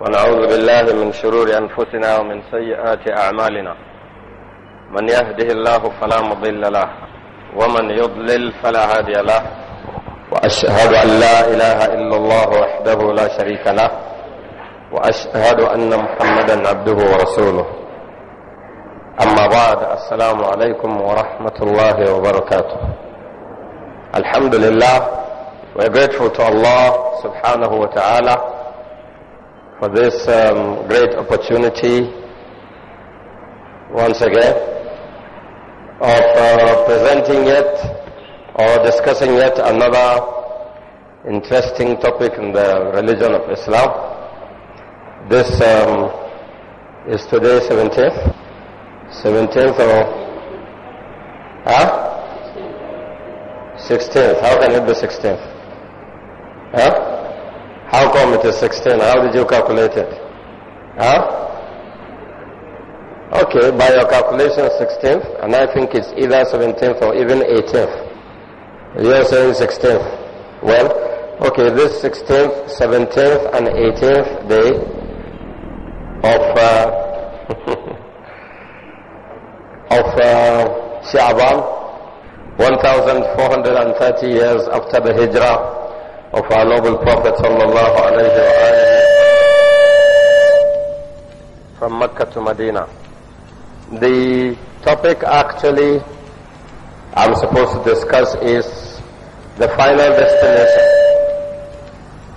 ونعوذ بالله من شرور أنفسنا ومن سيئات أعمالنا من يهده الله فلا مضل له ومن يضلل فلا هادي له وأشهد أن لا إله إلا الله وحده لا شريك له وأشهد أن محمدا عبده ورسوله أما بعد السلام عليكم ورحمة الله وبركاته We are grateful to Allah subhanahu wa ta'ala for this um, great opportunity once again of uh, presenting yet or discussing yet another interesting topic in the religion of Islam. This um, is today 17th, 17th or huh? 16th. How can it be 16th? Huh? How come it is 16? How did you calculate it? Huh? Okay, by your calculation 16th, and I think it's either 17th or even 18th. You're saying 16th. Well, okay, this 16th, 17th, and 18th day of uh, of uh, Sha'ban, 1430 years after the Hijrah, of our noble Prophet sallallahu alayhi wa from Mecca to Medina. The topic actually I'm supposed to discuss is the final destination.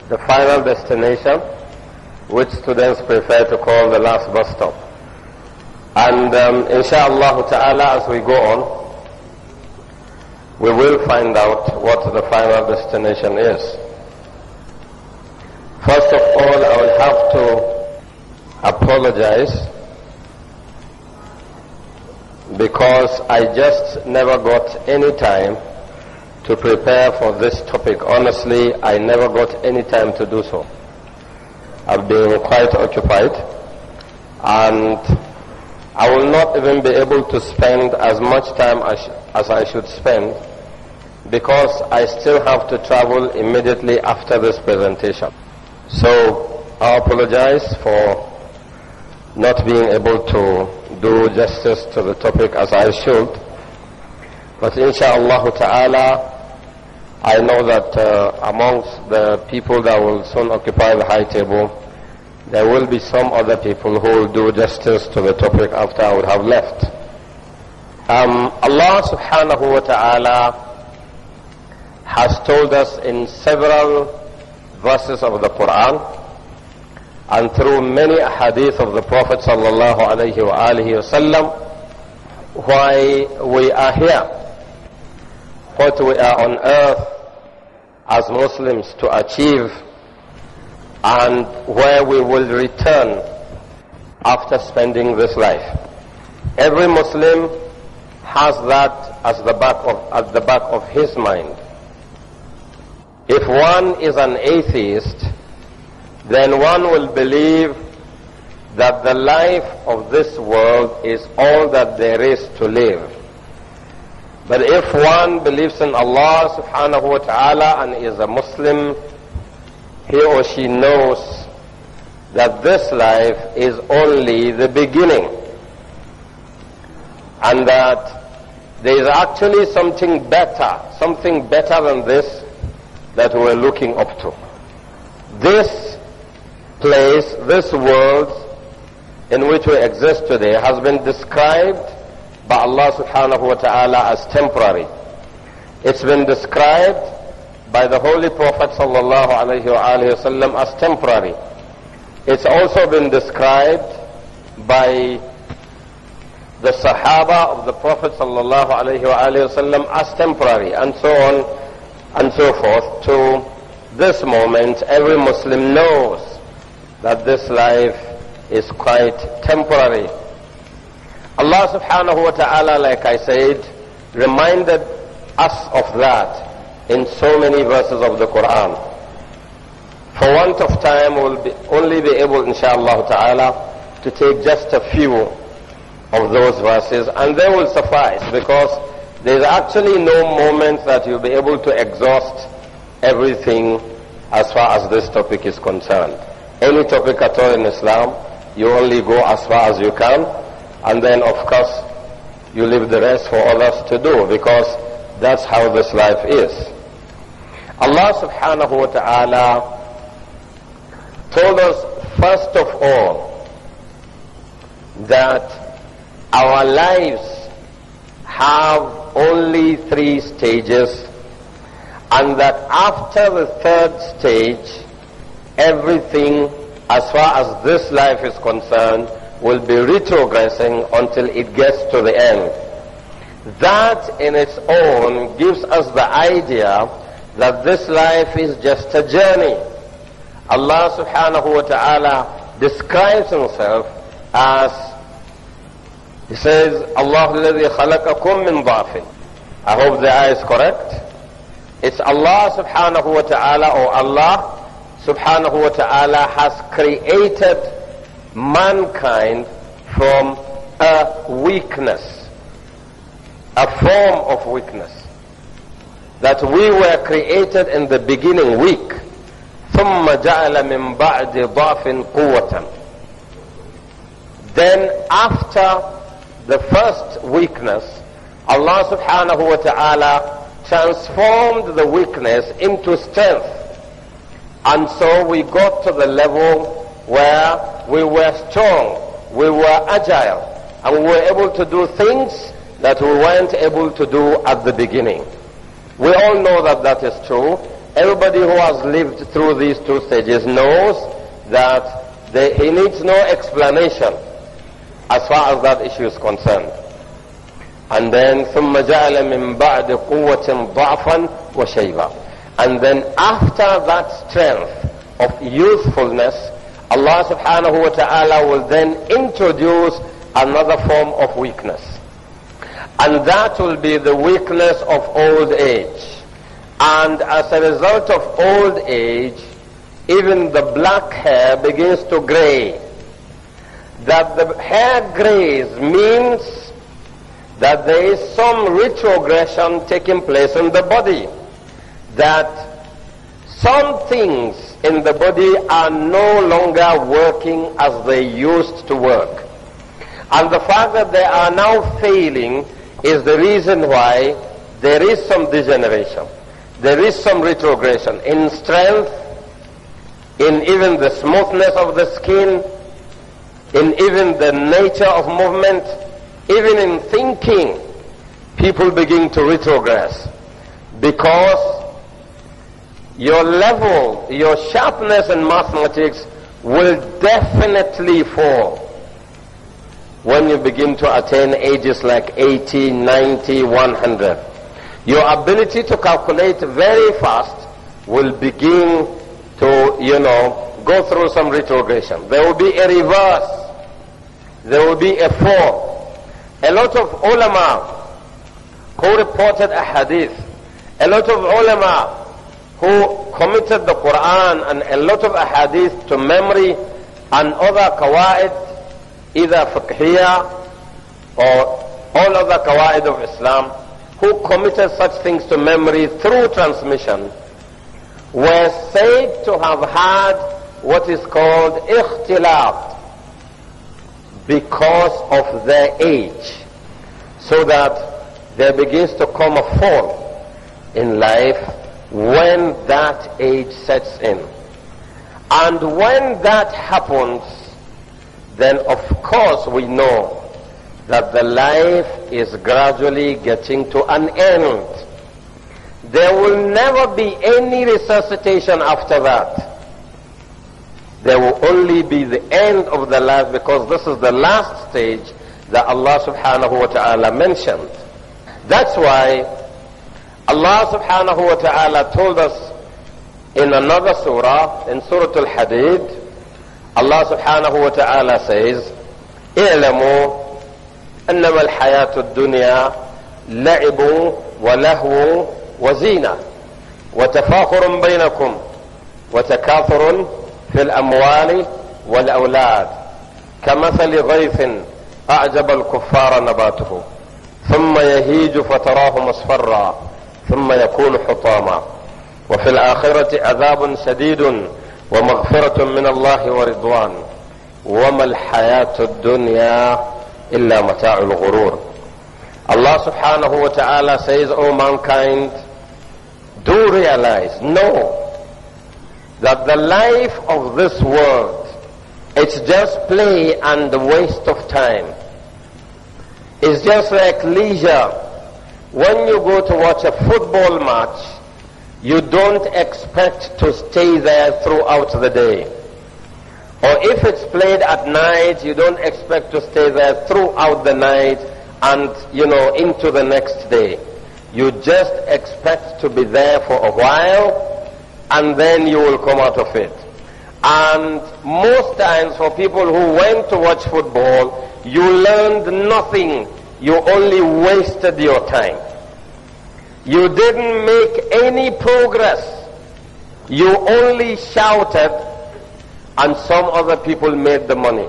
The final destination which students prefer to call the last bus stop. And um, inshallah ta'ala as we go on, we will find out what the final destination is. First of all, I will have to apologize because I just never got any time to prepare for this topic. Honestly, I never got any time to do so. I've been quite occupied and I will not even be able to spend as much time as, as I should spend because I still have to travel immediately after this presentation. So I apologize for not being able to do justice to the topic as I should. But insha'Allah ta'ala, I know that uh, amongst the people that will soon occupy the high table, there will be some other people who will do justice to the topic after I would have left. Um, Allah subhanahu wa ta'ala has told us in several verses of the Quran and through many hadith of the Prophet sallallahu alaihi wasallam why we are here, what we are on earth as Muslims to achieve and where we will return after spending this life. Every Muslim has that as the back of, at the back of his mind. If one is an atheist, then one will believe that the life of this world is all that there is to live. But if one believes in Allah subhanahu wa ta'ala and is a Muslim, he or she knows that this life is only the beginning and that there is actually something better, something better than this that we're looking up to. This place, this world in which we exist today has been described by Allah subhanahu wa ta'ala as temporary. It's been described by the Holy Prophet sallallahu alayhi wa as temporary. It's also been described by the Sahaba of the Prophet sallallahu alayhi wa as temporary and so on and so forth to this moment every Muslim knows that this life is quite temporary. Allah subhanahu wa ta'ala, like I said, reminded us of that in so many verses of the Quran. For want of time, we'll be only be able, inshallah ta'ala, to take just a few of those verses and they will suffice because there is actually no moment that you'll be able to exhaust everything as far as this topic is concerned. Any topic at all in Islam, you only go as far as you can, and then of course you leave the rest for others to do because that's how this life is. Allah subhanahu wa ta'ala told us first of all that our lives have only three stages and that after the third stage, everything as far as this life is concerned will be retrogressing until it gets to the end. That in its own gives us the idea that this life is just a journey. Allah subhanahu wa ta'ala describes himself as he says, Allah الذي خلقكم من ضعف. I hope the ayah is correct. It's Allah subhanahu wa ta'ala or Allah subhanahu wa ta'ala has created mankind from a weakness, a form of weakness. That we were created in the beginning weak. ثم جعل من بعد ضعف قوة. Then after the first weakness, Allah subhanahu wa ta'ala transformed the weakness into strength. And so we got to the level where we were strong, we were agile, and we were able to do things that we weren't able to do at the beginning. We all know that that is true. Everybody who has lived through these two stages knows that they, he needs no explanation as far as that issue is concerned. And then ثم جعل من بعد قوة ضعفا وشيبا. And then after that strength of youthfulness, Allah subhanahu wa ta'ala will then introduce another form of weakness. And that will be the weakness of old age. And as a result of old age, even the black hair begins to gray that the hair grays means that there is some retrogression taking place in the body, that some things in the body are no longer working as they used to work. And the fact that they are now failing is the reason why there is some degeneration. There is some retrogression in strength, in even the smoothness of the skin, in even the nature of movement, even in thinking, people begin to retrogress because your level, your sharpness in mathematics will definitely fall when you begin to attain ages like 80, 90, 100. Your ability to calculate very fast will begin to, you know, go through some retrogression. There will be a reverse there will be a fall. A lot of ulama who reported a hadith, a lot of ulama who committed the Quran and a lot of hadith to memory and other kawaid, either fiqhiyah or all other kawaid of Islam, who committed such things to memory through transmission, were said to have had what is called ikhtilat, because of their age, so that there begins to come a fall in life when that age sets in. And when that happens, then of course we know that the life is gradually getting to an end. There will never be any resuscitation after that. There will only be the end of the life because this is the last stage that Allah subhanahu wa ta'ala mentioned. That's why Allah subhanahu wa ta'ala told us in another surah, in Surah Al-Hadid, Allah subhanahu wa ta'ala says, اعلموا انما الحياة الدنيا لعب ولهو وزينة وتفاخر بينكم وتكاثر في الأموال والأولاد كمثل غيث أعجب الكفار نباته ثم يهيج فتراه مصفرا ثم يكون حطاما وفي الآخرة عذاب شديد ومغفرة من الله ورضوان وما الحياة الدنيا إلا متاع الغرور Allah subhanahu wa ta'ala says, O oh mankind, do realize, know that the life of this world, it's just play and the waste of time. It's just like leisure. When you go to watch a football match, you don't expect to stay there throughout the day. Or if it's played at night, you don't expect to stay there throughout the night and, you know, into the next day. You just expect to be there for a while and then you will come out of it. And most times for people who went to watch football, you learned nothing. You only wasted your time. You didn't make any progress. You only shouted and some other people made the money.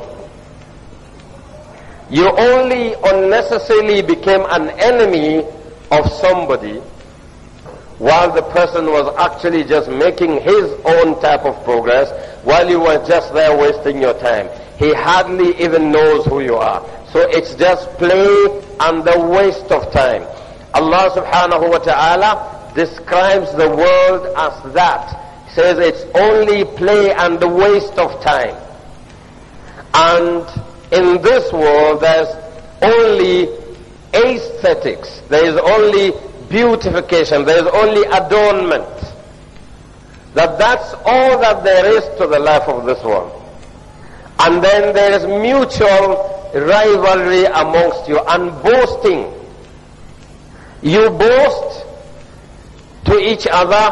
You only unnecessarily became an enemy of somebody while the person was actually just making his own type of progress, while you were just there wasting your time. He hardly even knows who you are. So it's just play and the waste of time. Allah subhanahu wa ta'ala describes the world as that. He says it's only play and the waste of time. And in this world there's only aesthetics. There is only beautification, there is only adornment. That that's all that there is to the life of this world. And then there is mutual rivalry amongst you and boasting. You boast to each other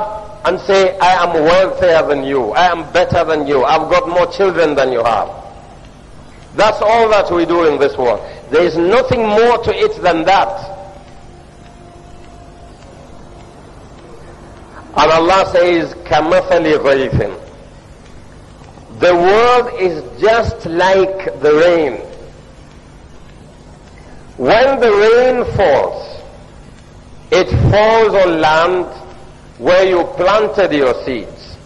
and say, I am wealthier than you, I am better than you, I've got more children than you have. That's all that we do in this world. There is nothing more to it than that. And Allah says, كَمَثَلِ غَيْثٍ The world is just like the rain. When the rain falls, it falls on land where you planted your seeds.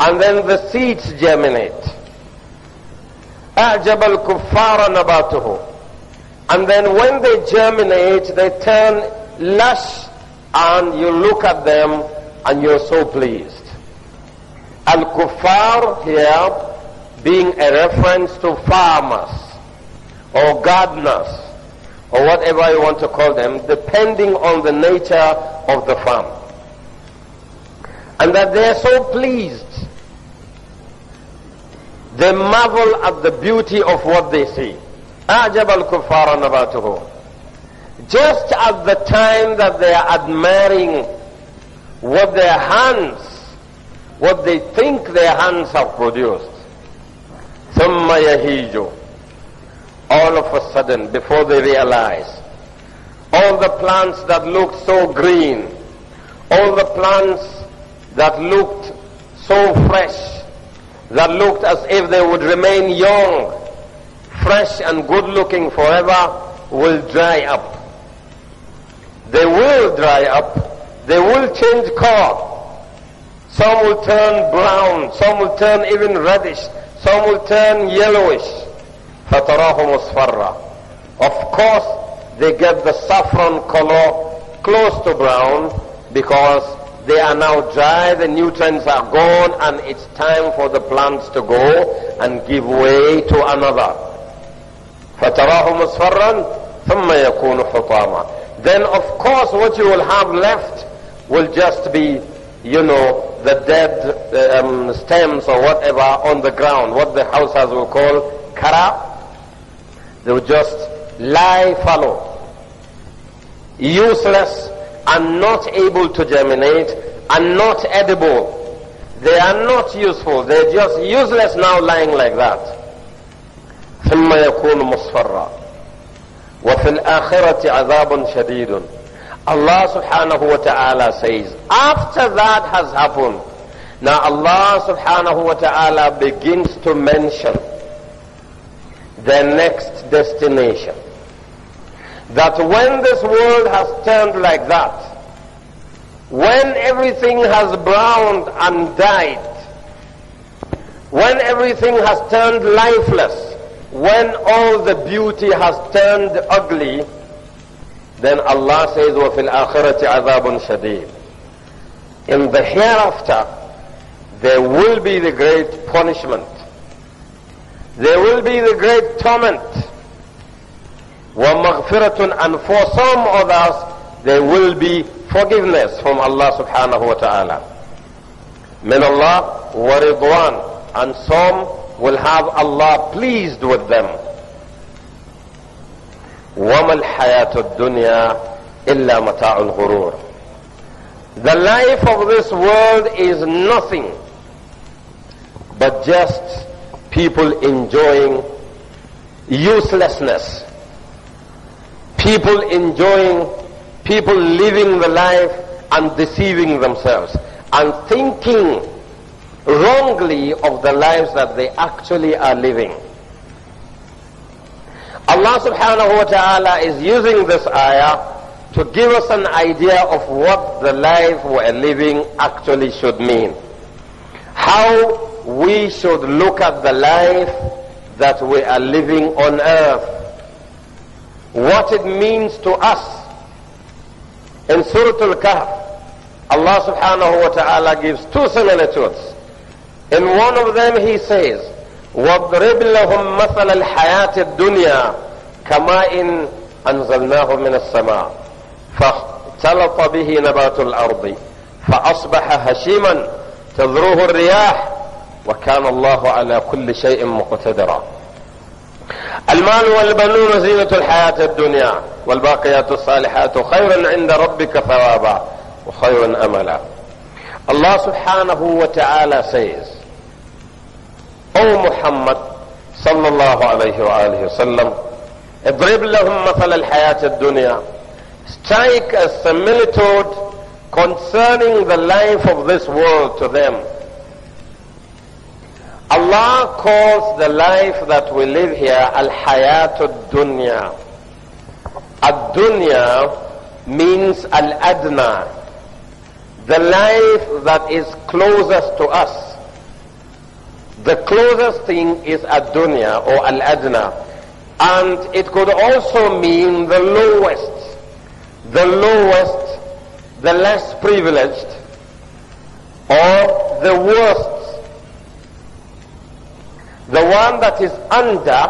And then the seeds germinate. أَعْجَبَ الْكُفَّارَ نَبَاتُهُ And then when they germinate, they turn lush and you look at them and you're so pleased. al kufar here being a reference to farmers or gardeners or whatever you want to call them, depending on the nature of the farm. And that they are so pleased. They marvel at the beauty of what they see. أعجب الكفار نباته. Just at the time that they are admiring what their hands, what they think their hands have produced. ثُمَّ يَهِيجُ All of a sudden, before they realize, all the plants that looked so green, all the plants that looked so fresh, that looked as if they would remain young, fresh and good looking forever, will dry up. They will dry up they will change color. Some will turn brown, some will turn even reddish, some will turn yellowish. فَتَرَاهُ Of course, they get the saffron color close to brown because they are now dry, the nutrients are gone, and it's time for the plants to go and give way to another. فتراه مصفرا ثم يكون حطاما then of course what you will have left will just be, you know, the dead uh, um, stems or whatever on the ground, what the houses will call kara. They will just lie fallow, useless and not able to germinate and not edible. They are not useful. They're just useless now lying like that. ثم يكون مصفرا وفي الآخرة عذاب شديد Allah subhanahu wa ta'ala says, after that has happened, now Allah subhanahu wa ta'ala begins to mention the next destination. That when this world has turned like that, when everything has browned and died, when everything has turned lifeless, when all the beauty has turned ugly, then Allah says, وَفِي الْآخِرَةِ عَذَابٌ شَدِيدٌ In the hereafter, there will be the great punishment. There will be the great torment. وَمَغْفِرَةٌ And for some of us, there will be forgiveness from Allah subhanahu wa ta'ala. Min Allah wa And some will have Allah pleased with them. وَمَا الْحَيَاةُ الدُّنْيَا إِلَّا مَتَاعُ الْغُرُورِ The life of this world is nothing but just people enjoying uselessness. People enjoying, people living the life and deceiving themselves and thinking wrongly of the lives that they actually are living. Allah subhanahu wa ta'ala is using this ayah to give us an idea of what the life we're living actually should mean. How we should look at the life that we are living on earth. What it means to us. In Surah Al-Kahf, Allah subhanahu wa ta'ala gives two similitudes. In one of them he says, واضرب لهم مثل الحياة الدنيا كماء أنزلناه من السماء فاختلط به نبات الأرض فأصبح هشيما تذروه الرياح وكان الله على كل شيء مقتدرا المال والبنون زينة الحياة الدنيا والباقيات الصالحات خير عند ربك ثوابا وخير أملا الله سبحانه وتعالى says O Muhammad sallallahu alayhi wa sallam, اضرب لهم مثل الحياة الدنيا Strike a similitude concerning the life of this world to them. Allah calls the life that we live here al-hayatud dunya. Ad-dunya means al-adna, the life that is closest to us. The closest thing is ad-dunya or al-adna. And it could also mean the lowest, the lowest, the less privileged, or the worst. The one that is under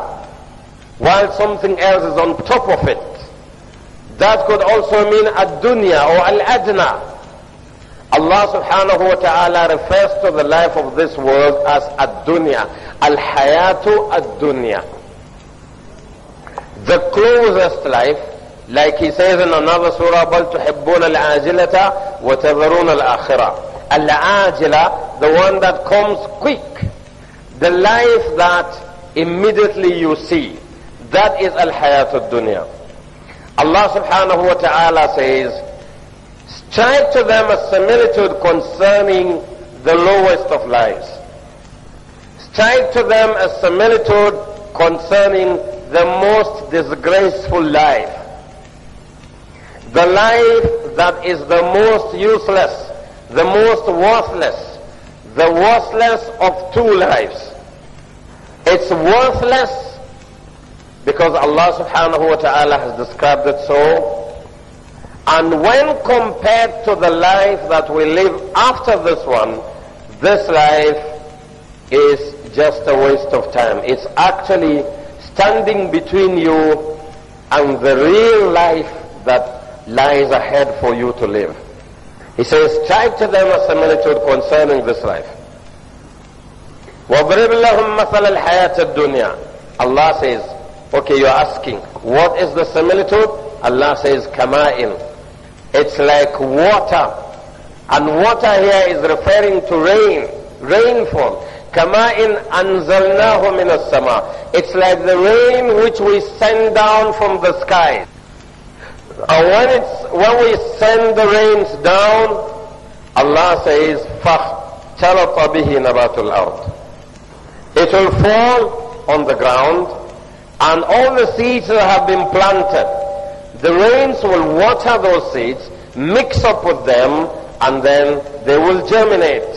while something else is on top of it. That could also mean ad-dunya or al-adna. Allah subhanahu wa ta'ala refers to the life of this world as ad-dunya. Al-hayatu ad-dunya. The closest life, like he says in another surah, بَلْ تُحِبُّونَ الْعَاجِلَةَ وَتَذَرُونَ الْآخِرَةَ Al-ajila, the one that comes quick. The life that immediately you see. That is al-hayatu ad-dunya. Allah subhanahu wa ta'ala says, Strike to them a similitude concerning the lowest of lives. Strike to them a similitude concerning the most disgraceful life. The life that is the most useless, the most worthless, the worthless of two lives. It's worthless because Allah subhanahu wa ta'ala has described it so and when compared to the life that we live after this one, this life is just a waste of time. It's actually standing between you and the real life that lies ahead for you to live. He says, "Try to them a similitude concerning this life. وَضْرِبْ لَهُمْ مَثَلَ الْحَيَاةِ الدُّنْيَا Allah says, okay, you're asking, what is the similitude? Allah says, كَمَائِنْ it's like water. And water here is referring to rain, rainfall. كَمَاءٍ أَنزَلْنَاهُ مِنَ sama. It's like the rain which we send down from the sky. And uh, when, it's, when we send the rains down, Allah says, فَاخْتَلَطَ بِهِ نَبَاتُ الْأَرْضِ It will fall on the ground and all the seeds that have been planted the rains will water those seeds, mix up with them, and then they will germinate.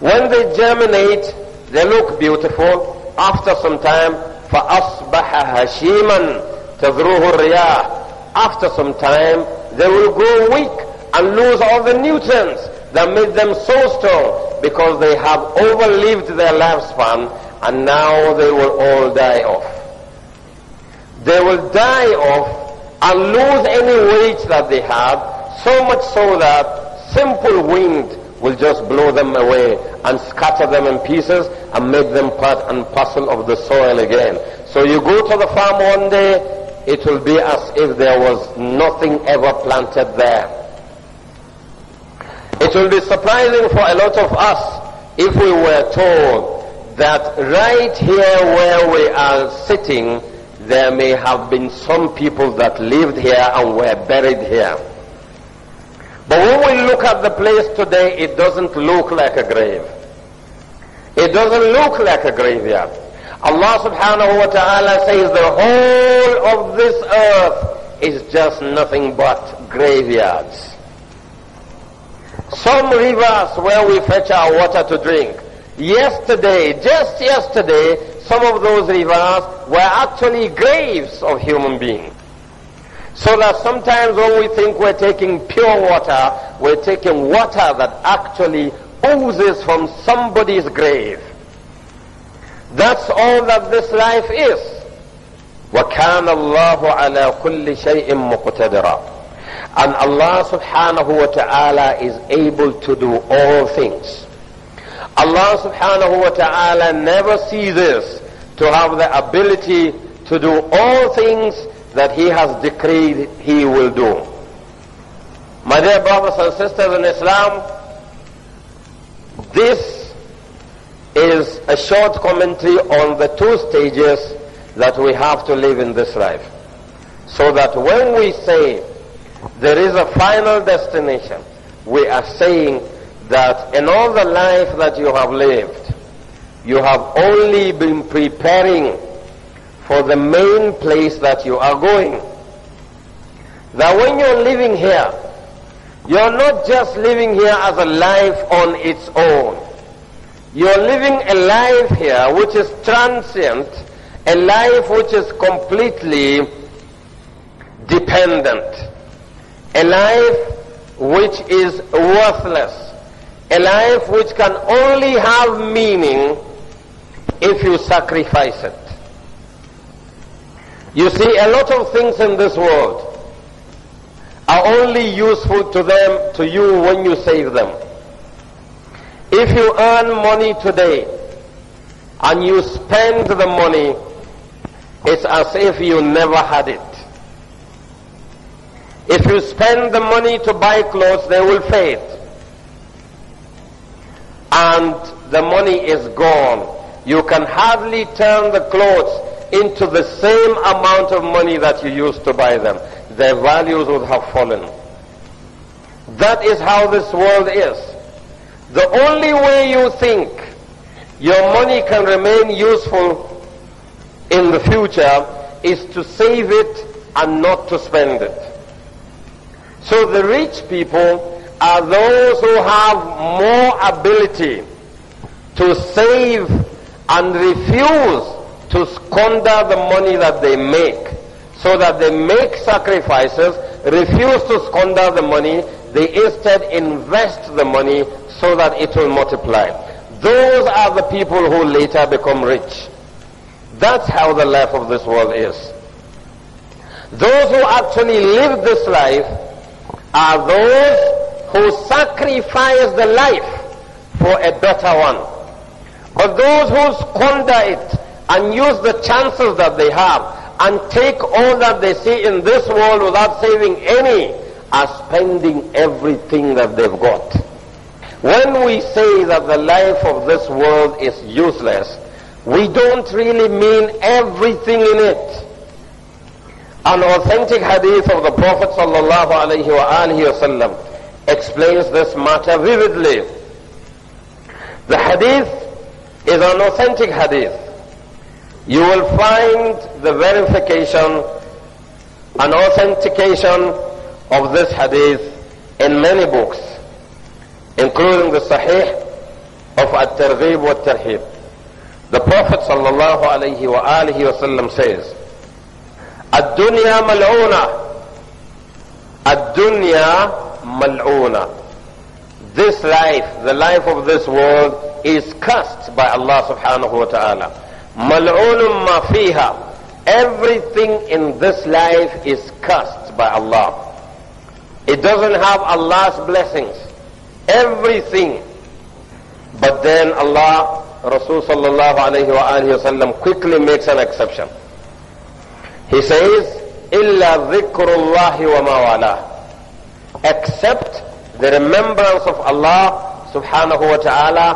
When they germinate, they look beautiful. After some time, فَأَصْبَحَ هَشِيمًا تَذْرُوهُ الرِّيَاحِ After some time, they will grow weak and lose all the nutrients that made them so strong because they have overlived their lifespan and now they will all die off they will die off and lose any weight that they have, so much so that simple wind will just blow them away and scatter them in pieces and make them part and parcel of the soil again. So you go to the farm one day, it will be as if there was nothing ever planted there. It will be surprising for a lot of us if we were told that right here where we are sitting, there may have been some people that lived here and were buried here. But when we look at the place today, it doesn't look like a grave. It doesn't look like a graveyard. Allah subhanahu wa ta'ala says the whole of this earth is just nothing but graveyards. Some rivers where we fetch our water to drink, Yesterday, just yesterday, some of those rivers were actually graves of human beings. So that sometimes when we think we're taking pure water, we're taking water that actually oozes from somebody's grave. That's all that this life is. وَكَانَ اللَّهُ عَلَى كُلِّ شَيْءٍ مُقْتَدِرًا And Allah subhanahu wa ta'ala is able to do all things. Allah subhanahu wa ta'ala never ceases to have the ability to do all things that He has decreed He will do. My dear brothers and sisters in Islam, this is a short commentary on the two stages that we have to live in this life. So that when we say there is a final destination, we are saying that in all the life that you have lived, you have only been preparing for the main place that you are going. That when you're living here, you're not just living here as a life on its own. You're living a life here which is transient, a life which is completely dependent, a life which is worthless, a life which can only have meaning if you sacrifice it. You see, a lot of things in this world are only useful to them, to you when you save them. If you earn money today and you spend the money, it's as if you never had it. If you spend the money to buy clothes, they will fade and the money is gone. You can hardly turn the clothes into the same amount of money that you used to buy them. Their values would have fallen. That is how this world is. The only way you think your money can remain useful in the future is to save it and not to spend it. So the rich people are those who have more ability to save and refuse to squander the money that they make. So that they make sacrifices, refuse to squander the money, they instead invest the money so that it will multiply. Those are the people who later become rich. That's how the life of this world is. Those who actually live this life are those who sacrifice the life for a better one. But those who squander it and use the chances that they have and take all that they see in this world without saving any are spending everything that they've got. When we say that the life of this world is useless, we don't really mean everything in it. An authentic hadith of the Prophet sallallahu alaihi wasallam explains this matter vividly. The hadith is an authentic hadith. You will find the verification and authentication of this hadith in many books, including the Sahih of At-Targhib wa Tarhib. The Prophet sallallahu alayhi wa alihi wa sallam says, الدنيا ملعونة الدنيا mal'una. This life, the life of this world, is cursed by Allah subhanahu wa ta'ala. Mal'unum ma fiha. Everything in this life is cursed by Allah. It doesn't have Allah's blessings. Everything. But then Allah, Rasul sallallahu alayhi wa alayhi wasallam quickly makes an exception. He says, إِلَّا ذِكْرُ اللَّهِ وَمَا وَلَاهُ except the remembrance of Allah subhanahu wa ta'ala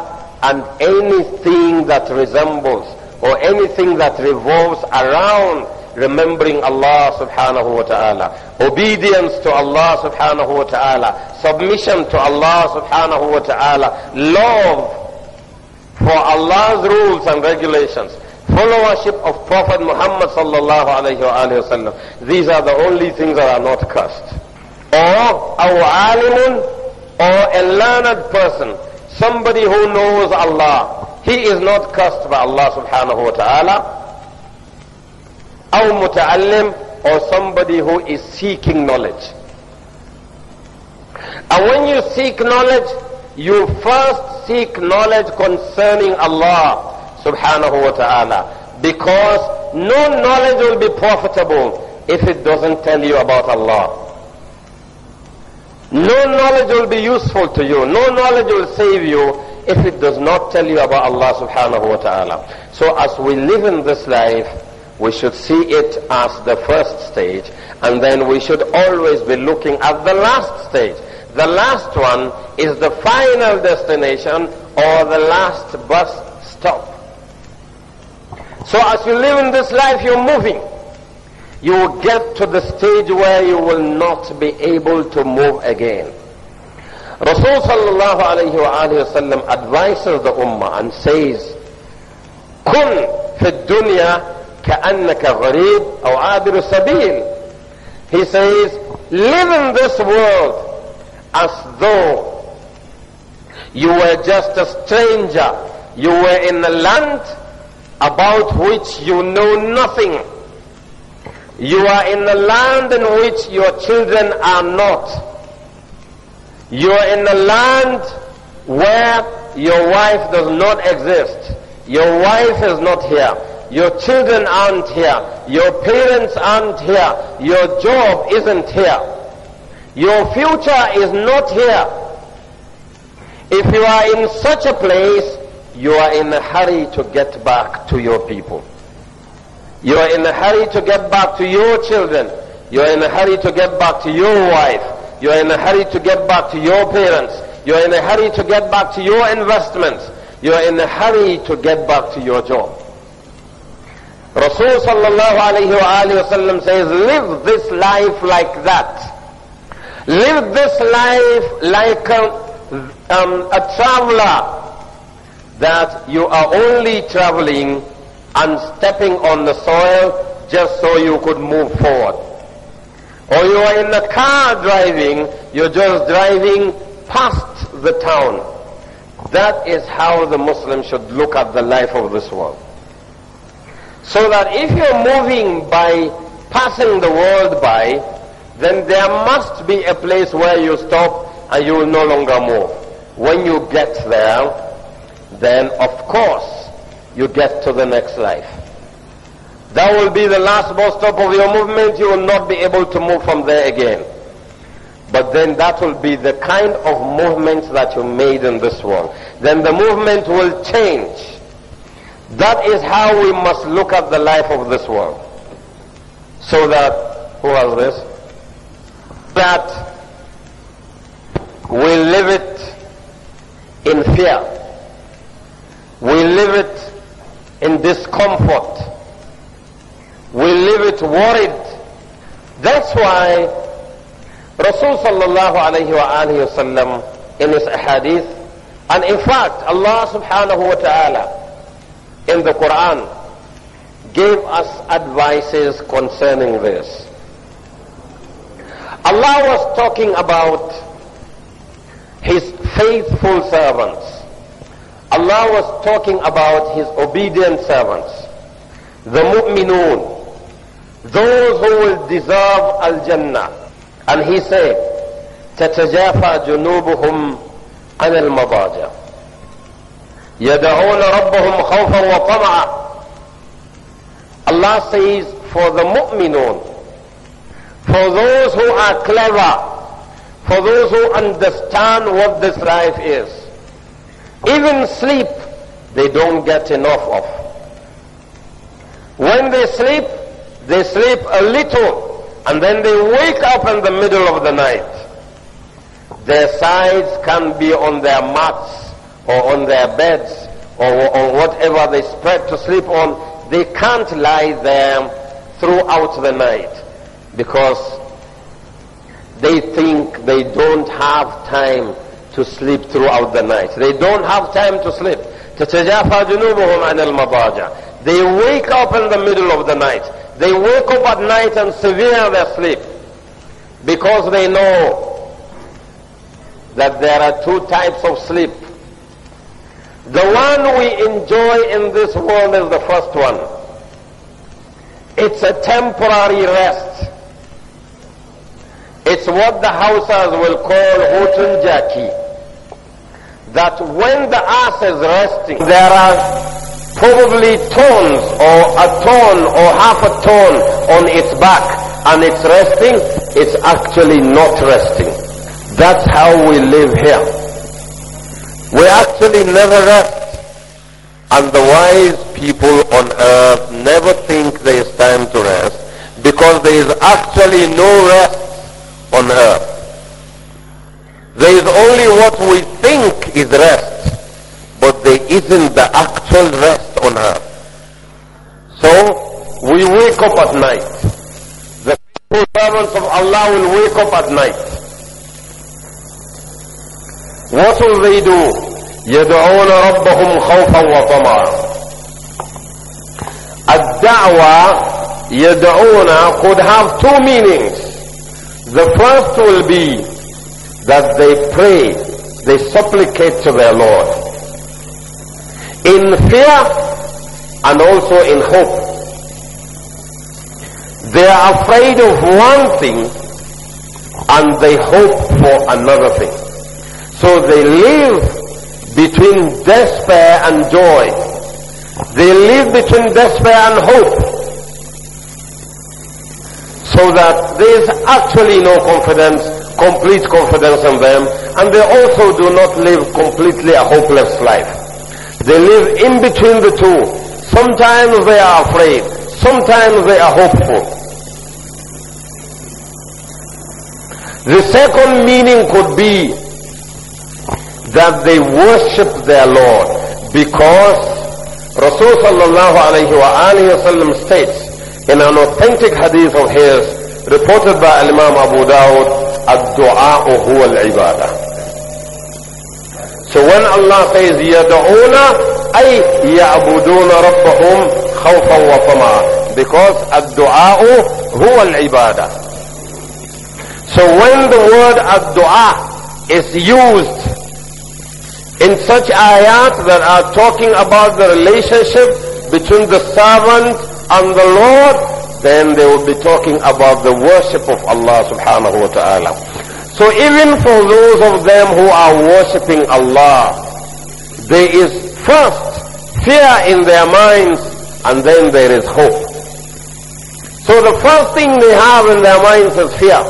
and anything that resembles or anything that revolves around remembering Allah subhanahu wa ta'ala, obedience to Allah subhanahu wa ta'ala, submission to Allah subhanahu wa ta'ala, love for Allah's rules and regulations, followership of Prophet Muhammad sallallahu alayhi wa These are the only things that are not cursed or أو عالم or a learned person, somebody who knows Allah. He is not cursed by Allah subhanahu wa ta'ala. أو متعلم or somebody who is seeking knowledge. And when you seek knowledge, you first seek knowledge concerning Allah subhanahu wa ta'ala because no knowledge will be profitable if it doesn't tell you about Allah. No knowledge will be useful to you. No knowledge will save you if it does not tell you about Allah subhanahu wa ta'ala. So as we live in this life, we should see it as the first stage and then we should always be looking at the last stage. The last one is the final destination or the last bus stop. So as you live in this life, you're moving you get to the stage where you will not be able to move again. Rasul sallallahu alayhi wa advises the ummah and says, كن في الدنيا كأنك غريب أو عابر سبيل. He says, live in this world as though you were just a stranger. You were in a land about which you know nothing. You are in a land in which your children are not. You are in a land where your wife does not exist. Your wife is not here. Your children aren't here. Your parents aren't here. Your job isn't here. Your future is not here. If you are in such a place, you are in a hurry to get back to your people. You are in a hurry to get back to your children. You are in a hurry to get back to your wife. You are in a hurry to get back to your parents. You are in a hurry to get back to your investments. You are in a hurry to get back to your job. Rasul sallallahu alayhi wa sallam says, live this life like that. Live this life like a, um, a traveler that you are only traveling and stepping on the soil just so you could move forward. Or you are in the car driving, you're just driving past the town. That is how the Muslim should look at the life of this world. So that if you're moving by passing the world by, then there must be a place where you stop and you will no longer move. When you get there, then of course you get to the next life. That will be the last bus stop of your movement. You will not be able to move from there again. But then that will be the kind of movement that you made in this world. Then the movement will change. That is how we must look at the life of this world. So that, who has this? That we live it in fear. We live it in discomfort. We leave it worried. That's why Rasul sallallahu alayhi wa sallam in his hadith, and in fact Allah subhanahu wa ta'ala in the Quran gave us advices concerning this. Allah was talking about his faithful servants Allah was talking about His obedient servants, the mu'minun, those who will deserve al-Jannah. And He said, تَتَجَافَى جُنُوبُهُمْ عَنِ الْمَضَاجِعِ يَدَعُونَ رَبَّهُمْ خَوْفًا وَطَمَعًا Allah says, for the mu'minun, for those who are clever, for those who understand what this life is, even sleep, they don't get enough of. When they sleep, they sleep a little and then they wake up in the middle of the night. Their sides can be on their mats or on their beds or on whatever they spread to sleep on. They can't lie there throughout the night because they think they don't have time to sleep throughout the night. They don't have time to sleep. تتجافى جنوبهم عن المضاجع. They wake up in the middle of the night. They wake up at night and sever their sleep because they know that there are two types of sleep. The one we enjoy in this world is the first one. It's a temporary rest. It's what the Hausas will call Hutun Jaki that when the ass is resting, there are probably tons or a ton or half a ton on its back and it's resting, it's actually not resting. That's how we live here. We actually never rest. And the wise people on earth never think there is time to rest because there is actually no rest on earth. There is only what we think is rest, but there isn't the actual rest on earth. So, we wake up at night. The servants of Allah will wake up at night. What will they do? يدعون ربهم خوفا وطمعا الدعوة يدعون could have two meanings. The first will be that they pray, they supplicate to their Lord in fear and also in hope. They are afraid of one thing and they hope for another thing. So they live between despair and joy. They live between despair and hope. So that there is actually no confidence complete confidence in them, and they also do not live completely a hopeless life. They live in between the two. Sometimes they are afraid, sometimes they are hopeful. The second meaning could be that they worship their Lord because Rasul sallallahu alayhi wa alayhi wa states in an authentic hadith of his reported by Imam Abu Dawud الدعاء هو العبادة so when Allah says يدعون أي يعبدون ربهم خوفا وطمعا because الدعاء هو العبادة so when the word الدعاء is used in such ayat that are talking about the relationship between the servant and the Lord then they will be talking about the worship of Allah subhanahu wa ta'ala. So even for those of them who are worshipping Allah, there is first fear in their minds and then there is hope. So the first thing they have in their minds is fear.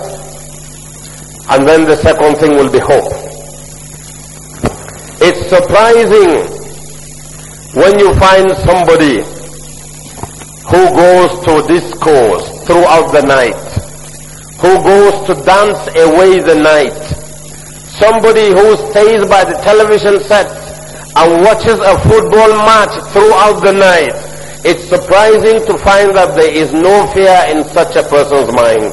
And then the second thing will be hope. It's surprising when you find somebody who goes to discourse throughout the night, who goes to dance away the night, somebody who stays by the television set and watches a football match throughout the night, it's surprising to find that there is no fear in such a person's mind.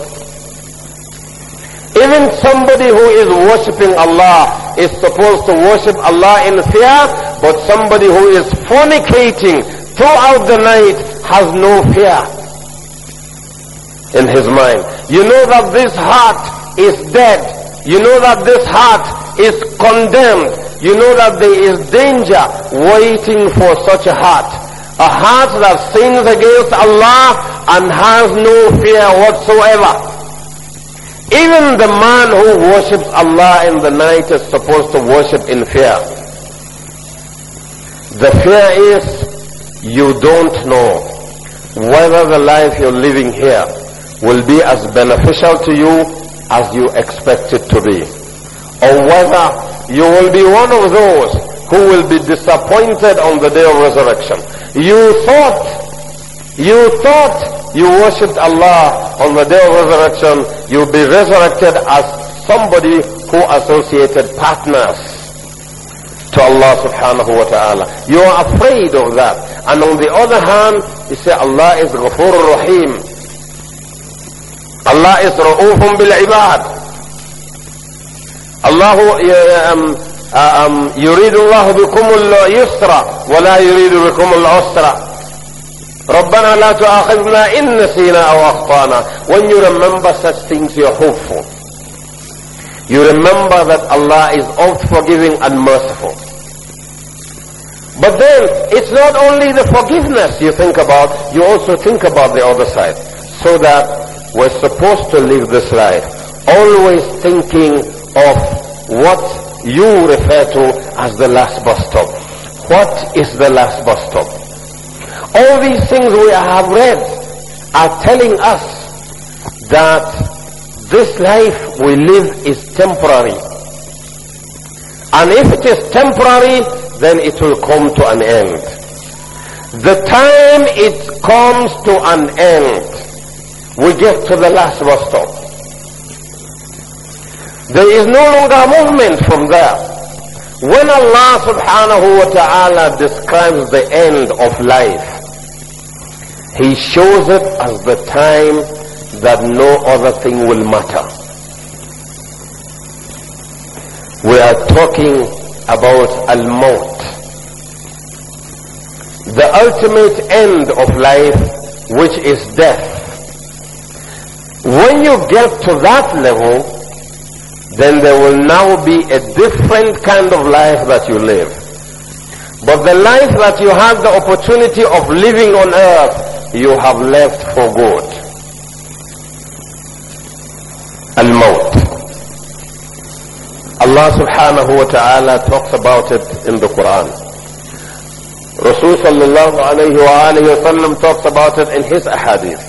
Even somebody who is worshipping Allah is supposed to worship Allah in fear, but somebody who is fornicating throughout the night has no fear in his mind. You know that this heart is dead. You know that this heart is condemned. You know that there is danger waiting for such a heart. A heart that sins against Allah and has no fear whatsoever. Even the man who worships Allah in the night is supposed to worship in fear. The fear is you don't know whether the life you're living here will be as beneficial to you as you expect it to be. Or whether you will be one of those who will be disappointed on the day of resurrection. You thought, you thought you worshipped Allah on the day of resurrection. You'll be resurrected as somebody who associated partners to Allah subhanahu wa ta'ala. You are afraid of that. And on the other hand, you say Allah is Ghafoor Rahim. Allah is Ra'ufun bil Ibad. Allah uh, um, uh, um, يريد الله بكم اليسر ولا يريد بكم العسر. ربنا لا تؤاخذنا إن نسينا أو أخطأنا. When you remember such things, you're hopeful you remember that Allah is oft forgiving and merciful. But then, it's not only the forgiveness you think about, you also think about the other side. So that we're supposed to live this life, always thinking of what you refer to as the last bus stop. What is the last bus stop? All these things we have read are telling us that this life we live is temporary. And if it is temporary, then it will come to an end. The time it comes to an end, we get to the last bus stop. There is no longer movement from there. When Allah subhanahu wa ta'ala describes the end of life, He shows it as the time that no other thing will matter. We are talking about al-maut. The ultimate end of life, which is death. When you get to that level, then there will now be a different kind of life that you live. But the life that you have the opportunity of living on earth, you have left for good. الموت Allah subhanahu wa ta'ala talks about it in the Quran. Rasul صلى الله عليه وآله وسلم talks about it in his ahadith.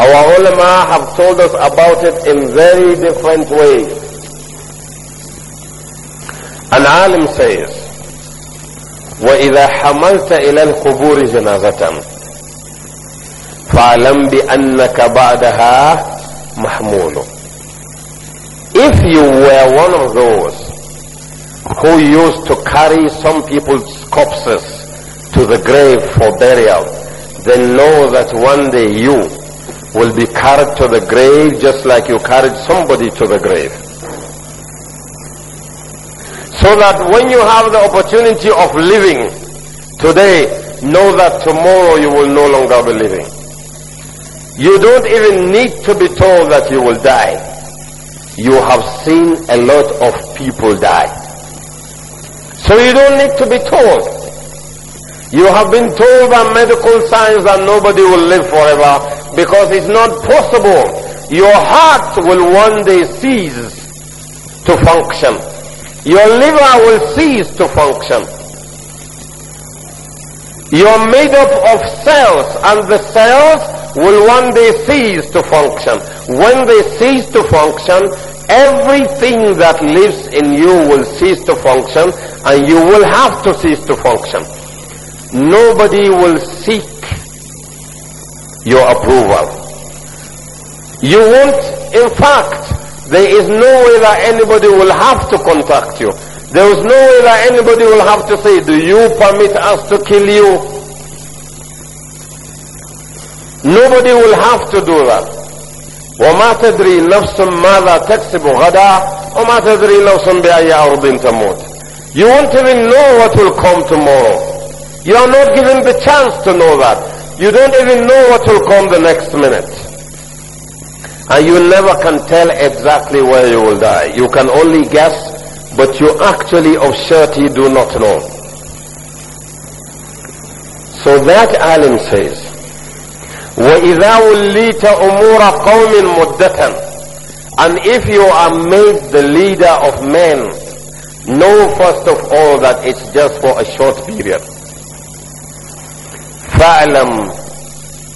Our ulama have told us about it in very different ways. An alim says, وَإِذَا حَمَلْتَ إِلَى الْقُبُورِ جَنَازَةً فَعَلَمْ بِأَنَّكَ بَعْدَهَا Mahmoud, If you were one of those who used to carry some people's corpses to the grave for burial, then know that one day you will be carried to the grave just like you carried somebody to the grave. So that when you have the opportunity of living today, know that tomorrow you will no longer be living. You don't even need to be told that you will die. You have seen a lot of people die. So you don't need to be told. You have been told by medical science that nobody will live forever because it's not possible. Your heart will one day cease to function. Your liver will cease to function. You are made up of cells and the cells will one day cease to function. When they cease to function, everything that lives in you will cease to function and you will have to cease to function. Nobody will seek your approval. You won't, in fact, there is no way that anybody will have to contact you. There is no way that anybody will have to say, do you permit us to kill you? Nobody will have to do that. وما تدري نفس ماذا تكسب وما تدري نفس بأي أرض تموت You won't even know what will come tomorrow. You are not given the chance to know that. You don't even know what will come the next minute. And you never can tell exactly where you will die. You can only guess, but you actually of surety do not know. So that alim says, وَإِذَا وُلِّيتَ أُمُورَ قَوْمٍ مُدَّةً And if you are made the leader of men, know first of all that it's just for a short period. فَأَلَمْ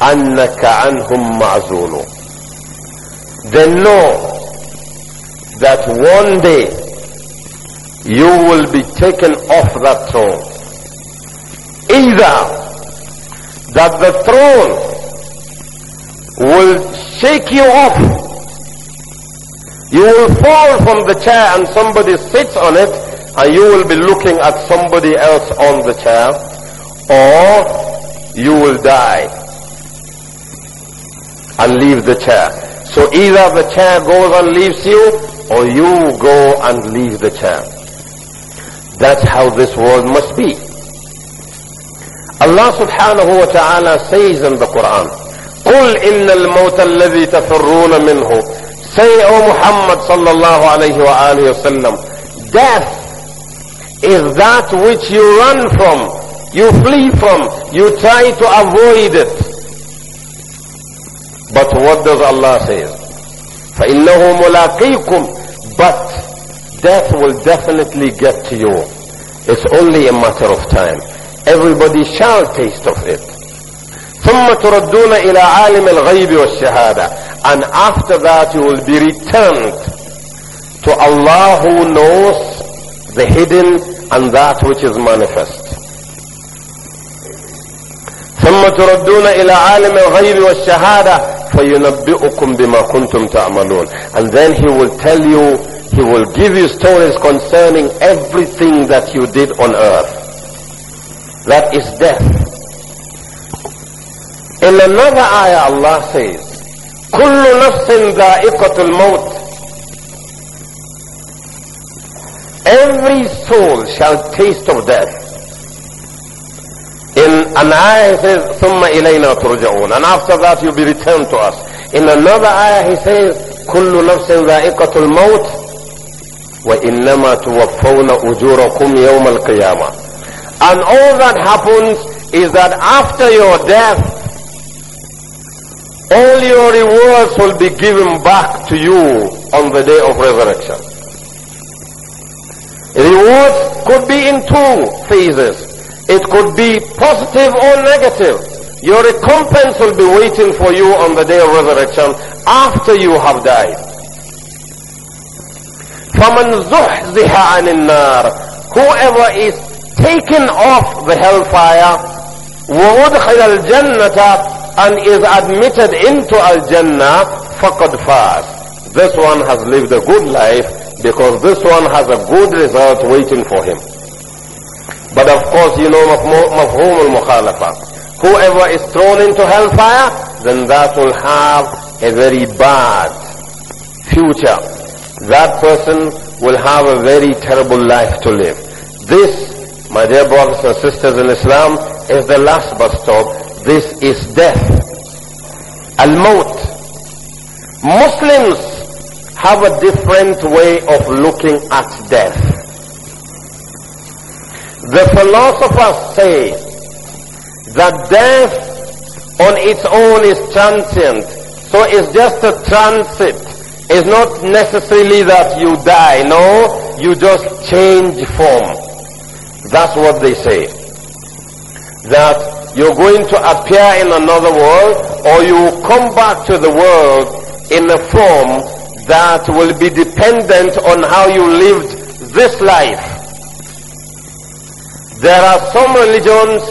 أَنَّكَ عَنْهُمْ مَعْزُولٌ Then know that one day you will be taken off that throne. Either that the throne will shake you off. You will fall from the chair and somebody sits on it and you will be looking at somebody else on the chair or you will die and leave the chair. So either the chair goes and leaves you or you go and leave the chair. That's how this world must be. Allah subhanahu wa ta'ala says in the Quran, قل إن الموت الذي تفرون منه say O Muhammad الله عليه وآله وسلم death is that which you run from you flee from you try to avoid it but what does Allah say فإنه ملاقيكم but death will definitely get to you it's only a matter of time everybody shall taste of it ثم تردون إلى عالم الغيب والشهادة and after that you will be returned to Allah who knows the hidden and that which is manifest ثم تردون إلى عالم الغيب والشهادة فينبئكم بما كنتم تعملون and then he will tell you he will give you stories concerning everything that you did on earth that is death in another ayah Allah says, "Kullu نفس ذائقة maut Every soul shall taste of death. In an ayah he says, ثم ilayna ترجعون And after that you'll be returned to us. In another ayah he says, كل نفس ذائقة الموت وإنما توفون أجوركم يوم القيامة. And all that happens is that after your death, all your rewards will be given back to you on the day of resurrection. Rewards could be in two phases. It could be positive or negative. Your recompense will be waiting for you on the day of resurrection after you have died. فَمَنْ زُحْزِحَ عَنِ النَّارِ Whoever is taken off the hellfire وَأُدْخِلَ الْجَنَّةَ and is admitted into Al-Jannah, faqad faz. This one has lived a good life because this one has a good result waiting for him. But of course, you know mafhum al-mukhalafa. Whoever is thrown into hellfire, then that will have a very bad future. That person will have a very terrible life to live. This, my dear brothers and sisters in Islam, is the last bus stop this is death. Al-Maut. Muslims have a different way of looking at death. The philosophers say that death on its own is transient. So it's just a transit. It's not necessarily that you die. No, you just change form. That's what they say. That you're going to appear in another world or you will come back to the world in a form that will be dependent on how you lived this life. There are some religions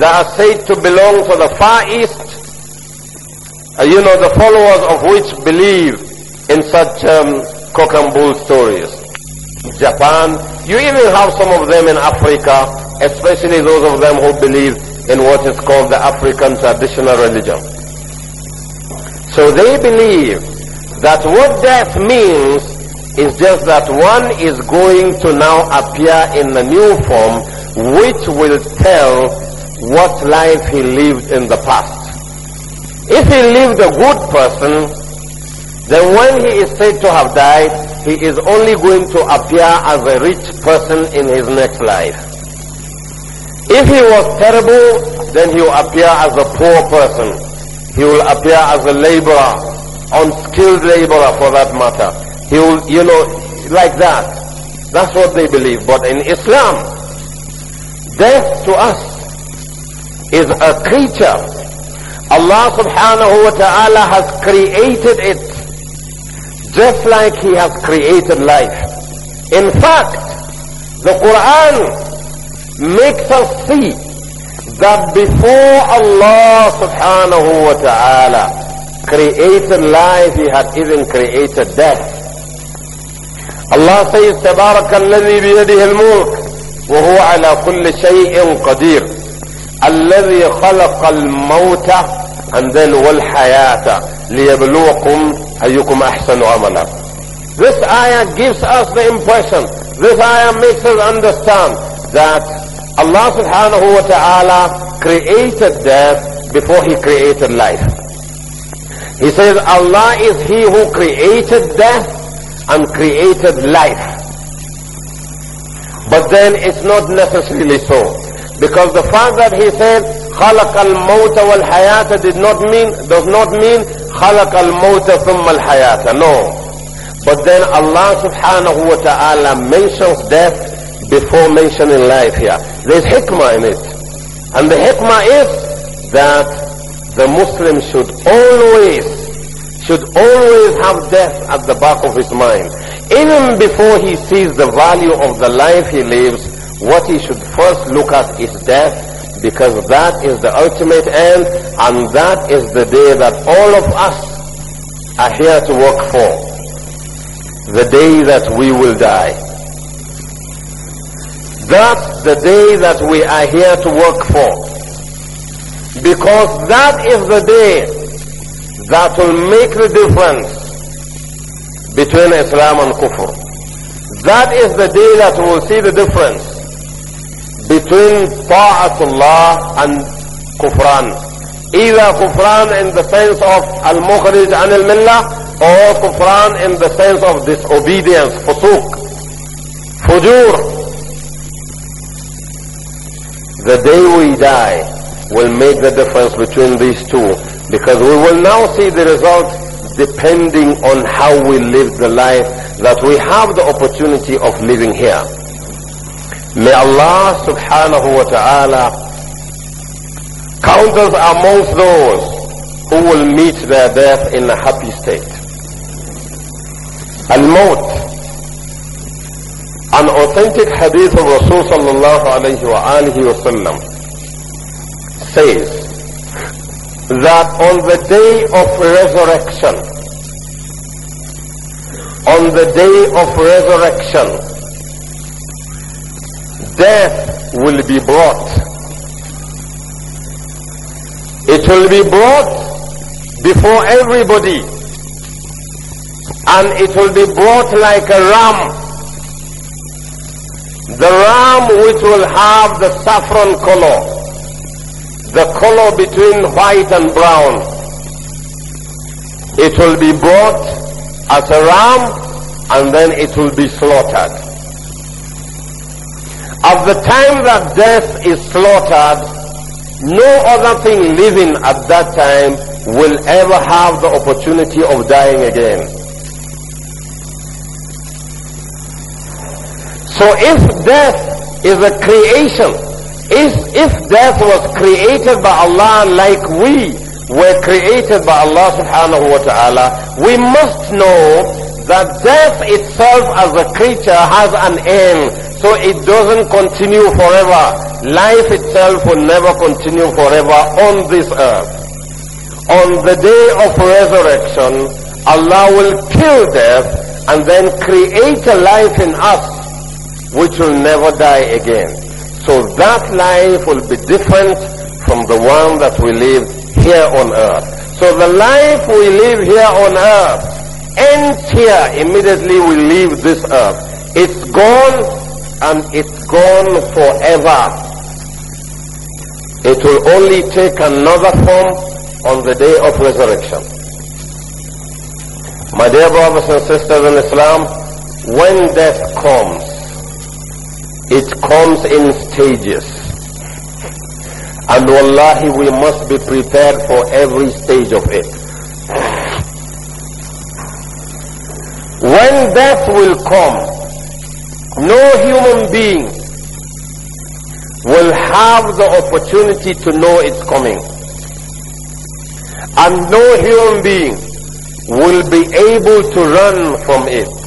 that are said to belong to the Far East, uh, you know, the followers of which believe in such um, cock and bull stories. Japan, you even have some of them in Africa, especially those of them who believe in what is called the African traditional religion. So they believe that what death means is just that one is going to now appear in a new form which will tell what life he lived in the past. If he lived a good person, then when he is said to have died, he is only going to appear as a rich person in his next life. If he was terrible, then he will appear as a poor person. He will appear as a laborer, unskilled laborer for that matter. He will, you know, like that. That's what they believe. But in Islam, death to us is a creature. Allah subhanahu wa ta'ala has created it just like He has created life. In fact, the Quran makes us see that before Allah subhanahu wa ta'ala created life, He had even created death. Allah says, تبارك الذي بيده الملك وهو على كل شيء قدير. الذي خلق الموت and then والحياة ليبلوكم أيكم أحسن عملا. This ayah gives us the impression, this ayah makes us understand that Allah subhanahu wa ta'ala created death before he created life. He says Allah is he who created death and created life. But then it's not necessarily so. Because the fact that he said خلق الموت والحياة did not mean, does not mean خلق الموت ثم الحياة. No. But then Allah subhanahu wa ta'ala mentions death before mentioning life here. There's hikmah in it. And the hikmah is that the Muslim should always, should always have death at the back of his mind. Even before he sees the value of the life he lives, what he should first look at is death because that is the ultimate end and that is the day that all of us are here to work for. The day that we will die. That's the day that we are here to work for. Because that is the day that will make the difference between Islam and Kufr. That is the day that we will see the difference between Ta'atullah and Kufran. Either Kufran in the sense of Al-Mukhrij anil al-Millah or Kufran in the sense of disobedience, Futuk, Fujur. The day we die will make the difference between these two because we will now see the results depending on how we live the life that we have the opportunity of living here. May Allah subhanahu wa ta'ala count us amongst those who will meet their death in a happy state. Al-Maut an authentic hadith of Rasul sallallahu alayhi wa alihi says that on the day of resurrection, on the day of resurrection, death will be brought. It will be brought before everybody and it will be brought like a ram the ram which will have the saffron color, the color between white and brown, it will be brought as a ram and then it will be slaughtered. At the time that death is slaughtered, no other thing living at that time will ever have the opportunity of dying again. So if death is a creation, if, if death was created by Allah like we were created by Allah subhanahu wa ta'ala, we must know that death itself as a creature has an end, so it doesn't continue forever. Life itself will never continue forever on this earth. On the day of resurrection, Allah will kill death and then create a life in us which will never die again. So that life will be different from the one that we live here on earth. So the life we live here on earth ends here immediately we leave this earth. It's gone and it's gone forever. It will only take another form on the day of resurrection. My dear brothers and sisters in Islam, when death comes, it comes in stages. And wallahi, we must be prepared for every stage of it. When death will come, no human being will have the opportunity to know it's coming. And no human being will be able to run from it.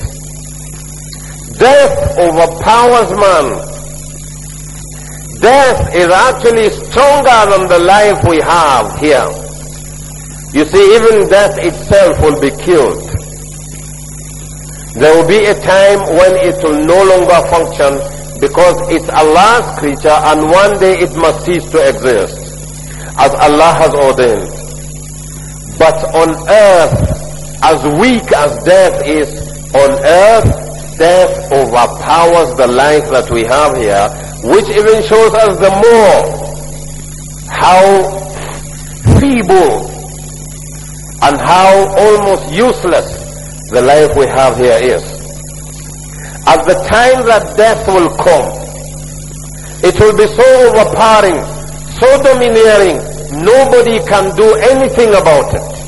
Death overpowers man. Death is actually stronger than the life we have here. You see, even death itself will be killed. There will be a time when it will no longer function because it's Allah's creature and one day it must cease to exist as Allah has ordained. But on earth, as weak as death is, on earth death overpowers the life that we have here, which even shows us the more how feeble and how almost useless the life we have here is. At the time that death will come, it will be so overpowering, so domineering, nobody can do anything about it.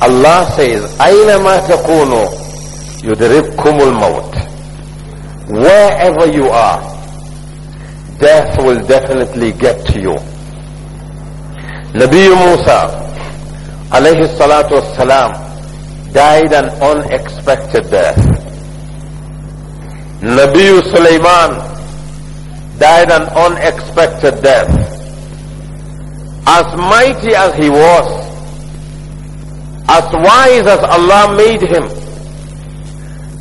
Allah says, أَيْنَمَا تَكُونُوا kumul الْمَوْتِ Wherever you are, death will definitely get to you. Nabi Musa, alayhi salatu wasalam, died an unexpected death. Nabi Sulaiman died an unexpected death. As mighty as he was, as wise as Allah made him,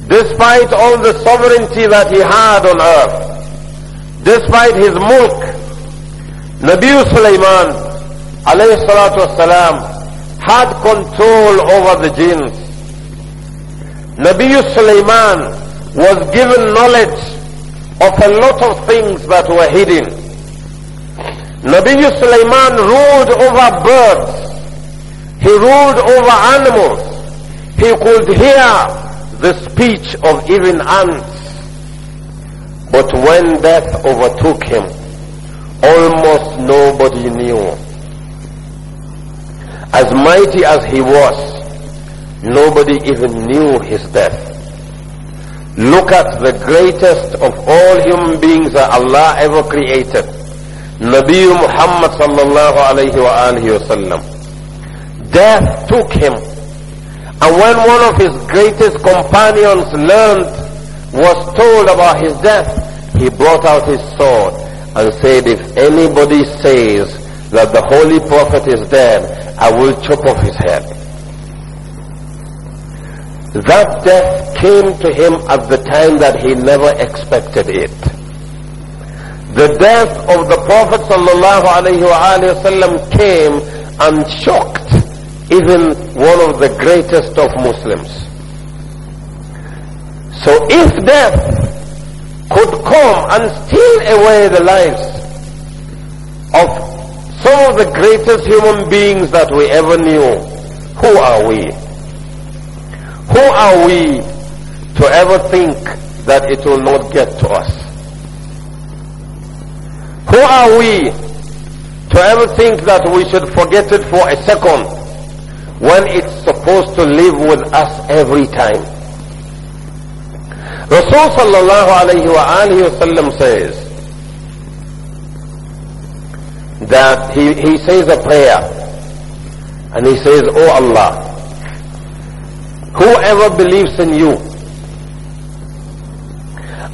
despite all the sovereignty that he had on earth, despite his mulk, Nabi Sulaiman alayhi had control over the jinns. Nabi Sulaiman was given knowledge of a lot of things that were hidden. Nabi Sulaiman ruled over birds he ruled over animals. He could hear the speech of even ants. But when death overtook him, almost nobody knew. As mighty as he was, nobody even knew his death. Look at the greatest of all human beings that Allah ever created. Nabi Muhammad sallallahu alayhi wa alihi wa sallam death took him. And when one of his greatest companions learned, was told about his death, he brought out his sword and said, if anybody says that the holy prophet is dead, I will chop off his head. That death came to him at the time that he never expected it. The death of the Prophet ﷺ came and shocked even one of the greatest of Muslims. So if death could come and steal away the lives of some of the greatest human beings that we ever knew, who are we? Who are we to ever think that it will not get to us? Who are we to ever think that we should forget it for a second when it's supposed to live with us every time. Rasul sallallahu alayhi wa alayhi says that he, he says a prayer and he says, Oh Allah, whoever believes in you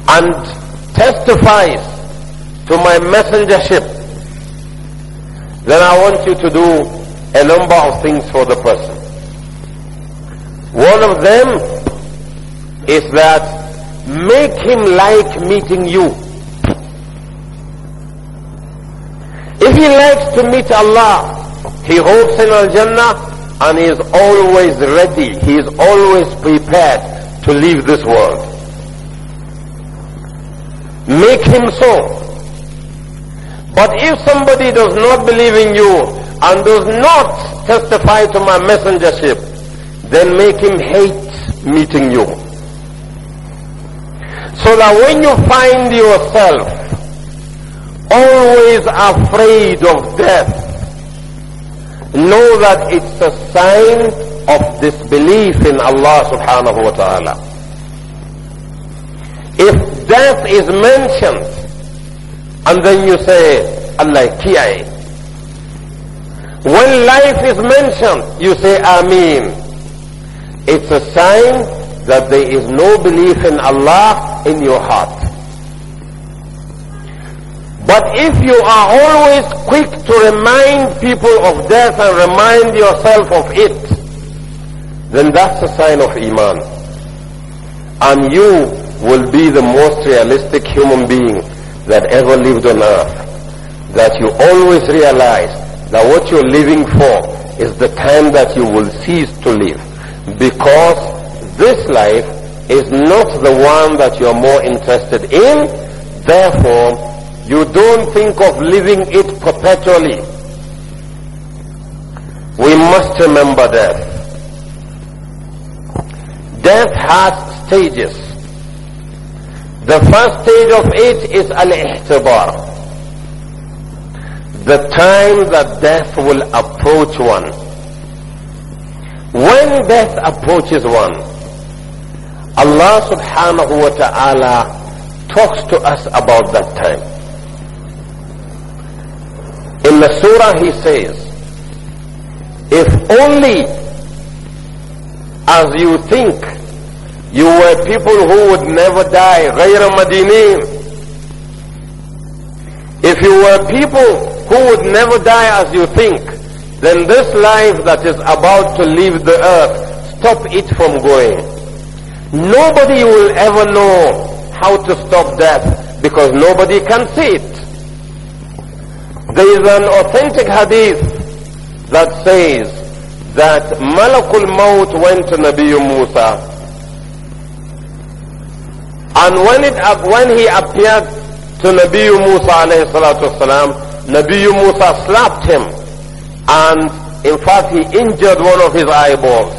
and testifies to my messengership, then I want you to do a number of things for the person. One of them is that make him like meeting you. If he likes to meet Allah, he hopes in Al-Jannah and he is always ready, he is always prepared to leave this world. Make him so. But if somebody does not believe in you, and does not testify to my messengership, then make him hate meeting you. So that when you find yourself always afraid of death, know that it's a sign of disbelief in Allah subhanahu wa ta'ala. If death is mentioned, and then you say, Allah kiyaye, when life is mentioned, you say Ameen. It's a sign that there is no belief in Allah in your heart. But if you are always quick to remind people of death and remind yourself of it, then that's a sign of Iman. And you will be the most realistic human being that ever lived on earth. That you always realize now what you're living for is the time that you will cease to live because this life is not the one that you're more interested in. Therefore, you don't think of living it perpetually. We must remember death. Death has stages. The first stage of it is al-ihtibar the time that death will approach one. When death approaches one, Allah subhanahu wa ta'ala talks to us about that time. In the surah he says, if only as you think you were people who would never die, غير مدينين if you were people who would never die as you think, then this life that is about to leave the earth, stop it from going. Nobody will ever know how to stop death because nobody can see it. There is an authentic hadith that says that Malakul Maut went to Nabi Musa and when, it, when he appeared to Nabi Musa alayhi salatu wasalam, Nabi Musa slapped him and in fact he injured one of his eyeballs.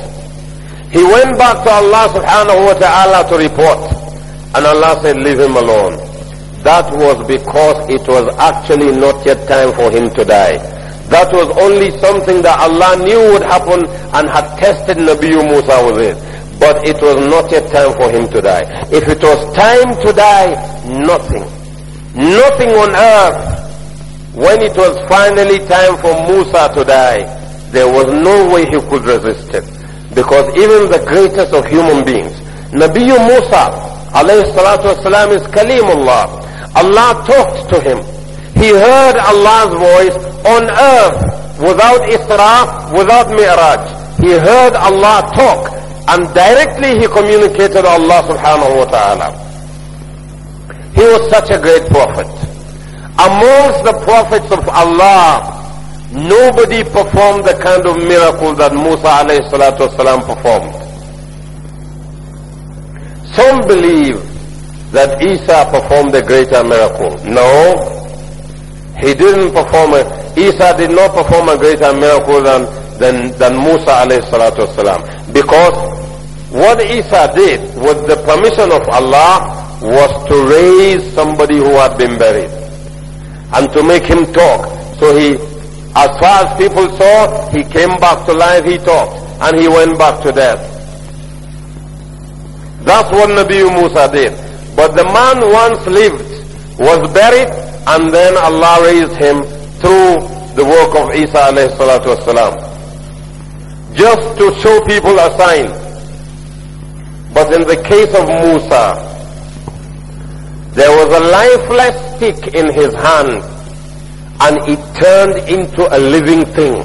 He went back to Allah subhanahu wa ta'ala to report and Allah said leave him alone. That was because it was actually not yet time for him to die. That was only something that Allah knew would happen and had tested Nabi Musa with it but it was not yet time for him to die. If it was time to die, nothing nothing on earth. When it was finally time for Musa to die, there was no way he could resist it. Because even the greatest of human beings, Nabi Musa, alayhi salatu wasalam, is Kalimullah. Allah talked to him. He heard Allah's voice on earth without Isra, without Mi'raj. He heard Allah talk and directly he communicated Allah subhanahu wa ta'ala. He was such a great prophet. Amongst the prophets of Allah, nobody performed the kind of miracle that Musa alayhi salatu performed. Some believe that Isa performed a greater miracle. No, he didn't perform a, Isa did not perform a greater miracle than, than, than Musa alayhi salatu Because what Isa did with the permission of Allah was to raise somebody who had been buried and to make him talk. So he, as far as people saw, he came back to life, he talked, and he went back to death. That's what Nabi Musa did. But the man once lived, was buried, and then Allah raised him through the work of Isa alayhi salatu wasalam. Just to show people a sign. But in the case of Musa, there was a lifeless stick in his hand and it turned into a living thing.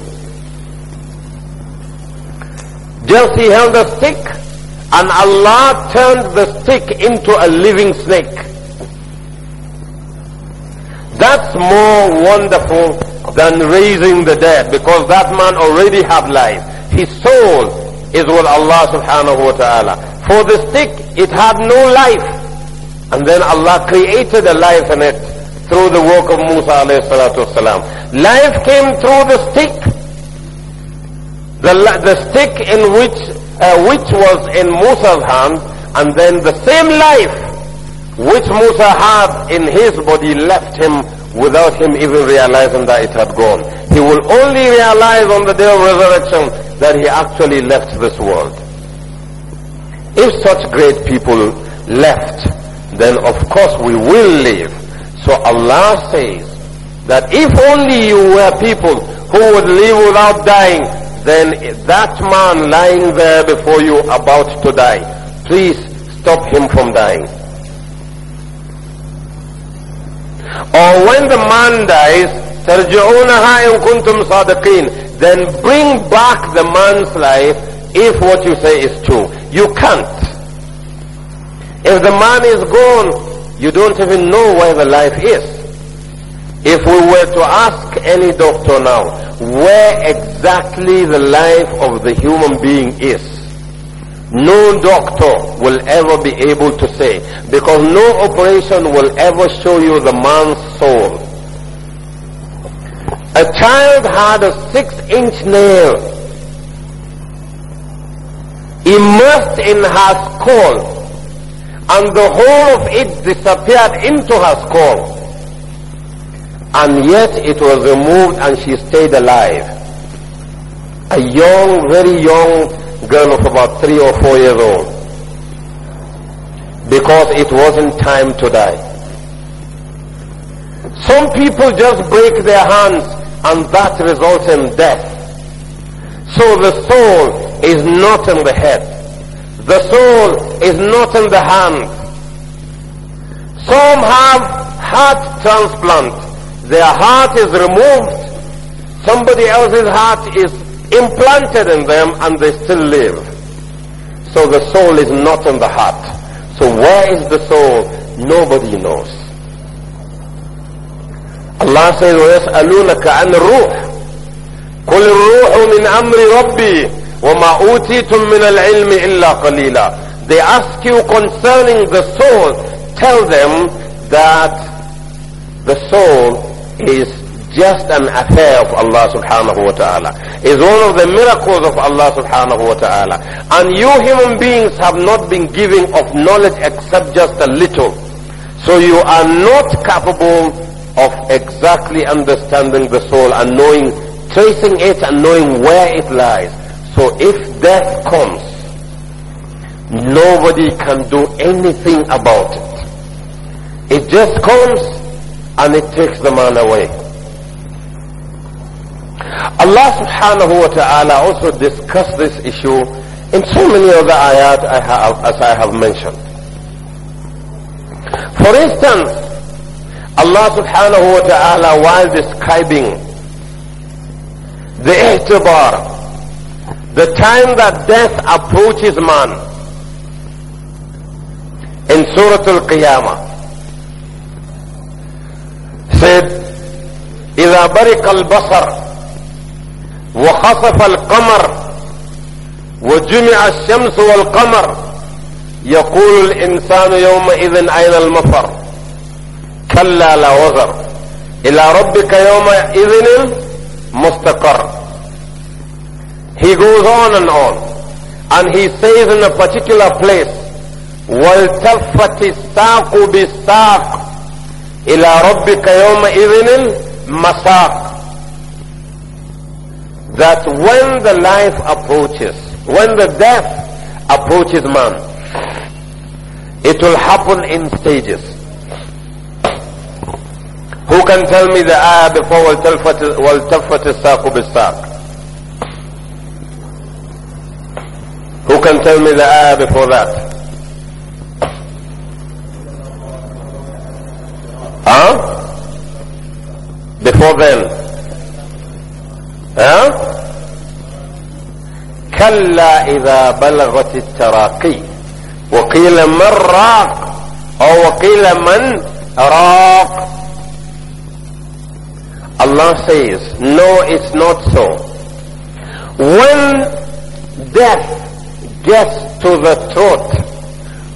Just he held a stick and Allah turned the stick into a living snake. That's more wonderful than raising the dead because that man already had life. His soul is with Allah subhanahu wa ta'ala. For the stick, it had no life. And then Allah created a life in it through the work of Musa alayhi salatu wasalam. Life came through the stick. The, the stick in which, uh, which was in Musa's hand and then the same life which Musa had in his body left him without him even realizing that it had gone. He will only realize on the day of resurrection that he actually left this world. If such great people left then of course we will live. So Allah says that if only you were people who would live without dying, then that man lying there before you about to die, please stop him from dying. Or when the man dies, ترجعونها إن كنتم صادقين then bring back the man's life if what you say is true. You can't. If the man is gone, you don't even know where the life is. If we were to ask any doctor now where exactly the life of the human being is, no doctor will ever be able to say because no operation will ever show you the man's soul. A child had a six inch nail immersed in her skull and the whole of it disappeared into her skull. And yet it was removed and she stayed alive. A young, very young girl of about three or four years old. Because it wasn't time to die. Some people just break their hands and that results in death. So the soul is not in the head. The soul is not in the hand. Some have heart transplant. Their heart is removed. Somebody else's heart is implanted in them and they still live. So the soul is not in the heart. So where is the soul? Nobody knows. Allah says, وَيَسْأَلُونَكَ عَنِ الرُّوحِ قُلِ الرُّوحُ مِنْ أَمْرِ رَبِّي وَمَا أُوتِيتُم مِّنَ الْعِلْمِ إِلَّا قَلِيلًا They ask you concerning the soul, tell them that the soul is just an affair of Allah subhanahu wa ta'ala. Is one of the miracles of Allah subhanahu wa ta'ala. And you human beings have not been giving of knowledge except just a little. So you are not capable of exactly understanding the soul and knowing, tracing it and knowing where it lies. So if death comes, nobody can do anything about it. It just comes and it takes the man away. Allah subhanahu wa ta'ala also discussed this issue in so many other ayat I have, as I have mentioned. For instance, Allah subhanahu wa ta'ala while describing the ihtibar, The time that death approaches man in Surah Al-Qiyamah said إذا برق البصر وخصف القمر وجمع الشمس والقمر يقول الإنسان يومئذ أين المفر كلا لا وزر إلى ربك يومئذ مستقر He goes on and on. And he says in a particular place, وَالْتَفَّتِ السَّاقُ ila إِلَى رَبِّكَ يَوْمَئِذٍ مَسَاقِ That when the life approaches, when the death approaches man, it will happen in stages. Who can tell me the ayah before وَالْتَفَّتِ السَّاقُ Who can tell me the ayah before that? Huh? Before then? Huh? كلا إذا بلغت التراقي وقيل من راق أو وقيل man راق Allah says, no, it's not so. When death gets to the throat,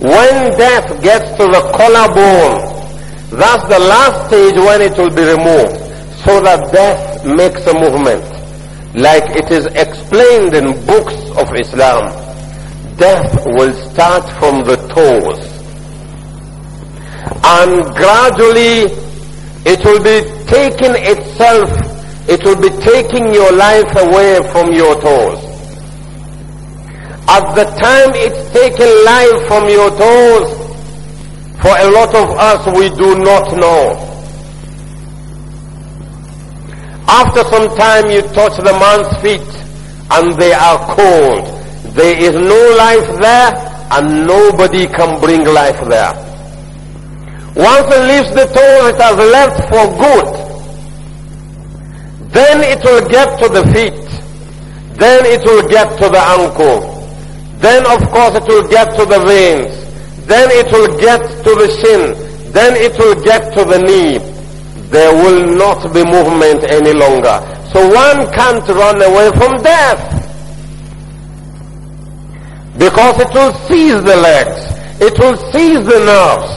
when death gets to the collarbone, that's the last stage when it will be removed, so that death makes a movement. Like it is explained in books of Islam, death will start from the toes. And gradually it will be taking itself, it will be taking your life away from your toes. At the time it's taken life from your toes, for a lot of us we do not know. After some time you touch the man's feet and they are cold. There is no life there and nobody can bring life there. Once it leaves the toe, it has left for good. Then it will get to the feet. Then it will get to the ankle. Then of course it will get to the veins. Then it will get to the shin. Then it will get to the knee. There will not be movement any longer. So one can't run away from death. Because it will seize the legs. It will seize the nerves.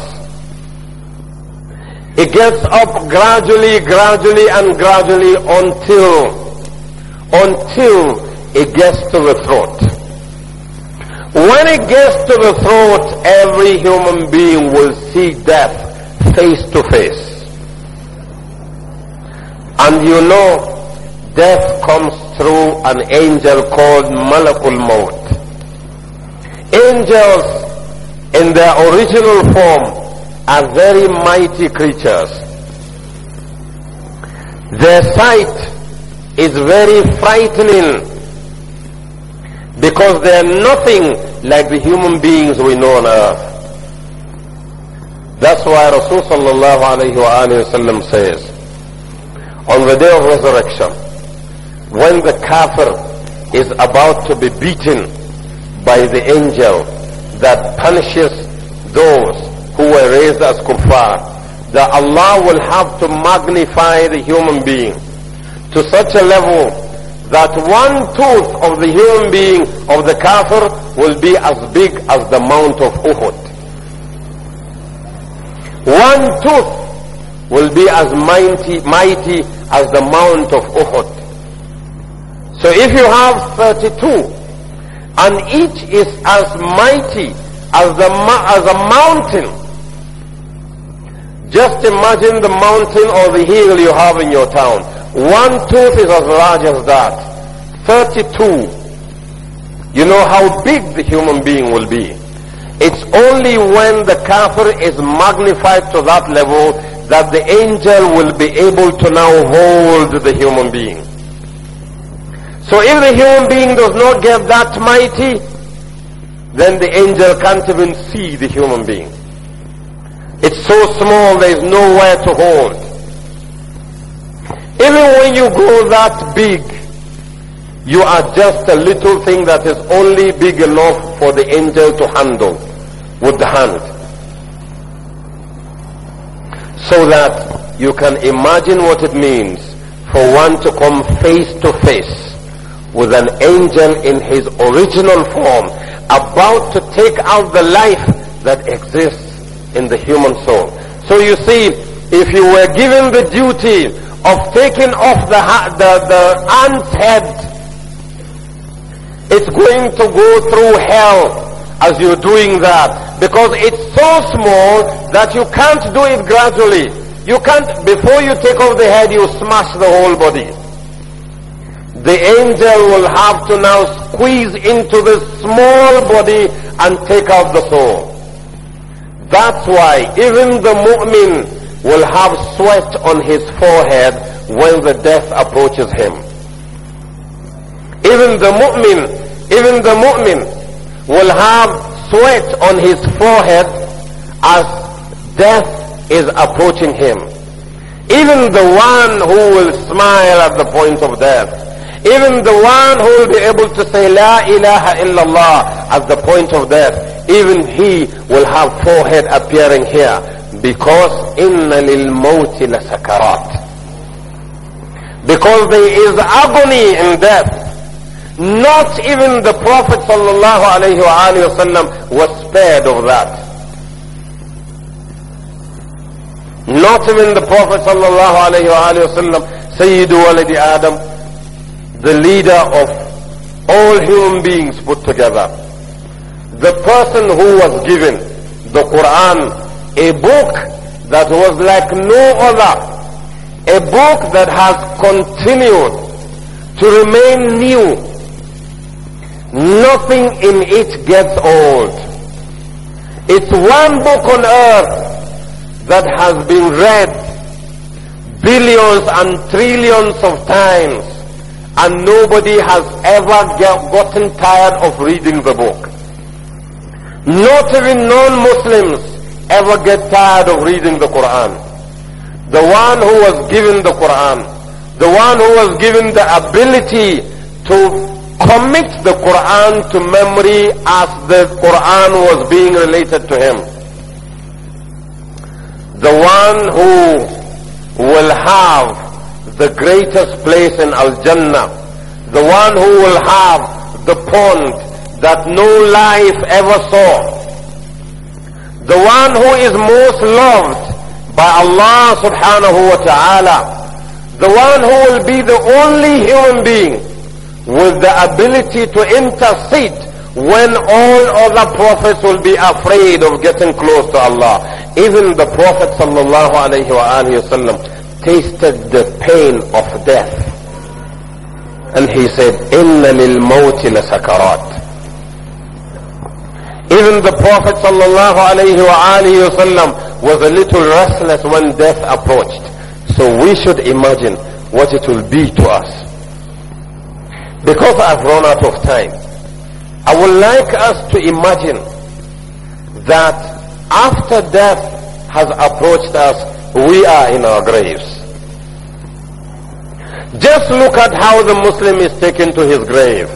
It gets up gradually, gradually and gradually until, until it gets to the throat. When it gets to the throat, every human being will see death face to face. And you know, death comes through an angel called Malakul Maut. Angels, in their original form, are very mighty creatures. Their sight is very frightening because they are nothing like the human beings we know on earth. That's why Rasulullah sallallahu alayhi wa says, on the day of resurrection, when the kafir is about to be beaten by the angel that punishes those who were raised as kuffar, that Allah will have to magnify the human being to such a level that one tooth of the human being of the kafir will be as big as the mount of Uhud. One tooth will be as mighty, mighty as the mount of Uhud. So if you have 32 and each is as mighty as, the, as a mountain, just imagine the mountain or the hill you have in your town. One tooth is as large as that. 32. You know how big the human being will be. It's only when the kafir is magnified to that level that the angel will be able to now hold the human being. So if the human being does not get that mighty, then the angel can't even see the human being. It's so small there is nowhere to hold. Even when you grow that big, you are just a little thing that is only big enough for the angel to handle with the hand. So that you can imagine what it means for one to come face to face with an angel in his original form about to take out the life that exists in the human soul. So you see, if you were given the duty of taking off the, the, the ant's head, it's going to go through hell as you're doing that because it's so small that you can't do it gradually. You can't, before you take off the head, you smash the whole body. The angel will have to now squeeze into the small body and take out the soul. That's why even the mu'min will have sweat on his forehead when the death approaches him. Even the mu'min, even the mu'min will have sweat on his forehead as death is approaching him. Even the one who will smile at the point of death. Even the one who will be able to say La ilaha illallah at the point of death, even he will have forehead appearing here because إِنَّ لِلْمَوْتِ Sakarat, Because there is agony in death. Not even the Prophet sallallahu wasallam was spared of that. Not even the Prophet sallallahu wasallam, Sayyidu Waladi Adam, the leader of all human beings put together. The person who was given the Quran a book that was like no other, a book that has continued to remain new. Nothing in it gets old. It's one book on earth that has been read billions and trillions of times and nobody has ever get, gotten tired of reading the book. Not even non-Muslims ever get tired of reading the Quran. The one who was given the Quran, the one who was given the ability to commit the Quran to memory as the Quran was being related to him. The one who will have the greatest place in Al-Jannah, the one who will have the pond that no life ever saw, the one who is most loved by Allah subhanahu wa ta'ala. The one who will be the only human being with the ability to intercede when all other prophets will be afraid of getting close to Allah. Even the Prophet sallallahu alayhi wa tasted the pain of death. And he said, إِنَّ لِلْمَوْتِ لَسَكَرَاتٍ even the Prophet wasallam was a little restless when death approached. So we should imagine what it will be to us. Because I've run out of time, I would like us to imagine that after death has approached us, we are in our graves. Just look at how the Muslim is taken to his grave.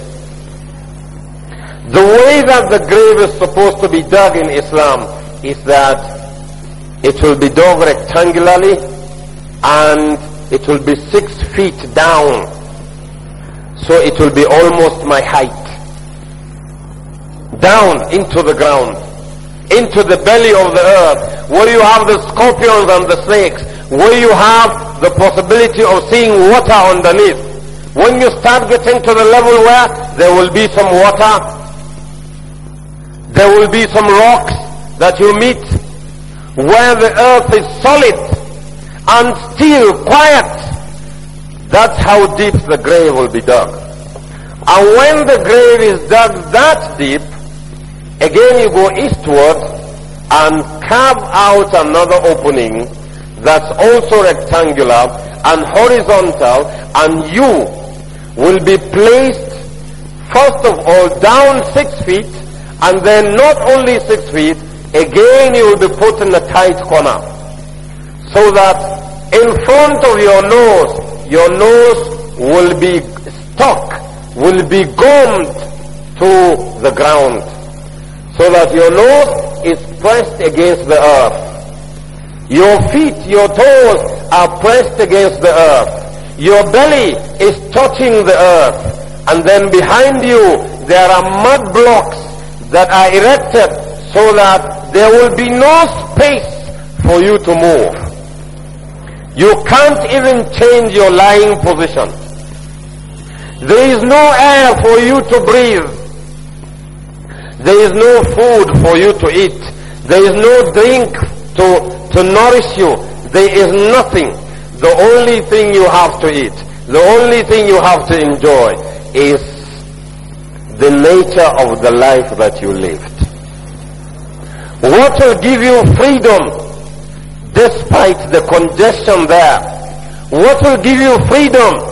The way that the grave is supposed to be dug in Islam is that it will be dug rectangularly and it will be six feet down. So it will be almost my height. Down into the ground, into the belly of the earth, where you have the scorpions and the snakes, where you have the possibility of seeing water underneath. When you start getting to the level where there will be some water, there will be some rocks that you meet where the earth is solid and still quiet. That's how deep the grave will be dug. And when the grave is dug that deep, again you go eastward and carve out another opening that's also rectangular and horizontal and you will be placed first of all down six feet and then not only six feet, again you will be put in a tight corner. So that in front of your nose, your nose will be stuck, will be gummed to the ground. So that your nose is pressed against the earth. Your feet, your toes are pressed against the earth. Your belly is touching the earth. And then behind you, there are mud blocks that are erected so that there will be no space for you to move. You can't even change your lying position. There is no air for you to breathe. There is no food for you to eat. There is no drink to, to nourish you. There is nothing. The only thing you have to eat, the only thing you have to enjoy is the nature of the life that you lived. What will give you freedom despite the congestion there? What will give you freedom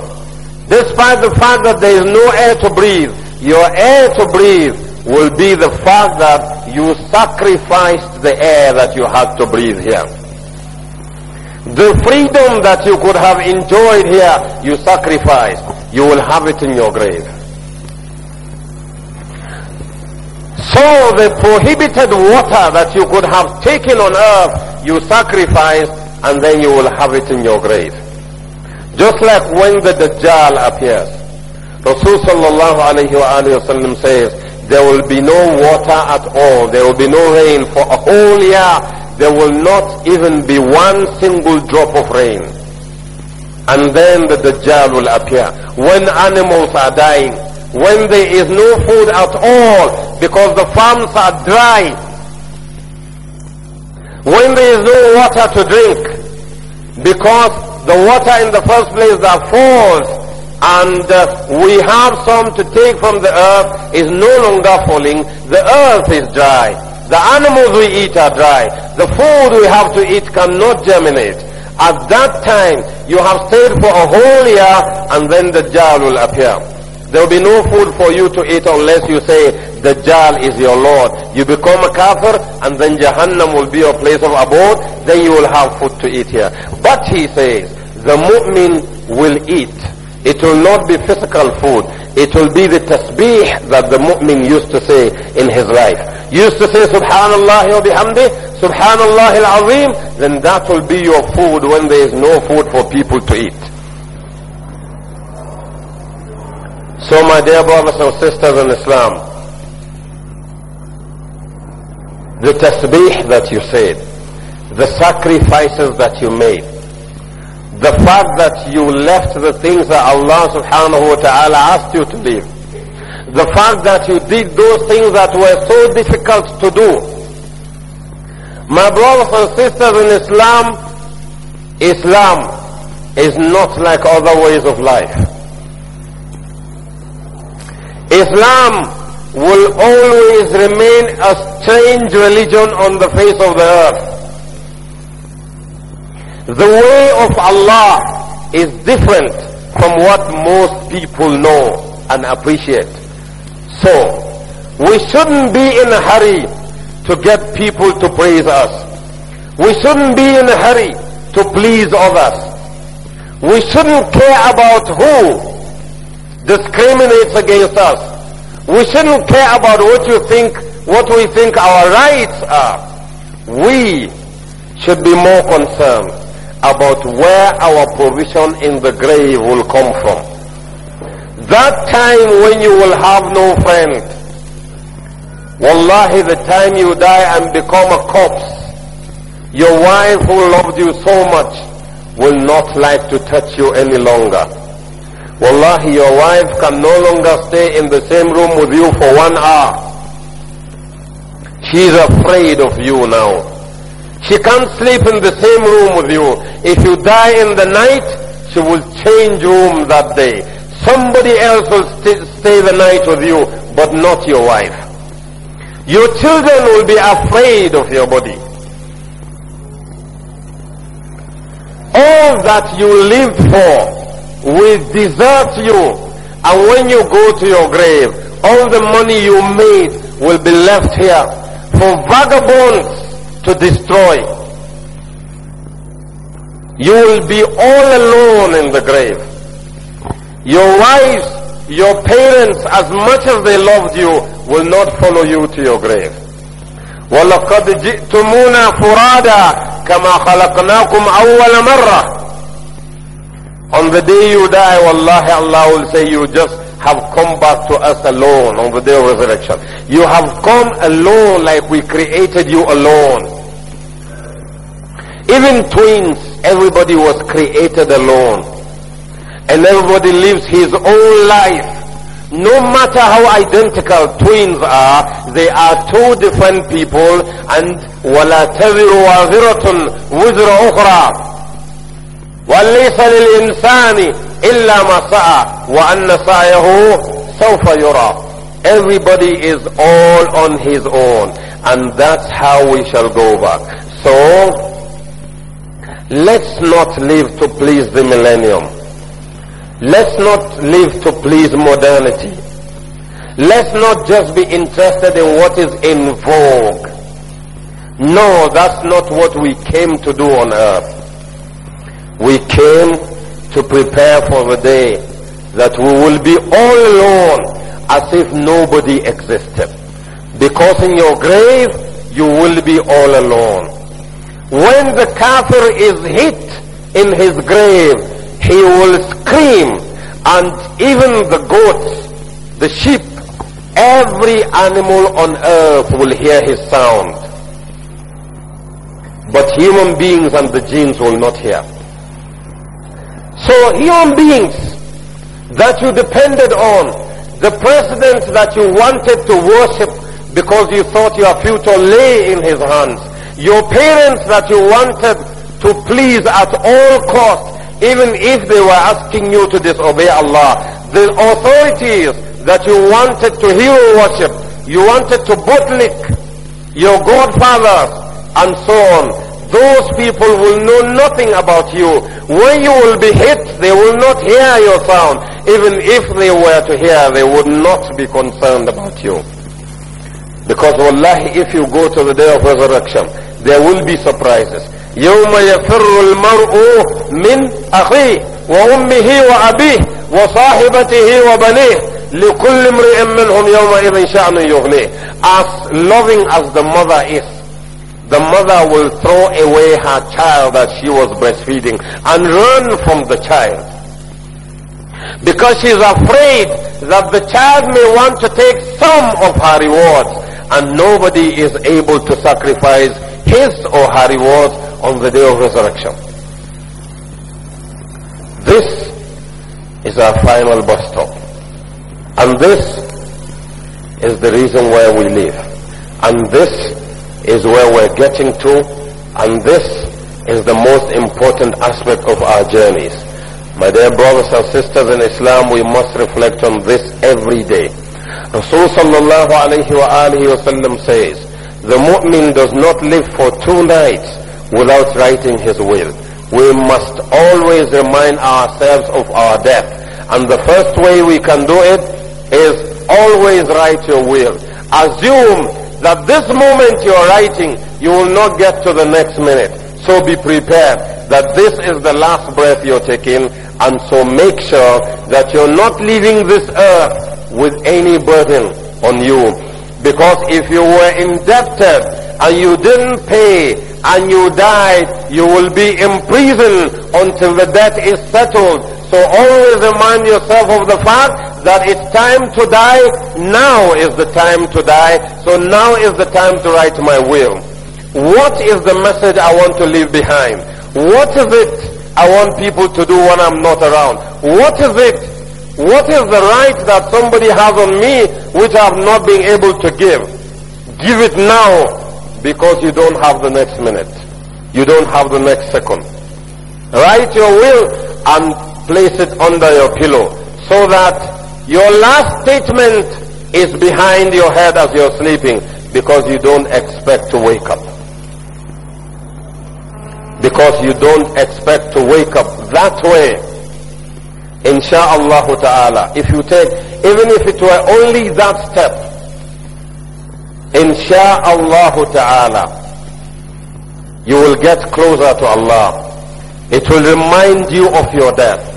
despite the fact that there is no air to breathe? Your air to breathe will be the fact that you sacrificed the air that you had to breathe here. The freedom that you could have enjoyed here, you sacrificed. You will have it in your grave. So the prohibited water that you could have taken on earth, you sacrifice and then you will have it in your grave. Just like when the Dajjal appears. Rasul sallallahu alayhi wa says, there will be no water at all. There will be no rain for a whole year. There will not even be one single drop of rain. And then the Dajjal will appear. When animals are dying, when there is no food at all because the farms are dry, when there is no water to drink because the water in the first place that falls and uh, we have some to take from the earth is no longer falling, the earth is dry. The animals we eat are dry. The food we have to eat cannot germinate. At that time, you have stayed for a whole year and then the jar will appear. There will be no food for you to eat unless you say, Dajjal is your Lord. You become a kafir and then Jahannam will be your place of abode. Then you will have food to eat here. But he says, the mu'min will eat. It will not be physical food. It will be the tasbih that the mu'min used to say in his life. Used to say, Subhanallah wa bihamdi, Subhanallah al-azim. Then that will be your food when there is no food for people to eat. So my dear brothers and sisters in Islam, the tasbih that you said, the sacrifices that you made, the fact that you left the things that Allah subhanahu wa ta'ala asked you to leave, the fact that you did those things that were so difficult to do. My brothers and sisters in Islam, Islam is not like other ways of life. Islam will always remain a strange religion on the face of the earth. The way of Allah is different from what most people know and appreciate. So, we shouldn't be in a hurry to get people to praise us. We shouldn't be in a hurry to please others. We shouldn't care about who discriminates against us. We shouldn't care about what you think, what we think our rights are. We should be more concerned about where our provision in the grave will come from. That time when you will have no friend. Wallahi, the time you die and become a corpse, your wife who loved you so much will not like to touch you any longer Wallahi, your wife can no longer stay in the same room with you for one hour. She's afraid of you now. She can't sleep in the same room with you. If you die in the night, she will change room that day. Somebody else will st stay the night with you, but not your wife. Your children will be afraid of your body. All that you live for will desert you. And when you go to your grave, all the money you made will be left here for vagabonds to destroy. You will be all alone in the grave. Your wives, your parents, as much as they loved you, will not follow you to your grave. وَلَقَدْ جِئْتُمُونَا فُرَادًا كَمَا خَلَقْنَاكُمْ أَوَّلَ مَرَّةٍ on the day you die, wallahi, Allah will say, you just have come back to us alone on the day of resurrection. You have come alone like we created you alone. Even twins, everybody was created alone. And everybody lives his own life. No matter how identical twins are, they are two different people and وَلَا تَذِرُ وَذِرَةٌ وِذْرَ أُخْرَى وَلَيْسَ لِلْإِنسَانِ إِلَّا مَا سَعَى وَأَنَّ سَعْيَهُ سَوْفَ يُرَى Everybody is all on his own. And that's how we shall go back. So, let's not live to please the millennium. Let's not live to please modernity. Let's not just be interested in what is in vogue. No, that's not what we came to do on earth. We came to prepare for the day that we will be all alone as if nobody existed. Because in your grave, you will be all alone. When the kafir is hit in his grave, he will scream and even the goats, the sheep, every animal on earth will hear his sound. But human beings and the jinns will not hear. So human beings that you depended on, the president that you wanted to worship because you thought your future lay in his hands, your parents that you wanted to please at all costs, even if they were asking you to disobey Allah, the authorities that you wanted to hero worship, you wanted to bootlick your godfathers, and so on. Those people will know nothing about you. When you will be hit, they will not hear your sound. Even if they were to hear, they would not be concerned about you. Because wallahi, if you go to the day of resurrection, there will be surprises. يوم يفر المرء من أخيه وأمه وأبيه وصاحبته وبنيه لكل امرئ منهم يومئذ شأن يغنيه. As loving as the mother is, the mother will throw away her child that she was breastfeeding and run from the child. Because she is afraid that the child may want to take some of her rewards and nobody is able to sacrifice his or her rewards on the day of resurrection. This is our final bus stop. And this is the reason why we live. And this is where we're getting to and this is the most important aspect of our journeys. My dear brothers and sisters in Islam, we must reflect on this every day. Rasul sallallahu alayhi wa alihi wasallam says, the mu'min does not live for two nights without writing his will. We must always remind ourselves of our death. And the first way we can do it is always write your will. Assume that this moment you are writing, you will not get to the next minute. So be prepared that this is the last breath you're taking and so make sure that you're not leaving this earth with any burden on you. Because if you were indebted and you didn't pay and you died, you will be imprisoned until the debt is settled so always remind yourself of the fact that it's time to die. Now is the time to die. So now is the time to write my will. What is the message I want to leave behind? What is it I want people to do when I'm not around? What is it? What is the right that somebody has on me which I've not been able to give? Give it now because you don't have the next minute. You don't have the next second. Write your will and place it under your pillow so that your last statement is behind your head as you're sleeping because you don't expect to wake up. Because you don't expect to wake up that way. Insha'Allah ta'ala. If you take, even if it were only that step, Insha'Allah ta'ala, you will get closer to Allah. It will remind you of your death.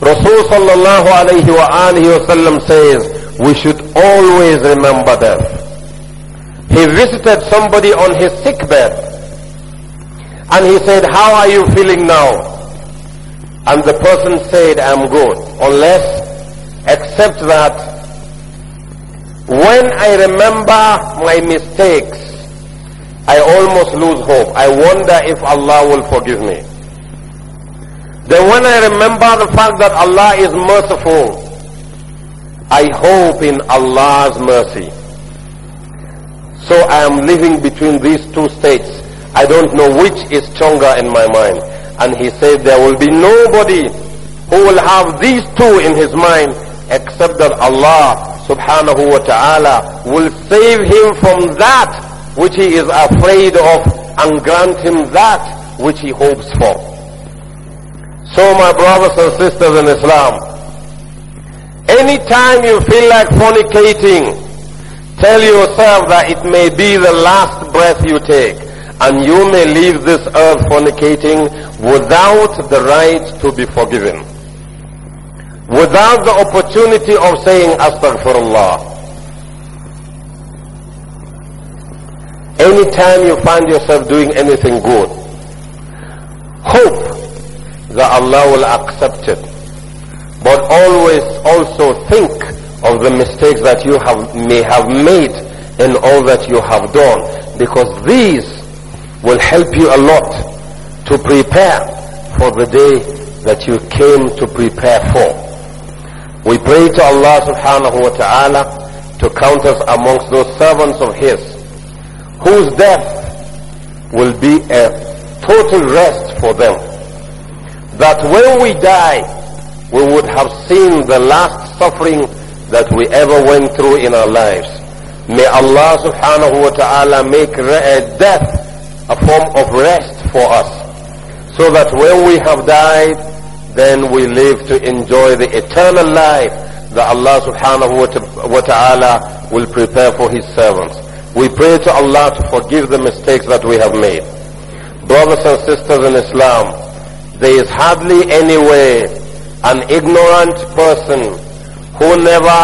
Rasul sallallahu alayhi wa alihi wasallam says, we should always remember them. He visited somebody on his sick bed and he said, how are you feeling now? And the person said, I'm good, unless, except that when I remember my mistakes, I almost lose hope. I wonder if Allah will forgive me. Then when I remember the fact that Allah is merciful, I hope in Allah's mercy. So I am living between these two states. I don't know which is stronger in my mind. And he said there will be nobody who will have these two in his mind except that Allah subhanahu wa ta'ala will save him from that which he is afraid of and grant him that which he hopes for. So my brothers and sisters in Islam, anytime you feel like fornicating, tell yourself that it may be the last breath you take and you may leave this earth fornicating without the right to be forgiven. Without the opportunity of saying Astaghfirullah. Anytime you find yourself doing anything good, hope that Allah will accept it. But always also think of the mistakes that you have, may have made in all that you have done. Because these will help you a lot to prepare for the day that you came to prepare for. We pray to Allah subhanahu wa ta'ala to count us amongst those servants of His whose death will be a total rest for them that when we die, we would have seen the last suffering that we ever went through in our lives. May Allah subhanahu wa ta'ala make eh, death a form of rest for us so that when we have died, then we live to enjoy the eternal life that Allah subhanahu wa ta'ala will prepare for His servants. We pray to Allah to forgive the mistakes that we have made. Brothers and sisters in Islam, there is hardly any way an ignorant person who never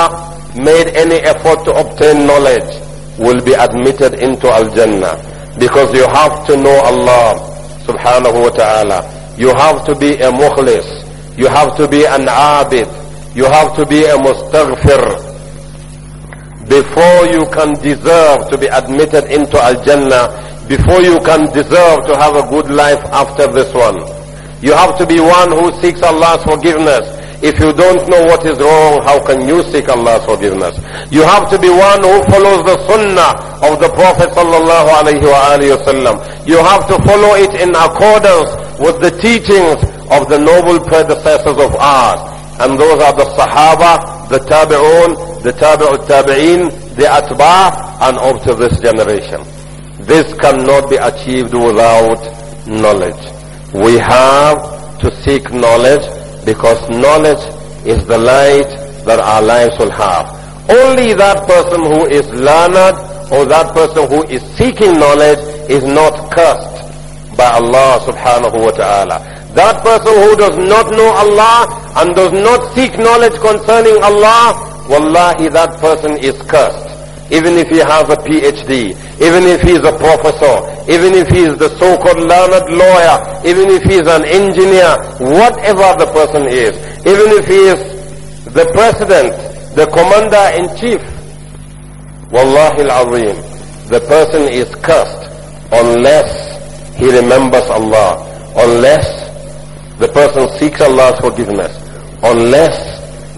made any effort to obtain knowledge will be admitted into Al-Jannah. Because you have to know Allah subhanahu wa ta'ala. You have to be a mukhlis. You have to be an abid. You have to be a mustaghfir before you can deserve to be admitted into Al Jannah, before you can deserve to have a good life after this one. You have to be one who seeks Allah's forgiveness. If you don't know what is wrong, how can you seek Allah's forgiveness? You have to be one who follows the sunnah of the Prophet sallallahu alaihi wasallam. You have to follow it in accordance with the teachings of the noble predecessors of ours. And those are the Sahaba, the Tabi'un, the Tabi'ut Tabi'in, the Atba, and up to this generation. This cannot be achieved without knowledge. We have to seek knowledge because knowledge is the light that our lives will have. Only that person who is learned or that person who is seeking knowledge is not cursed by Allah subhanahu wa ta'ala. That person who does not know Allah and does not seek knowledge concerning Allah, wallahi that person is cursed even if he has a PhD, even if he is a professor, even if he is the so-called learned lawyer, even if he is an engineer, whatever the person is, even if he is the president, the commander-in-chief, wallahi al-azim, the person is cursed unless he remembers Allah, unless the person seeks Allah's forgiveness, unless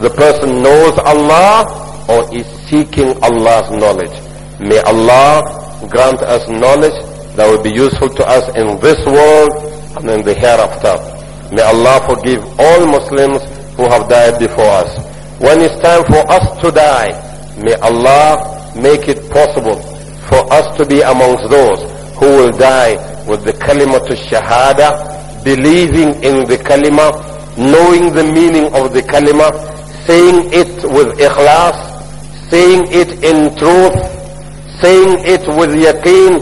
the person knows Allah or is seeking Allah's knowledge. May Allah grant us knowledge that will be useful to us in this world and in the hereafter. May Allah forgive all Muslims who have died before us. When it's time for us to die, may Allah make it possible for us to be amongst those who will die with the kalima to shahada, believing in the kalima, knowing the meaning of the kalima, saying it with ikhlas, saying it in truth, saying it with yaqeen,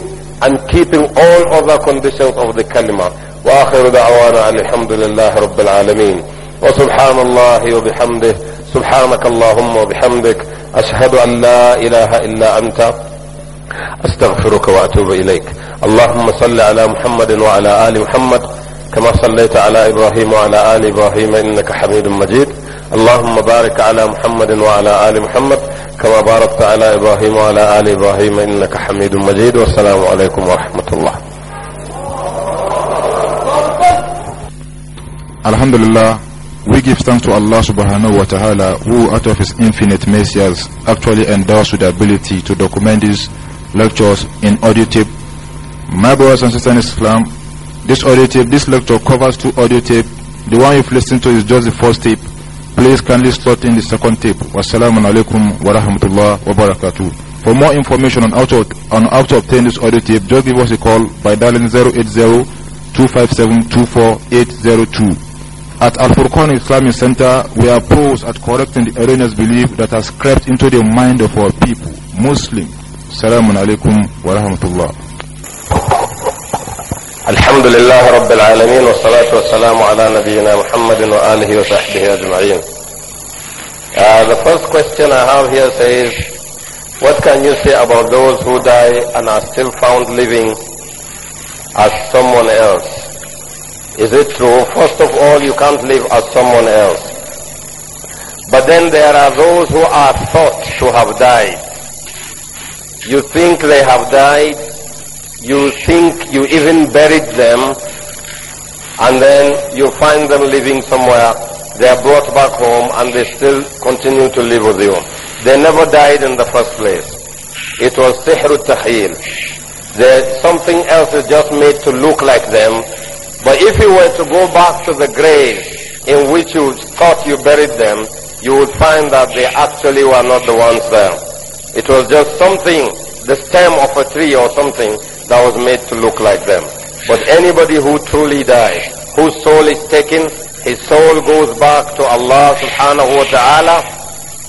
and keeping all other conditions of the kalima. وآخر دعوانا أن الحمد لله رب العالمين وسبحان الله وبحمده سبحانك اللهم وبحمدك أشهد أن لا إله إلا أنت أستغفرك وأتوب إليك اللهم صل على محمد وعلى آل محمد كما صليت على إبراهيم وعلى آل إبراهيم إنك حميد مجيد اللهم بارك على محمد وعلى آل محمد كما باركت على إبراهيم وعلى آل إبراهيم إنك حميد مجيد والسلام عليكم ورحمة الله Alhamdulillah, we give thanks to Allah subhanahu wa ta'ala who out of his infinite mercy has actually endorsed with the ability to document these lectures in audio tape. My brothers and sisters in Islam, this audio tape, this lecture covers two audio tape. The one you've listened to is just the first tape. Please kindly slot in the second tape. Wassalamu alaikum wa rahmatullah wa barakatuh. For more information on how to, on how to obtain this audio tape, just give us a call by dialing 080-257-24802. At Al-Furqan Islamic Center, we are pros at correcting the erroneous belief that has crept into the mind of our people. Muslim. Salamun alaikum wa rahmatullah. الحمد لله رب العالمين والصلاة والسلام على نبينا محمد وآله وصحبه أجمعين uh, The first question I have here says What can you say about those who die and are still found living as someone else? Is it true? First of all, you can't live as someone else. But then there are those who are thought to have died. You think they have died, you think you even buried them and then you find them living somewhere. They are brought back home and they still continue to live with you. They never died in the first place. It was sihr tahyil. Something else is just made to look like them. But if you were to go back to the grave in which you thought you buried them, you would find that they actually were not the ones there. It was just something, the stem of a tree or something that was made to look like them. But anybody who truly dies, whose soul is taken, his soul goes back to Allah subhanahu wa ta'ala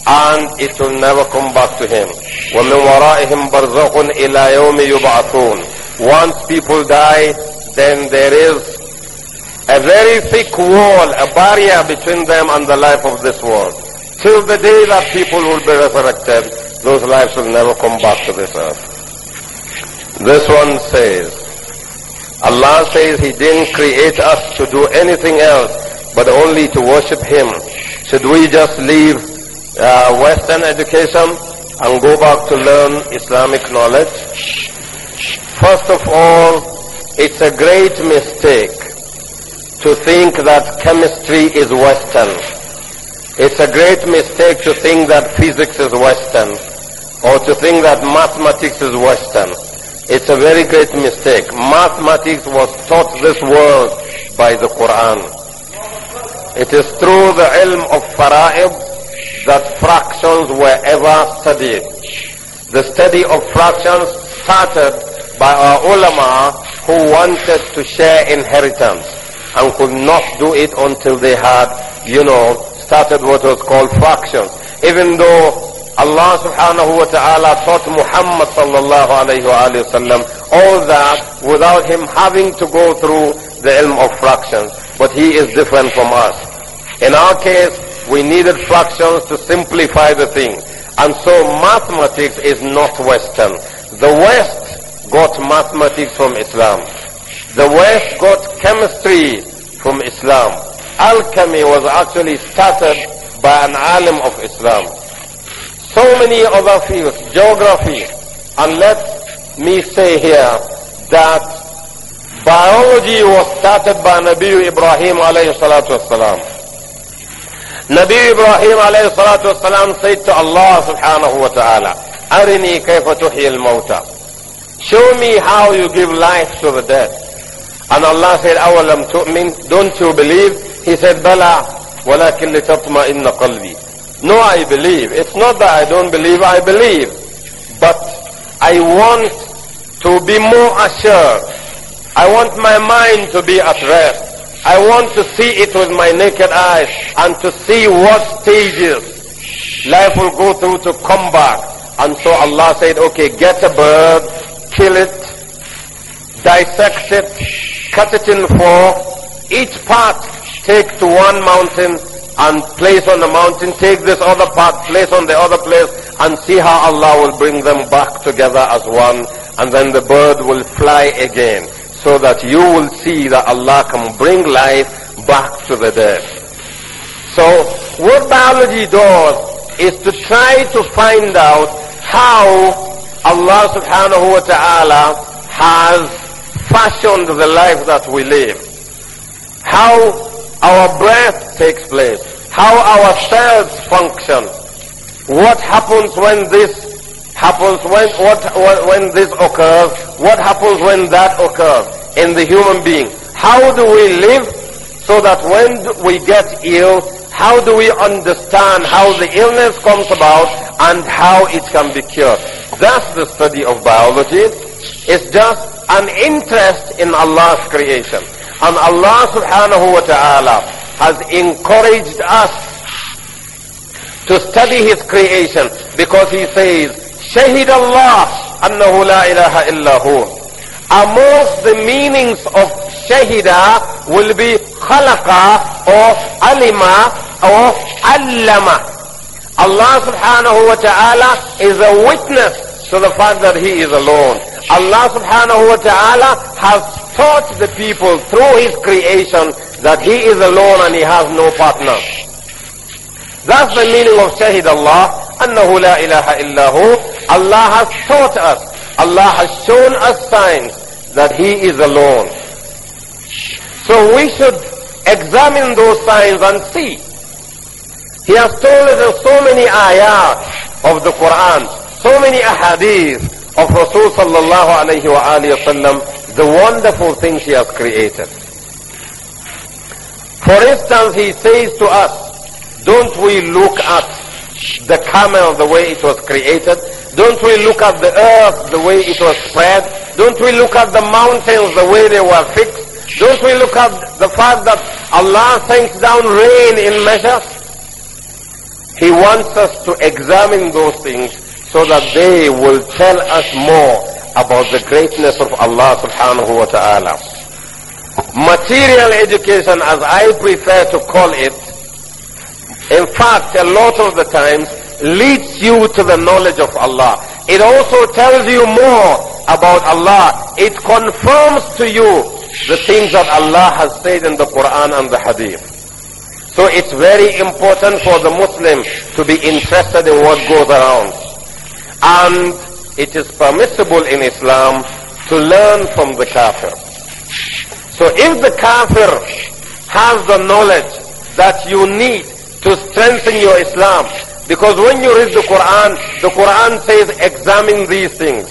and it will never come back to him. وَمِنْ وَرَائِهِمْ بَرْزَقٌ إِلَى يَوْمِ يُبْعَثُونَ Once people die, then there is a very thick wall, a barrier between them and the life of this world. Till the day that people will be resurrected, those lives will never come back to this earth. This one says, Allah says He didn't create us to do anything else but only to worship Him. Should we just leave uh, Western education and go back to learn Islamic knowledge? First of all, it's a great mistake to think that chemistry is Western. It's a great mistake to think that physics is Western or to think that mathematics is Western. It's a very great mistake. Mathematics was taught this world by the Quran. It is through the ilm of fara'ib that fractions were ever studied. The study of fractions started by our ulama who wanted to share inheritance and could not do it until they had, you know, started what was called fractions. Even though Allah subhanahu wa ta'ala taught Muhammad sallallahu alayhi wa sallam all that without him having to go through the ilm of fractions. But he is different from us. In our case, we needed fractions to simplify the thing. And so mathematics is not Western. The West got mathematics from Islam. The West got chemistry from Islam. Alchemy was actually started by an alim of Islam so many other fields, geography, and let me say here that biology was started by Nabi Ibrahim alayhi salatu wasalam. Nabi Ibrahim alayhi salatu wasalam said to Allah subhanahu wa ta'ala, Arini kayfa tuhi al-mawta. Show me how you give life to the dead. And Allah said, أَوَلَمْ تُؤْمِنْ Don't you believe? He said, بَلَى وَلَكِنْ لِتَطْمَئِنَّ قَلْبِي no, I believe. It's not that I don't believe, I believe. But I want to be more assured. I want my mind to be at rest. I want to see it with my naked eyes and to see what stages life will go through to come back. And so Allah said, okay, get a bird, kill it, dissect it, cut it in four. Each part take to one mountain and place on the mountain, take this other part, place on the other place, and see how Allah will bring them back together as one, and then the bird will fly again, so that you will see that Allah can bring life back to the dead. So, what biology does is to try to find out how Allah subhanahu wa ta'ala has fashioned the life that we live. How our breath takes place, how our cells function, what happens when this happens, when, what, when this occurs, what happens when that occurs in the human being. How do we live so that when we get ill, how do we understand how the illness comes about and how it can be cured? That's the study of biology. It's just an interest in Allah's creation. And Allah subhanahu wa ta'ala has encouraged us to study His creation because He says, "Shahid Allah أنه La Ilaha Illahu." amongst the meanings of shahida will be khalaqa or alima or allama. Allah subhanahu wa ta'ala is a witness so the fact that he is alone. Allah subhanahu wa ta'ala has taught the people through his creation that he is alone and he has no partner. That's the meaning of Shahid Allah, أنه لا إله إلا Allah has taught us, Allah has shown us signs that he is alone. So we should examine those signs and see. He has told us in so many ayahs of the Quran so many ahadith of Rasul sallallahu alayhi wa the wonderful things he has created. For instance, he says to us, don't we look at the camel the way it was created? Don't we look at the earth the way it was spread? Don't we look at the mountains the way they were fixed? Don't we look at the fact that Allah sends down rain in measures? He wants us to examine those things so that they will tell us more about the greatness of Allah subhanahu wa ta'ala. Material education, as I prefer to call it, in fact, a lot of the times leads you to the knowledge of Allah. It also tells you more about Allah. It confirms to you the things that Allah has said in the Quran and the Hadith. So it's very important for the Muslim to be interested in what goes around. And it is permissible in Islam to learn from the kafir. So if the kafir has the knowledge that you need to strengthen your Islam, because when you read the Quran, the Quran says examine these things.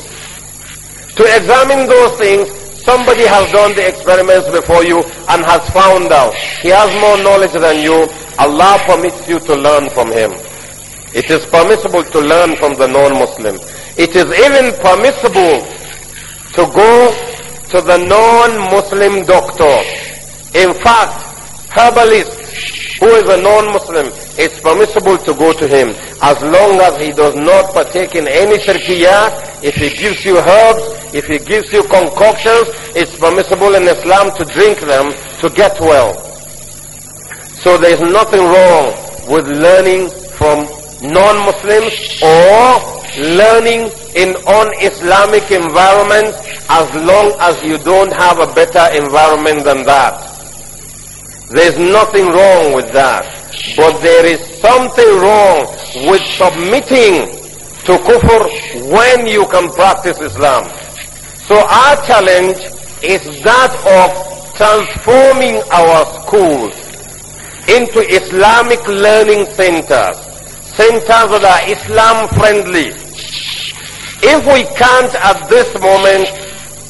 To examine those things, somebody has done the experiments before you and has found out. He has more knowledge than you. Allah permits you to learn from him. It is permissible to learn from the non-Muslim. It is even permissible to go to the non-Muslim doctor. In fact, herbalist who is a non-Muslim, it's permissible to go to him as long as he does not partake in any shirkiyah. If he gives you herbs, if he gives you concoctions, it's permissible in Islam to drink them to get well. So there is nothing wrong with learning from non-Muslims or learning in non islamic environment as long as you don't have a better environment than that. There's nothing wrong with that. But there is something wrong with submitting to kufr when you can practice Islam. So our challenge is that of transforming our schools into Islamic learning centers centers that are Islam friendly. If we can't at this moment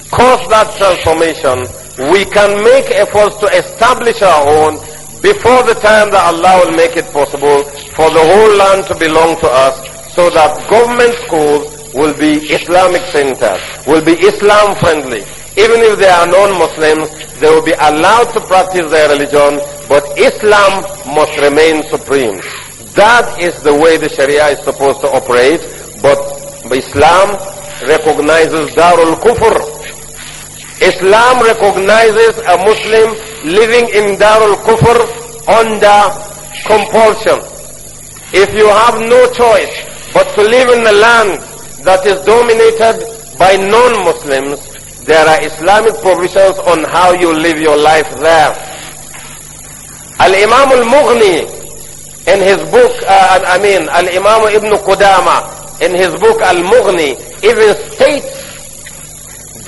cause that transformation, we can make efforts to establish our own before the time that Allah will make it possible for the whole land to belong to us so that government schools will be Islamic centers, will be Islam friendly. Even if they are non-Muslims, they will be allowed to practice their religion, but Islam must remain supreme. That is the way the Sharia is supposed to operate, but Islam recognizes Darul Kufr. Islam recognizes a Muslim living in Darul Kufr under compulsion. If you have no choice but to live in a land that is dominated by non-Muslims, there are Islamic provisions on how you live your life there. Al-Imam al-Mughni in his book, uh, I mean, Al-Imam Ibn Qudama, in his book Al-Mughni, even states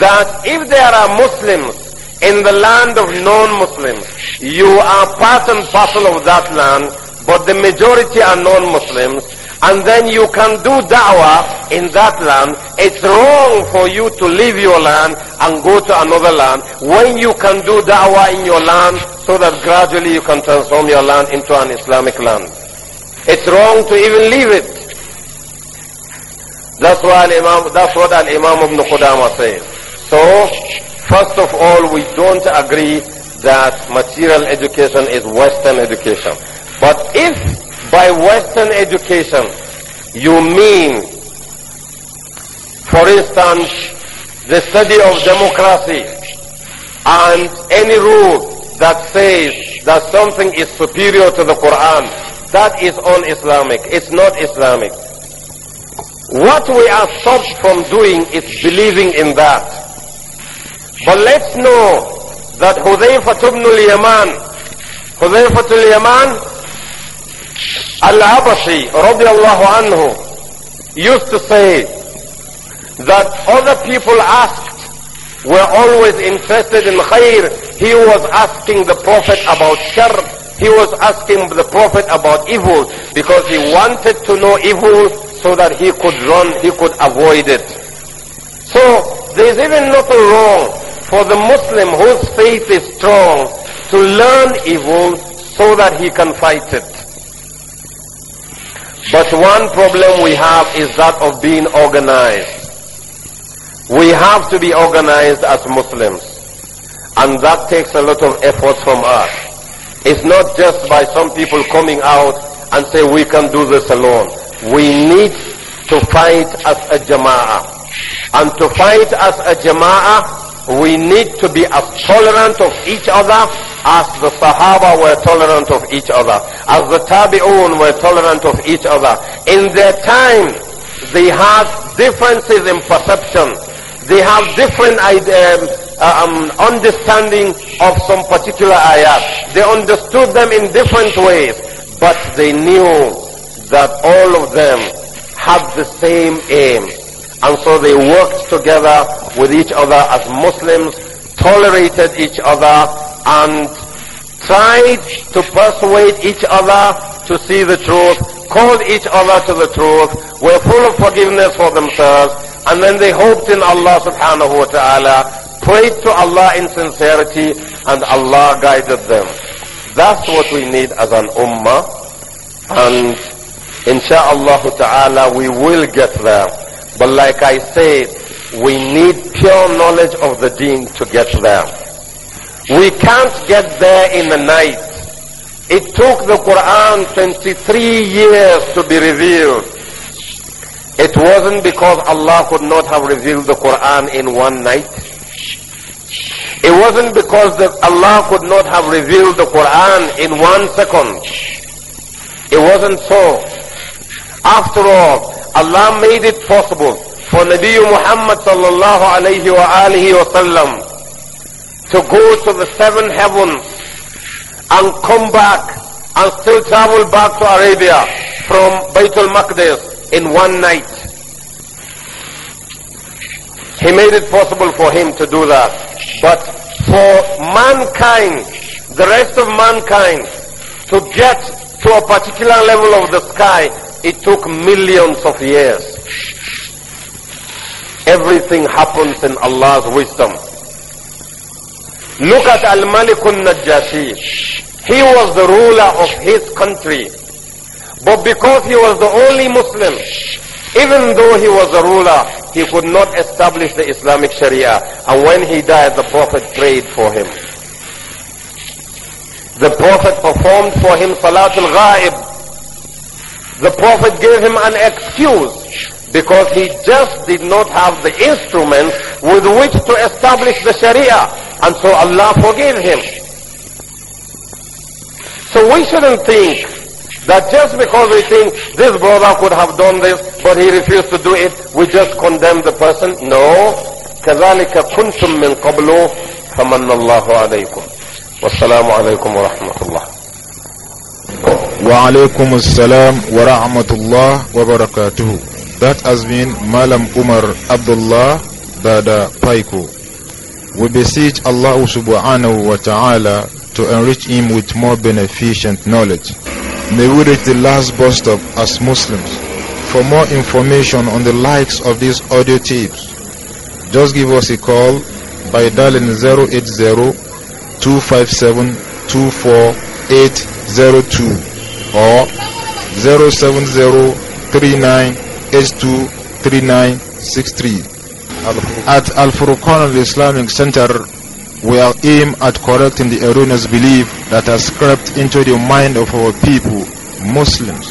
that if there are Muslims in the land of non-Muslims, you are part and parcel of that land, but the majority are non-Muslims, and then you can do da'wah in that land, it's wrong for you to leave your land and go to another land when you can do da'wah in your land so that gradually you can transform your land into an Islamic land. It's wrong to even leave it. That's why Imam, that's what an Imam Ibn Qudama says. So, first of all, we don't agree that material education is Western education. But if by Western education, you mean, for instance, the study of democracy and any rule that says that something is superior to the Quran, that is un-Islamic. It's not Islamic. What we are stopped from doing is believing in that. But let's know that Hudayfa ibn al-Yaman, Hudayfa al-Yaman Al-Abashi radiallahu anhu used to say that other people asked, were always interested in khair. He was asking the Prophet about shar. He was asking the Prophet about evil because he wanted to know evil so that he could run, he could avoid it. So there is even nothing wrong for the Muslim whose faith is strong to learn evil so that he can fight it. But one problem we have is that of being organized. We have to be organized as Muslims. And that takes a lot of effort from us. It's not just by some people coming out and say we can do this alone. We need to fight as a jama'ah. And to fight as a jama'ah, we need to be as tolerant of each other as the Sahaba were tolerant of each other, as the Tabi'un were tolerant of each other. In their time, they had differences in perception. They have different um, uh, um, understanding of some particular ayat. They understood them in different ways, but they knew that all of them had the same aim. And so they worked together with each other as Muslims, tolerated each other, and tried to persuade each other to see the truth, called each other to the truth, were full of forgiveness for themselves, and then they hoped in Allah subhanahu wa ta'ala, prayed to Allah in sincerity, and Allah guided them. That's what we need as an ummah, and insha'Allah ta'ala we will get there. But like I said, we need pure knowledge of the deen to get there. We can't get there in the night. It took the Quran 23 years to be revealed. It wasn't because Allah could not have revealed the Quran in one night. It wasn't because that Allah could not have revealed the Quran in one second. It wasn't so. After all, Allah made it possible for Nabi Muhammad sallallahu alayhi wa alihi wa sallam to go to the seven heavens and come back and still travel back to Arabia from Baitul Maqdis in one night. He made it possible for him to do that. But for mankind, the rest of mankind, to get to a particular level of the sky, it took millions of years. Everything happens in Allah's wisdom. Look at Al-Malik al-Najashi. He was the ruler of his country. But because he was the only Muslim, even though he was a ruler, he could not establish the Islamic Sharia. And when he died, the Prophet prayed for him. The Prophet performed for him al Ghaib. The Prophet gave him an excuse because he just did not have the instruments with which to establish the Sharia. And so Allah forgave him. So we shouldn't think that just because we think this brother could have done this, but he refused to do it, we just condemn the person. No. كذلك كنتم من قبل فمن الله عليكم والسلام عليكم ورحمة الله وعليكم السلام ورحمة الله وبركاته That has been Malam Umar Abdullah Dada Paiko. We beseech Allah subhanahu wa ta'ala to enrich him with more beneficent knowledge. May we reach the last bus stop as Muslims. For more information on the likes of these audio tapes, just give us a call by dialing 080-257-24802 or 070 3963. At Al Furqan al Islamic Center, we are aimed at correcting the erroneous belief that has crept into the mind of our people, Muslims.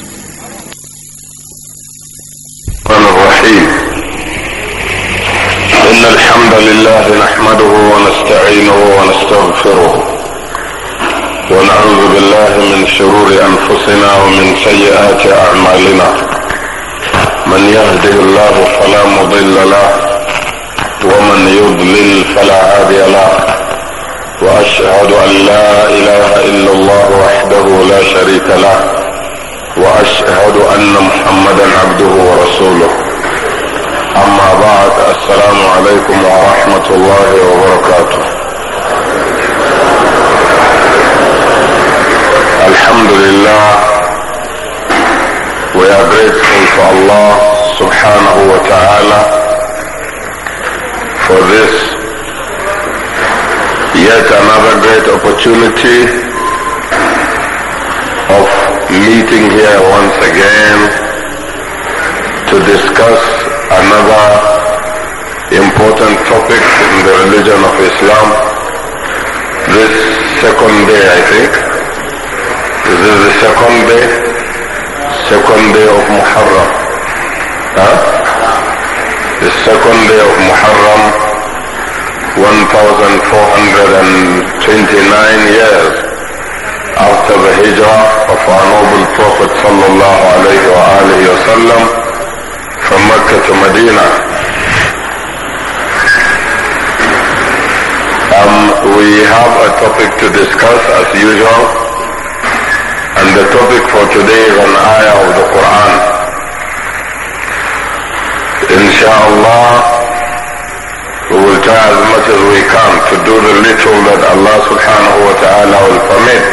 الحمد لله نحمده ونستعينه ونستغفره ونعوذ بالله من شرور انفسنا ومن سيئات اعمالنا من يهده الله فلا مضل له ومن يضلل فلا هادي له واشهد ان لا اله الا الله وحده لا شريك له واشهد ان محمدا عبده ورسوله اما بعد السلام عليكم ورحمه الله وبركاته الحمد لله we are grateful to Allah subhanahu wa ta'ala for this yet another great opportunity of meeting here once again to discuss another important topic in the religion of Islam. This second day, I think. This is the second day, second day of Muharram. Huh? the second day of Muharram, 1429 years after the Hijrah of our noble Prophet sallallahu alayhi wa alihi wasallam from Mecca to Medina. Um, we have a topic to discuss as usual and the topic for today is an ayah of the Quran. inshallah Allah, we will try as much as we can to do the little that Allah subhanahu wa ta'ala will permit,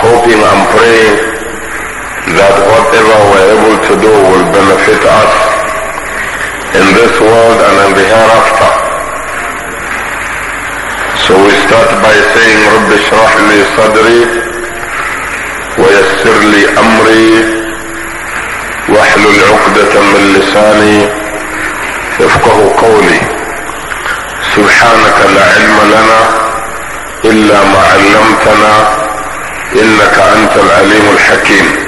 hoping and praying that whatever we're able to do will benefit us in this world and in the hereafter. So we start by saying, رب اشرح لي صدري ويسر لي أمري واحلل عقدة من لساني يفقه قولي سبحانك لا علم لنا الا ما علمتنا انك انت العليم الحكيم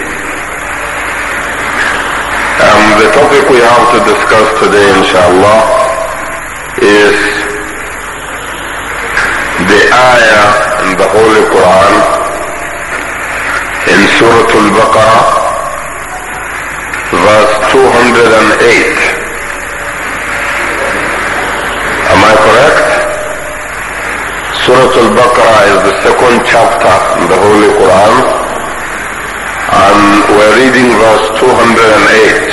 Um, the topic we have to discuss today, inshallah, is the ayah in the Holy Quran in Surah Al-Baqarah, verse 208. I correct? Surah Al-Baqarah is the second chapter in the Holy Quran and we're reading verse 208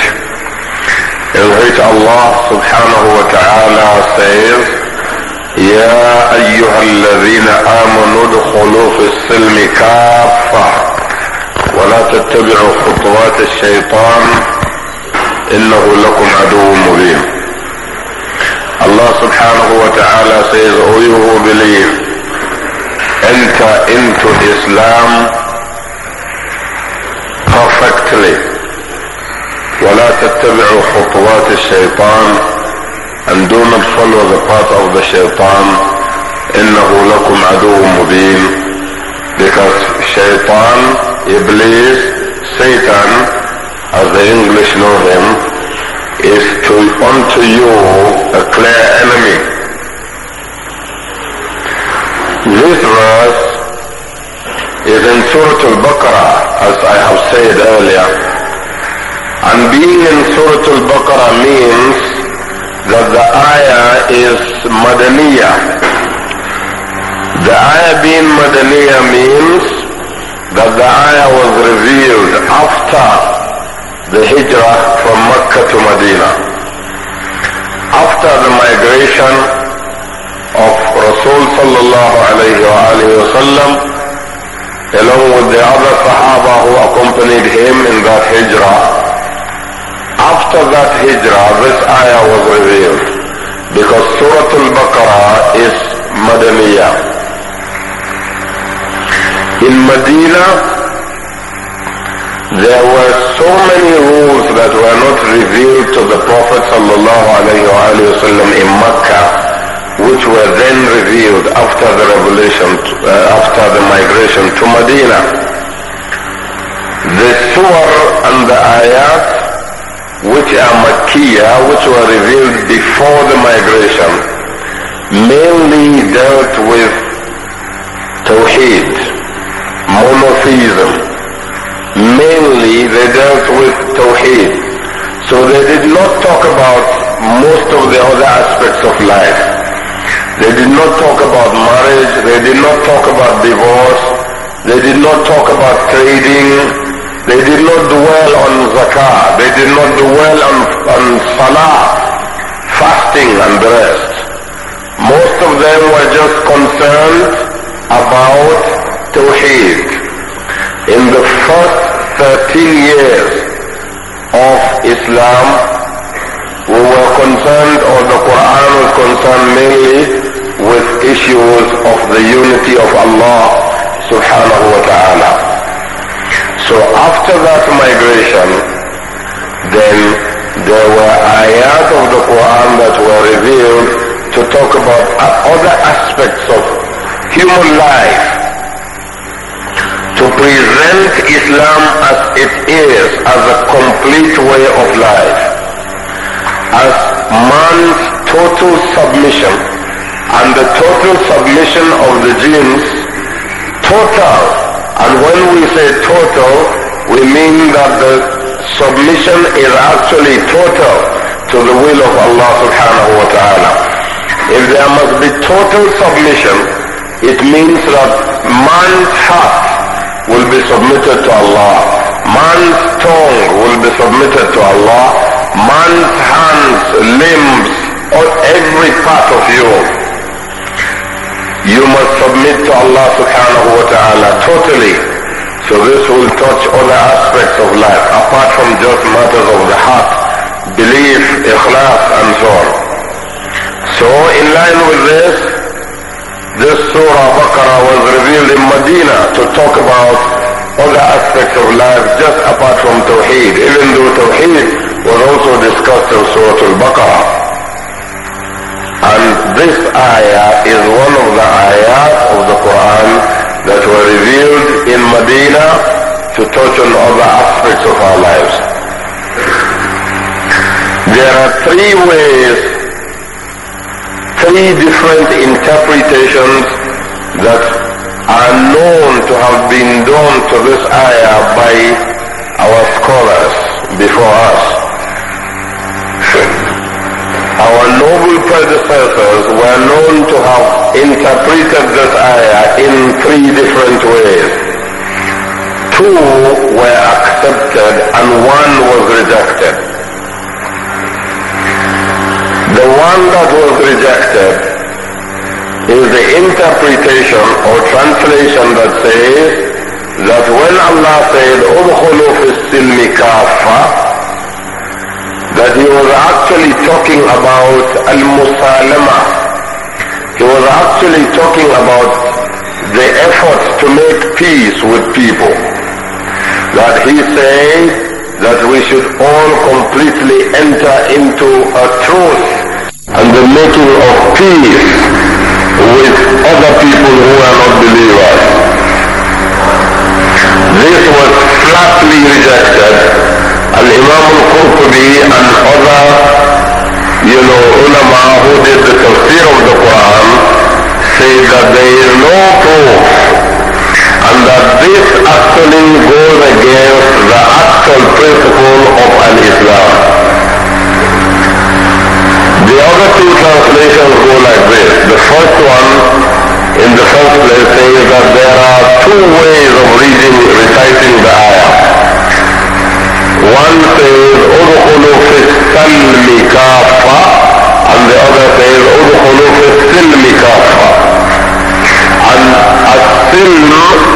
in which Allah subhanahu wa ta'ala says يا أيها الذين آمنوا ادخلوا في السلم كافة ولا تتبعوا خطوات الشيطان إنه لكم عدو مبين الله سبحانه وتعالى says O you who believe enter into Islam perfectly ولا تتبعوا خطوات الشيطان and do not follow the path of the shaitan إنه لكم عدو مبين because shaitan Iblis Satan as the English know him is to unto you a clear enemy. This verse is in Surah Al-Baqarah, as I have said earlier. And being in Surah Al-Baqarah means that the ayah is Madaniyah. The ayah being Madaniyah means that the ayah was revealed after the hijrah from Mecca to Medina. آفٹر مائگریشن آف رسول صلی اللہ علیہ وسلم ہیلو صاحب کمپنی ڈیم انٹ ہیجرا آفٹر دس آیا بک سورت الکرا اس مدنی ان مدیلا سو مینی وو that were not revealed to the Prophet ﷺ in Mecca, which were then revealed after the revelation, uh, after the migration to Medina. The surah and the ayat which are Makkiya, which were revealed before the migration, mainly dealt with Tawheed, monotheism, mainly they dealt with Tawheed. So they did not talk about most of the other aspects of life. They did not talk about marriage, they did not talk about divorce, they did not talk about trading, they did not dwell on zakah, they did not dwell on, on salah, fasting and the rest. Most of them were just concerned about tawheed in the first 13 years of Islam, we were concerned, or the Quran was concerned mainly with issues of the unity of Allah subhanahu wa ta'ala. So after that migration, then there were ayat of the Quran that were revealed to talk about other aspects of human life to present Islam as it is, as a complete way of life, as man's total submission and the total submission of the genes, total. And when we say total, we mean that the submission is actually total to the will of Allah subhanahu wa ta'ala. If there must be total submission, it means that man's heart will be submitted to Allah. Man's tongue will be submitted to Allah. Man's hands, limbs, or every part of you. You must submit to Allah subhanahu wa ta'ala totally. So this will touch other aspects of life apart from just matters of the heart, belief, ikhlas and so on. So in line with this, this Surah Baqarah was revealed in Medina to talk about other aspects of life just apart from Tawheed, even though Tawheed was also discussed in Surah Al-Baqarah. And this ayah is one of the ayahs of the Quran that were revealed in Medina to touch on other aspects of our lives. There are three ways three different interpretations that are known to have been done to this ayah by our scholars before us. Our noble predecessors were known to have interpreted this ayah in three different ways. Two were accepted and one was rejected. The one that was rejected is the interpretation or translation that says that when Allah said, Udkhulu fi silmi that he was actually talking about al-musalama. He was actually talking about the effort to make peace with people. That he said, that we should all completely enter into a truce and the making of peace with other people who are not believers. This was flatly rejected. and imam al-Qurtubi and other, you know, ulama who did the tafsir of the Quran say that there is no proof and that this actually goes against the actual principle of al-Islam. The other two translations go like this. The first one, in the first place, says that there are two ways of reading, reciting the ayah. One says, أُدْخُلُوا فِي السَّلْمِ and the other says, أُدْخُلُوا فِي السِّلْمِ And as-silm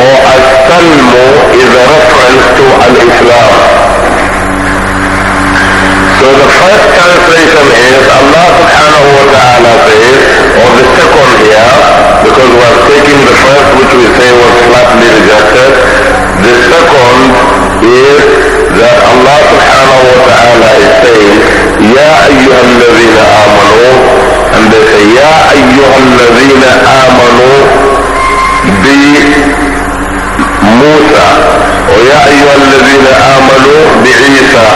والسلم is a reference to al-Islam. So the first translation is Allah subhanahu wa ta'ala says, or the second here, because we are taking the first which we say was flatly rejected. The second is that Allah subhanahu wa ta'ala is saying, Ya ayyuhal ladhina آمنوا and they say, Ya ayyuhal ladhina آمنوا be موسى ويا ايها الذين امنوا بعيسى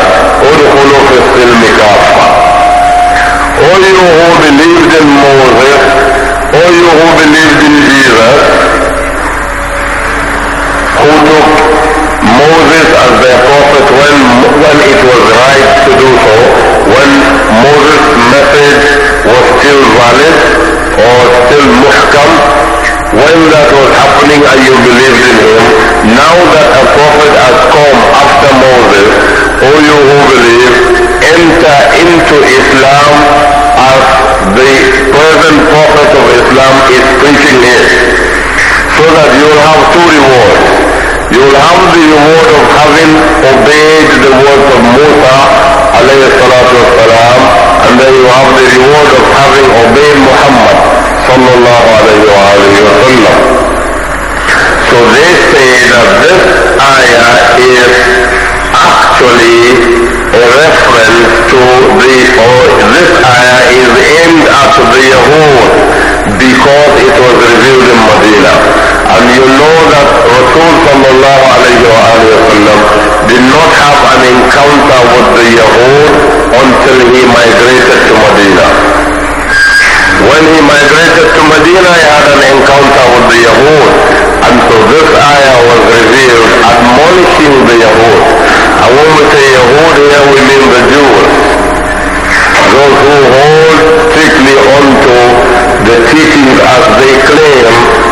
ادخلوا في السلم كافه ويو هو بليد الموزه ويو هو بليد الجيزه خطب موزس as the prophet when, when it was right to do so when Moses' message was still valid الحمد the word of having obeyed the words of Musa alayhi salatu wasalam and then you have the reward of having obeyed Muhammad sallallahu alayhi wa alayhi wa sallam. So they say that this ayah is actually a reference to the, or this ayah is aimed at the Yahud because it was revealed in Medina. And you know that Rasul sallallahu alayhi wa sallam did not have an encounter with the Yahud until he migrated to Medina. When he migrated to Medina, he had an encounter with the Yahud. And so this ayah was revealed admonishing the Yahud. And when we say Yahud here, we mean the Jews. Those who hold strictly onto the teachings as they claim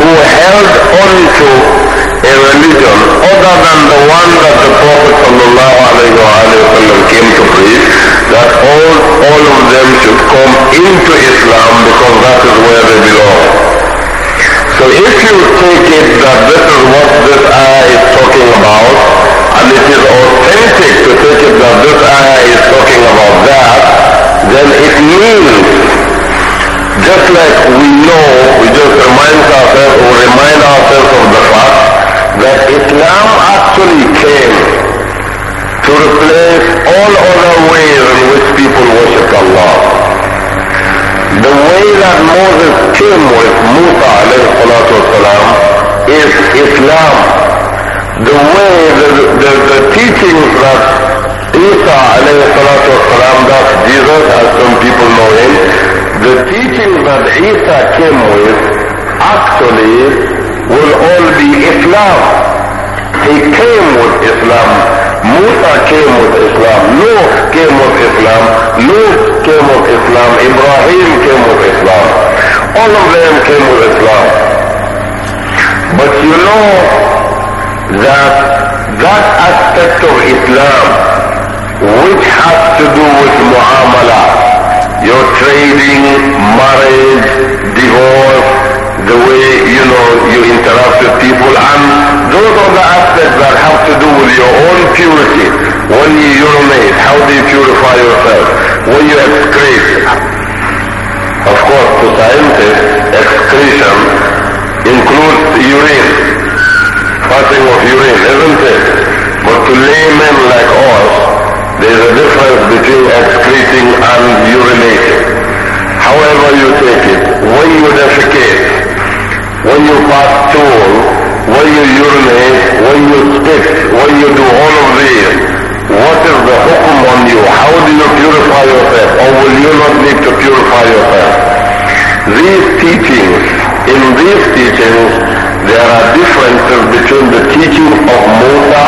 who held to a religion other than the one that the Prophet ﷺ came to preach, that all, all of them should come into Islam because that is where they belong. So if you take it that this is what this ayah is talking about, and it is authentic to take it that this ayah is talking about that, then it means just like we know, we just remind ourselves or remind ourselves of the fact that Islam actually came to replace all other ways in which people worship Allah. The way that Moses came with Musa والسلام, is Islam. The way, the, the, the teachings that Isa alayhi salatu wasalam, that's Jesus as some people know him, the teaching that Isa came with actually will all be Islam. He came with Islam. Musa came with Islam. Noah came with Islam. Lut came with Islam. Ibrahim came with Islam. All of them came with Islam. But you know that that aspect of Islam which has to do with muamala, your trading, marriage, divorce, the way you know you interact with people, and those other aspects that have to do with your own purity. When you urinate, how do you purify yourself? When you excrete, of course, to scientists, excretion includes urine, passing of urine, isn't it? But to laymen like us, there is a difference between excreting and urinating. However you take it, when you defecate, when you pass stool, when you urinate, when you spit, when you do all of these, what is the hukum on you? How do you purify yourself? Or will you not need to purify yourself? These teachings, in these teachings, there are differences between the teaching of Musa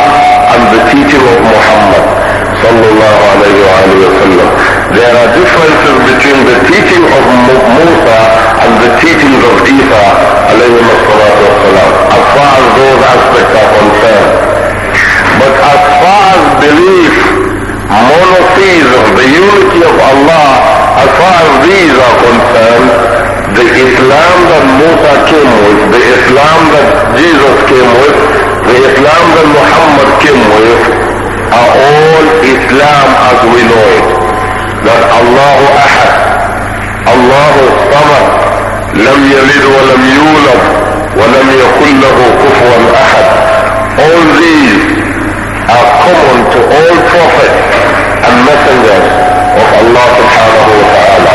and the teaching of Muhammad sallallahu alayhi wa sallam. There are differences between the teaching of Musa and the teachings of Isa alayhi as far as those aspects are concerned. But as far as belief, monotheism, the unity of Allah, as far as these are concerned, the Islam that Musa came with, the Islam that Jesus came with, the Islam that Muhammad came with, are all Islam as we know it. That Allah Ahad, Allah Samad, لم يلد ولم يولد ولم يكن له كفوا أحد. All these are common to all prophets and messengers of Allah subhanahu wa ta'ala.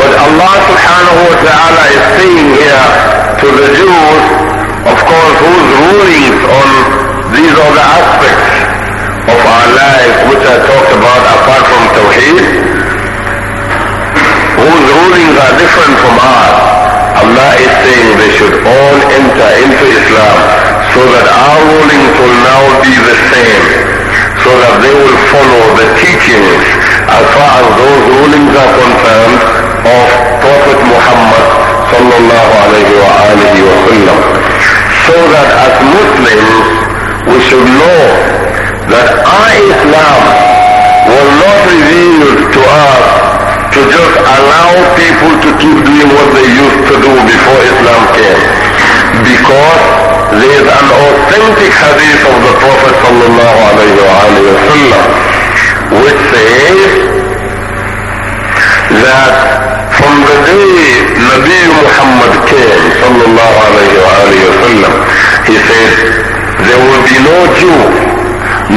But Allah subhanahu wa ta'ala is saying here to the Jews, of course, who's ruling These are the aspects of our life which are talked about apart from Tawheed, whose rulings are different from ours. Allah is saying they should all enter into Islam so that our rulings will now be the same, so that they will follow the teachings as far as those rulings are concerned of Prophet Muhammad sallallahu alayhi wa alihi wa sallam. So that as Muslims we should know that our Islam was not revealed to us to just allow people to keep doing what they used to do before Islam came. Because there is an authentic hadith of the Prophet sallallahu alayhi wa sallam which says that from the day Nabi Muhammad came sallallahu alayhi wa sallam, he said, there will be no Jew,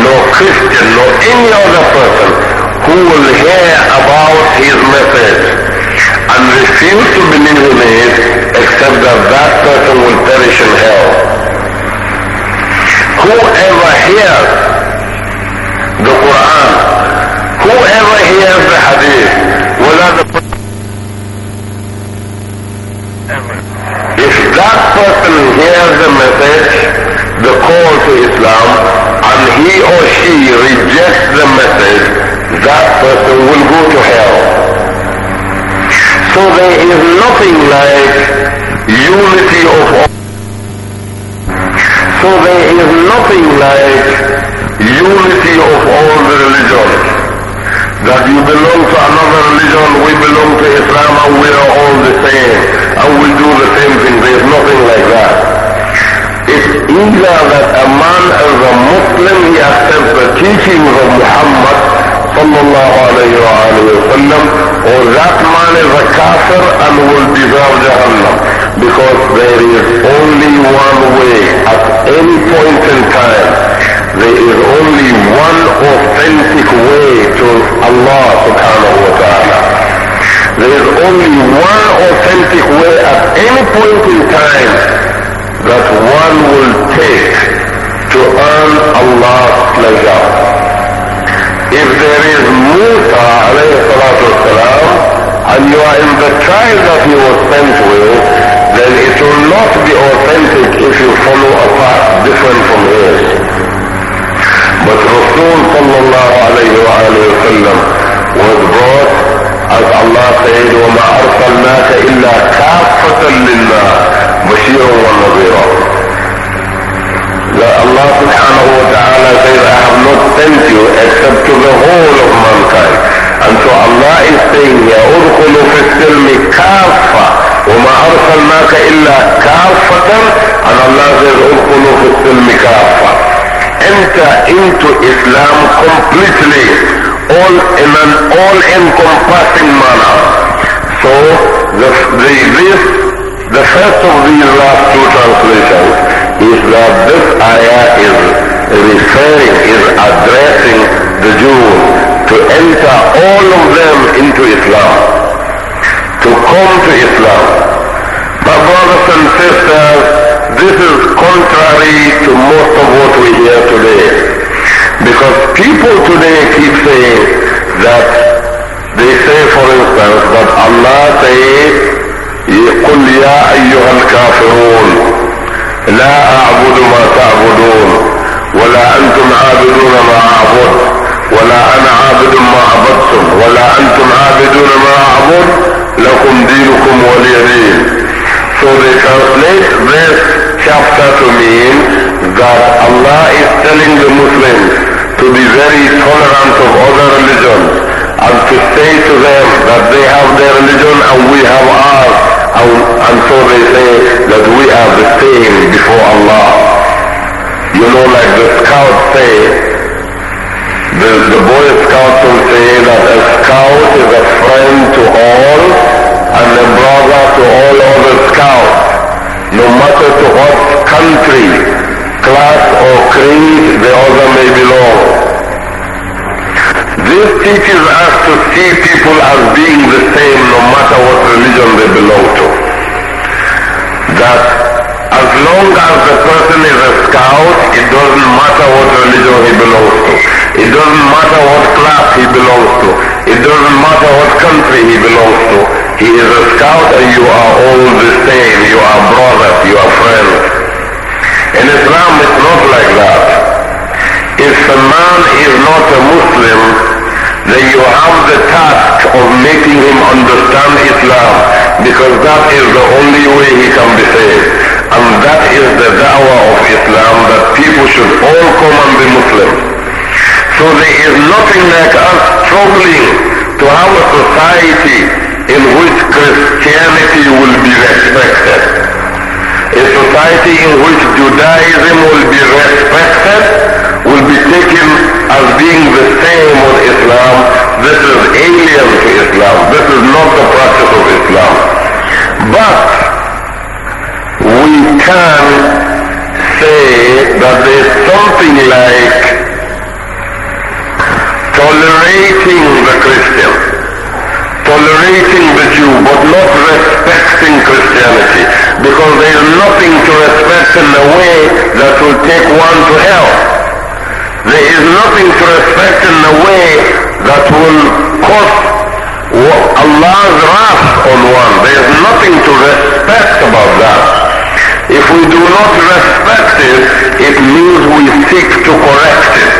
no Christian, no any other person who will hear about his message and refuse to believe in it except that that person will perish in hell. Whoever hears the Quran, whoever hears the Hadith, will have the If that person hears the message, the call to Islam and he or she rejects the message, that person will go to hell. So there is nothing like unity of all. So there is nothing like unity of all the religions. That you belong to another religion, we belong to Islam and we are all the same and we do the same thing. There is nothing like that. It's either that a man as a Muslim, he accepts the teachings of Muhammad sallallahu alayhi wa alayhi wa sallam, or that man is a kafir and will deserve Jahannam. Because there is only one way at any point in time. There is only one authentic way to Allah subhanahu wa ta'ala. There is only one authentic way at any point in time that one will take to earn Allah's pleasure. If there is Musa alayhi salatu and you are in the tribe that he was sent with, then it will not be authentic if you follow a path different from his. But Rasul sallallahu alayhi wa alayhi wa sallam was brought as Allah said, وَمَا أَرْسَلْنَاكَ إِلَّا كَافَّةً لِلَّهِ مشيرا ونظيرا لا Allah subhanahu wa ta'ala says, I have not sent you except to the whole of mankind. And so Allah is saying يا أدخل في السلم كافة وما أرسلناك إلا كافة and Allah says, أدخل في السلم كافة Enter into Islam completely, all in an all-encompassing manner. So, the, the, this The first of these last two translations is that this ayah is referring, is addressing the Jews to enter all of them into Islam, to come to Islam. But brothers and sisters, this is contrary to most of what we hear today. Because people today keep saying that, they say for instance that Allah says, يقول يا ايها الكافرون لا اعبد ما تعبدون ولا انتم عابدون ما اعبد ولا انا عابد ما عبدتم ولا انتم عابدون ما اعبد لكم دينكم ولي دين so they translate this chapter to mean that Allah is telling the Muslims to be very tolerant of other religions and to say to them that they have their religion and we have ours and so they say that we are the same before Allah. You know, like the scouts say, the, the boy scouts will say that as out you are all the same. You are brothers, you are friends. In Islam, it's not like that. If a man is not a Muslim, then you have the task of making him understand Islam because that is the only way he can be saved. And that is the da'wah of Islam that people should all come and be Muslim. So there is nothing like us struggling to have a society in which Christianity will be respected, a society in which Judaism will be respected, will be taken as being the same as Islam. This is alien to Islam. This is not the practice of Islam. But we can say that there is something like tolerating the Christian tolerating the Jew but not respecting Christianity because there is nothing to respect in the way that will take one to hell. There is nothing to respect in the way that will cause Allah's wrath on one. There is nothing to respect about that. If we do not respect it, it means we seek to correct it.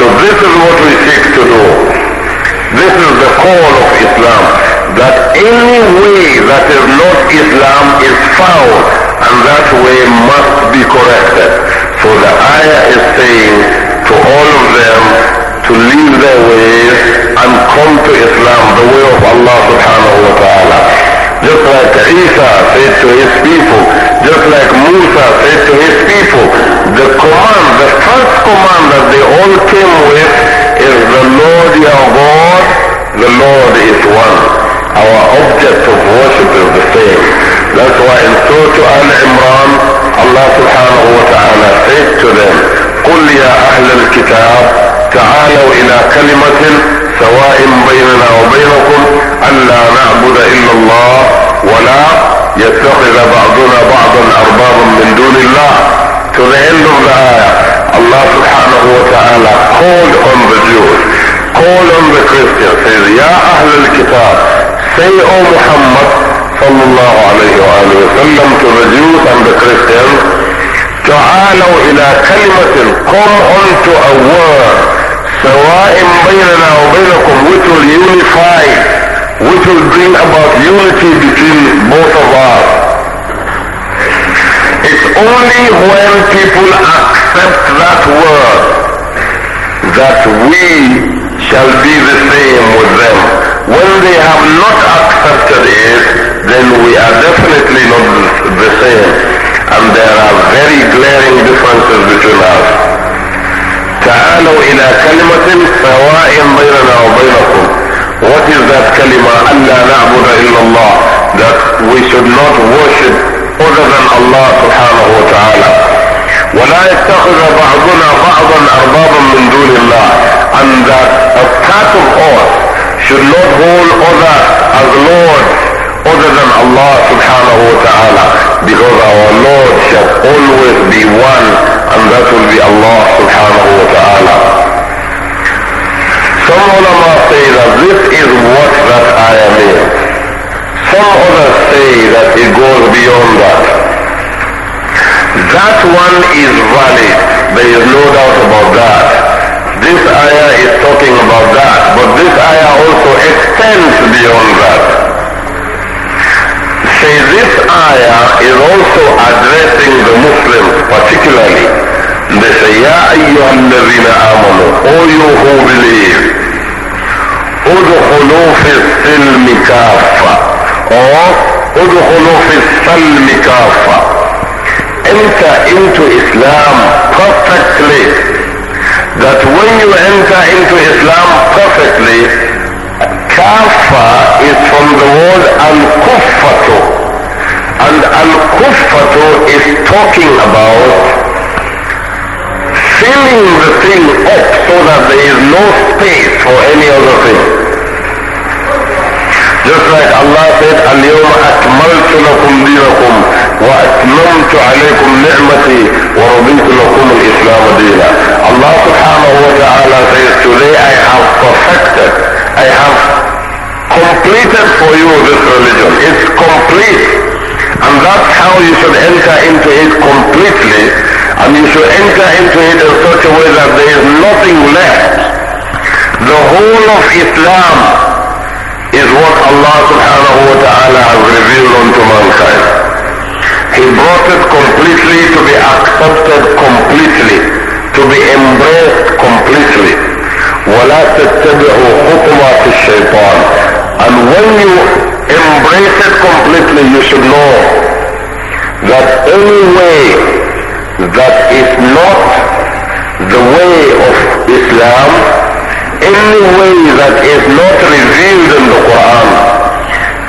So this is what we seek to do. This is the call of Islam, that any way that is not Islam is foul, and that way must be corrected. So the ayah is saying to all of them to leave their ways and come to Islam, the way of Allah subhanahu wa ta'ala. Just like Isa said to his people, just like Musa said to his people, the command, the first command that they all came with is the Lord your God, the Lord is one. Our object of worship is the same. That's why in Surah Al-Imran, Allah subhanahu wa ta'ala said to them, قل يا أهل الكتاب تعالوا إلى كلمة سواء بيننا وبينكم ألا نعبد إلا الله ولا يتخذ بعضنا بعضا أربابا من دون الله to the end of the ayah, Allah subhanahu wa ta'ala called on the Jews, called on the Christians, says, Ya Ahl al-Kitab, say O Muhammad sallallahu alayhi wa alayhi wa sallam to the Jews and the Christians, تعالوا إلى كلمة come unto a word سواء بيننا وبينكم which will unify which will bring about unity between both of us only when people accept that word that we shall be the same with them. When they have not accepted it, then we are definitely not the same. And there are very glaring differences between us. تعالوا إلى كلمة سواء بيننا وبينكم. What is that كلمة؟ ألا نعبد إلا الله. That we should not worship الله الله سبحانه وتعالى ولا يتخذ بعضنا بعضا اربابا من دون and and that that that that a of should not hold other other as Lord than Allah Allah subhanahu subhanahu wa wa ta'ala ta'ala because our shall always be be one will some ulama say this is what اللہ Some others say that it goes beyond that. That one is valid. There is no doubt about that. This ayah is talking about that. But this ayah also extends beyond that. Say this ayah is also addressing the Muslims particularly. They say, Ya ayyuhal ladhina amanu, O you who believe, udkhulu fi silmi kafah or ادخلوا في السلم كافة enter into Islam perfectly that when you enter into Islam perfectly kafa is from the word al-kuffatu and al-kuffatu is talking about filling the thing up so that there is no space for any other thing just like Allah said, اليوم أكملت لكم دينكم وأتممت عليكم نعمتي ورضيت لكم الإسلام دينا. Allah subhanahu wa ta'ala says, today I have perfected, I have completed for you this religion. It's complete. And that's how you should enter into it completely. And you should enter into it in such a way that there is nothing left. The whole of Islam is what Allah subhanahu wa ta'ala has revealed unto mankind. He brought it completely to be accepted completely, to be embraced completely. وَلَا تَتَّبِعُوا خُطُوَاتِ الشَّيْطَانِ And when you embrace it completely, you should know that any way that is not the way of Islam, any way that is not revealed in the Quran,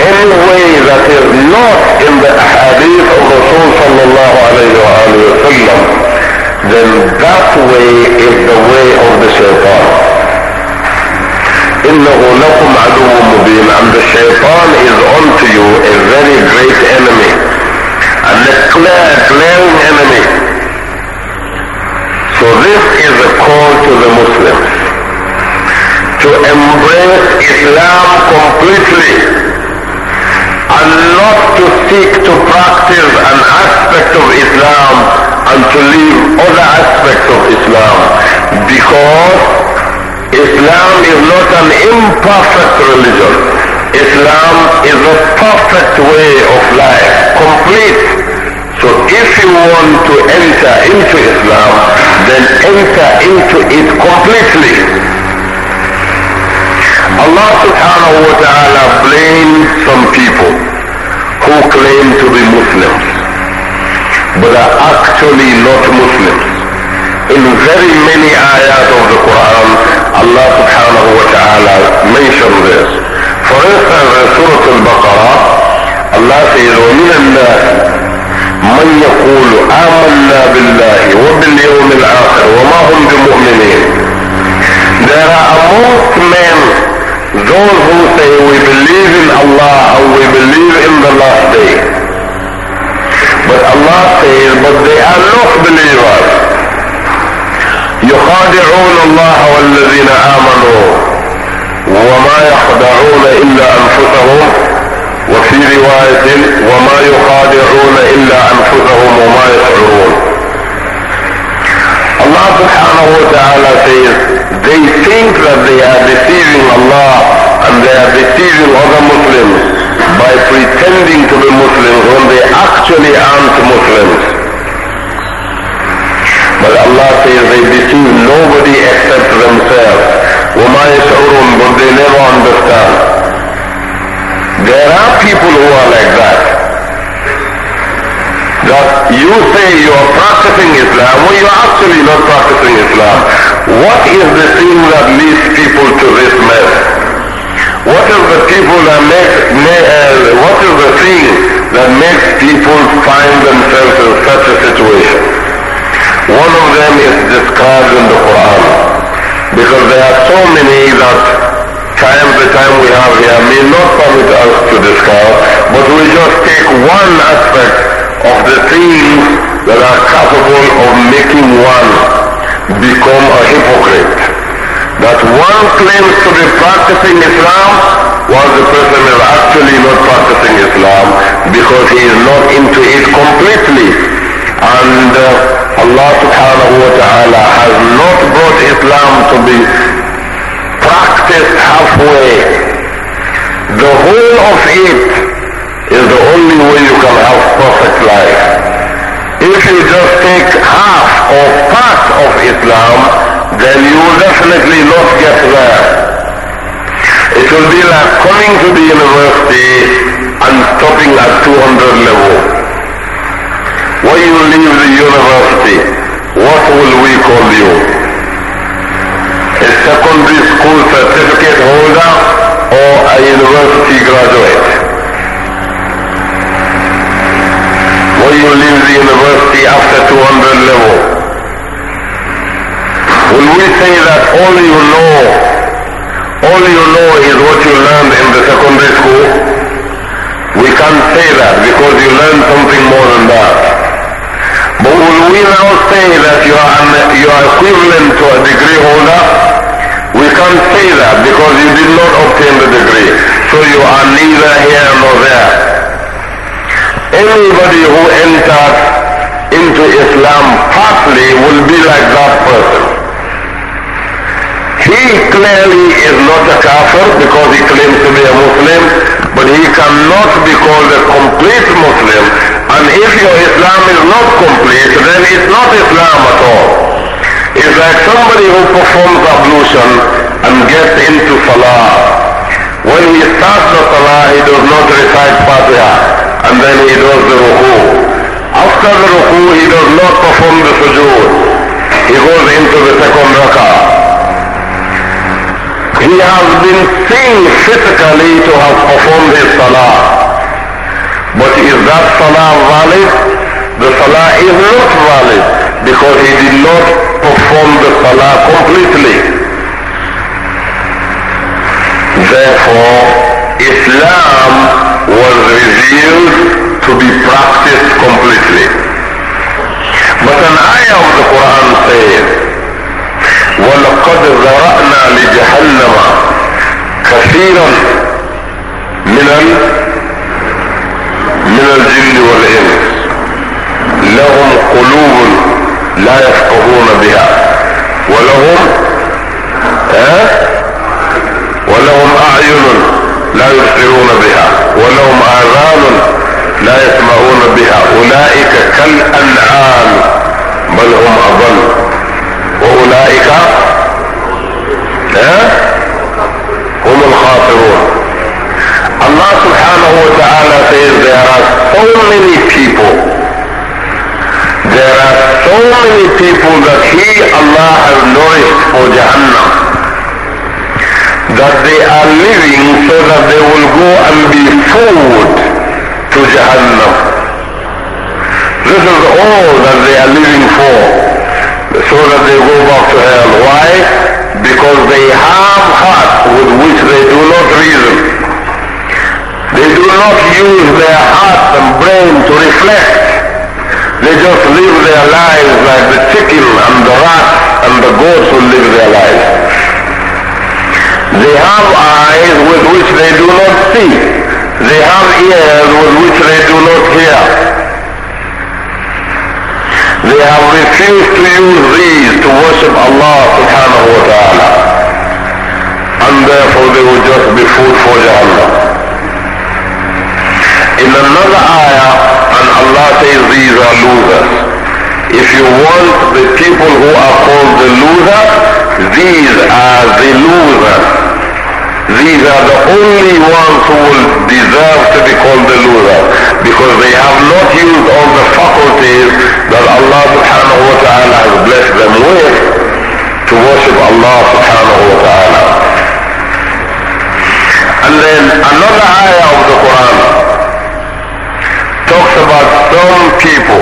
any way that is not in the hadith of Rasul sallallahu alayhi wa sallam, then that way is the way of the shaitan. إنه لكم عدو مبين and the shaitan is unto you a very great enemy and a clear, glaring enemy. So this is a call to the Muslims to embrace Islam completely and not to seek to practice an aspect of Islam and to leave other aspects of Islam because Islam is not an imperfect religion. Islam is the perfect way of life, complete. So if you want to enter into Islam, then enter into it completely. Allah subhanahu wa ta'ala blames some people who claim to be Muslims but are actually not Muslims. In very many ayahs of the Quran, Allah subhanahu wa ta'ala mentioned this. For instance, in Surah Al-Baqarah, Allah says, وَمِنَ النَّاسِ مَنْ يَقُولُ آمَنَّا بِاللَّهِ وَبِالْيَوْمِ الْآخِرِ وَمَا هُمْ بِمُؤْمِنِينَ There are amongst men Those who say we believe in Allah or we believe in the last day. But Allah says, but they are not believers. يخادعون الله والذين آمنوا وما يخدعون إلا أنفسهم وفي رواية وما يخادعون إلا أنفسهم وما يشعرون الله سبحانه وتعالى says they think that they are deceiving Allah and they are deceiving other Muslims by pretending to be Muslims when they actually aren't Muslims. But Allah says they deceive nobody except themselves. وَمَا يَشْعُرُونَ But they never understand. There are people who are like that. That you say you are practicing Islam when you are actually not practicing Islam. What is the thing that leads people to this mess? What is the people that makes, uh, what is the thing that makes people find themselves in such a situation? One of them is described in the Quran. Because there are so many that time the time we have here may not permit us to discuss, but we just take one aspect of the things that are capable of making one become a hypocrite that one claims to be practicing Islam while the person is actually not practicing Islam because he is not into it completely. And uh, Allah subhanahu wa ta'ala has not brought Islam to be practiced halfway. The whole of it is the only way you can have perfect life. If you just take half or part of Islam, then you will definitely not get there. It will be like coming to the university and stopping at 200 level. When you leave the university, what will we call you? A secondary school certificate holder or a university graduate? When you leave the university after 200 level, when we say that all you know, all you know is what you learned in the secondary school? We can't say that because you learned something more than that. But when we now say that you are, an, you are equivalent to a degree holder? We can't say that because you did not obtain the degree. So you are neither here nor there. Anybody who enters into Islam partly will be like that person he clearly is not a kafir because he claims to be a Muslim, but he cannot be called a complete Muslim. And if your Islam is not complete, then it's not Islam at all. It's like somebody who performs ablution and gets into Salah. When he starts the Salah, he does not recite Fatiha, and then he does the Ruku. After the Ruku, he does not perform the sujood. He goes into the second rakah. He has been seen physically to have performed his salah. But is that salah valid? The salah is not valid because he did not perform the salah completely. Therefore, Islam was revealed to be practiced completely. But an ayah of the Quran says, ولقد ذرأنا لجهنم كثيرا من ال من الجن والإنس لهم قلوب لا يفقهون بها ولهم اه ولهم أعين لا يبصرون بها ولهم آذان لا يسمعون بها أولئك كالأنعام بل هم أضل اولئك هم الخاسرون Allah subhanahu wa ta'ala says there are so many people there are so many people that he Allah has nourished for Jahannam that they are living so that they will go and be food to Jahannam this is all that they are living for so that they go back to hell. Why? Because they have heart with which they do not reason. They do not use their heart and brain to reflect. They just live their lives like the chicken and the rat and the goats who live their lives. They have eyes with which they do not see. They have ears with which they do not hear. They have refused to use these to worship Allah subhanahu wa ta'ala. And therefore they will just be food for Jahannam. In another ayah, and Allah says these are losers. If you want the people who are called the loser, these are the losers. These are the only ones who will deserve to be called the losers because they have not used all the faculties that Allah subhanahu wa ta'ala has blessed them with to worship Allah subhanahu wa ta'ala. And then another ayah of the Quran talks about some people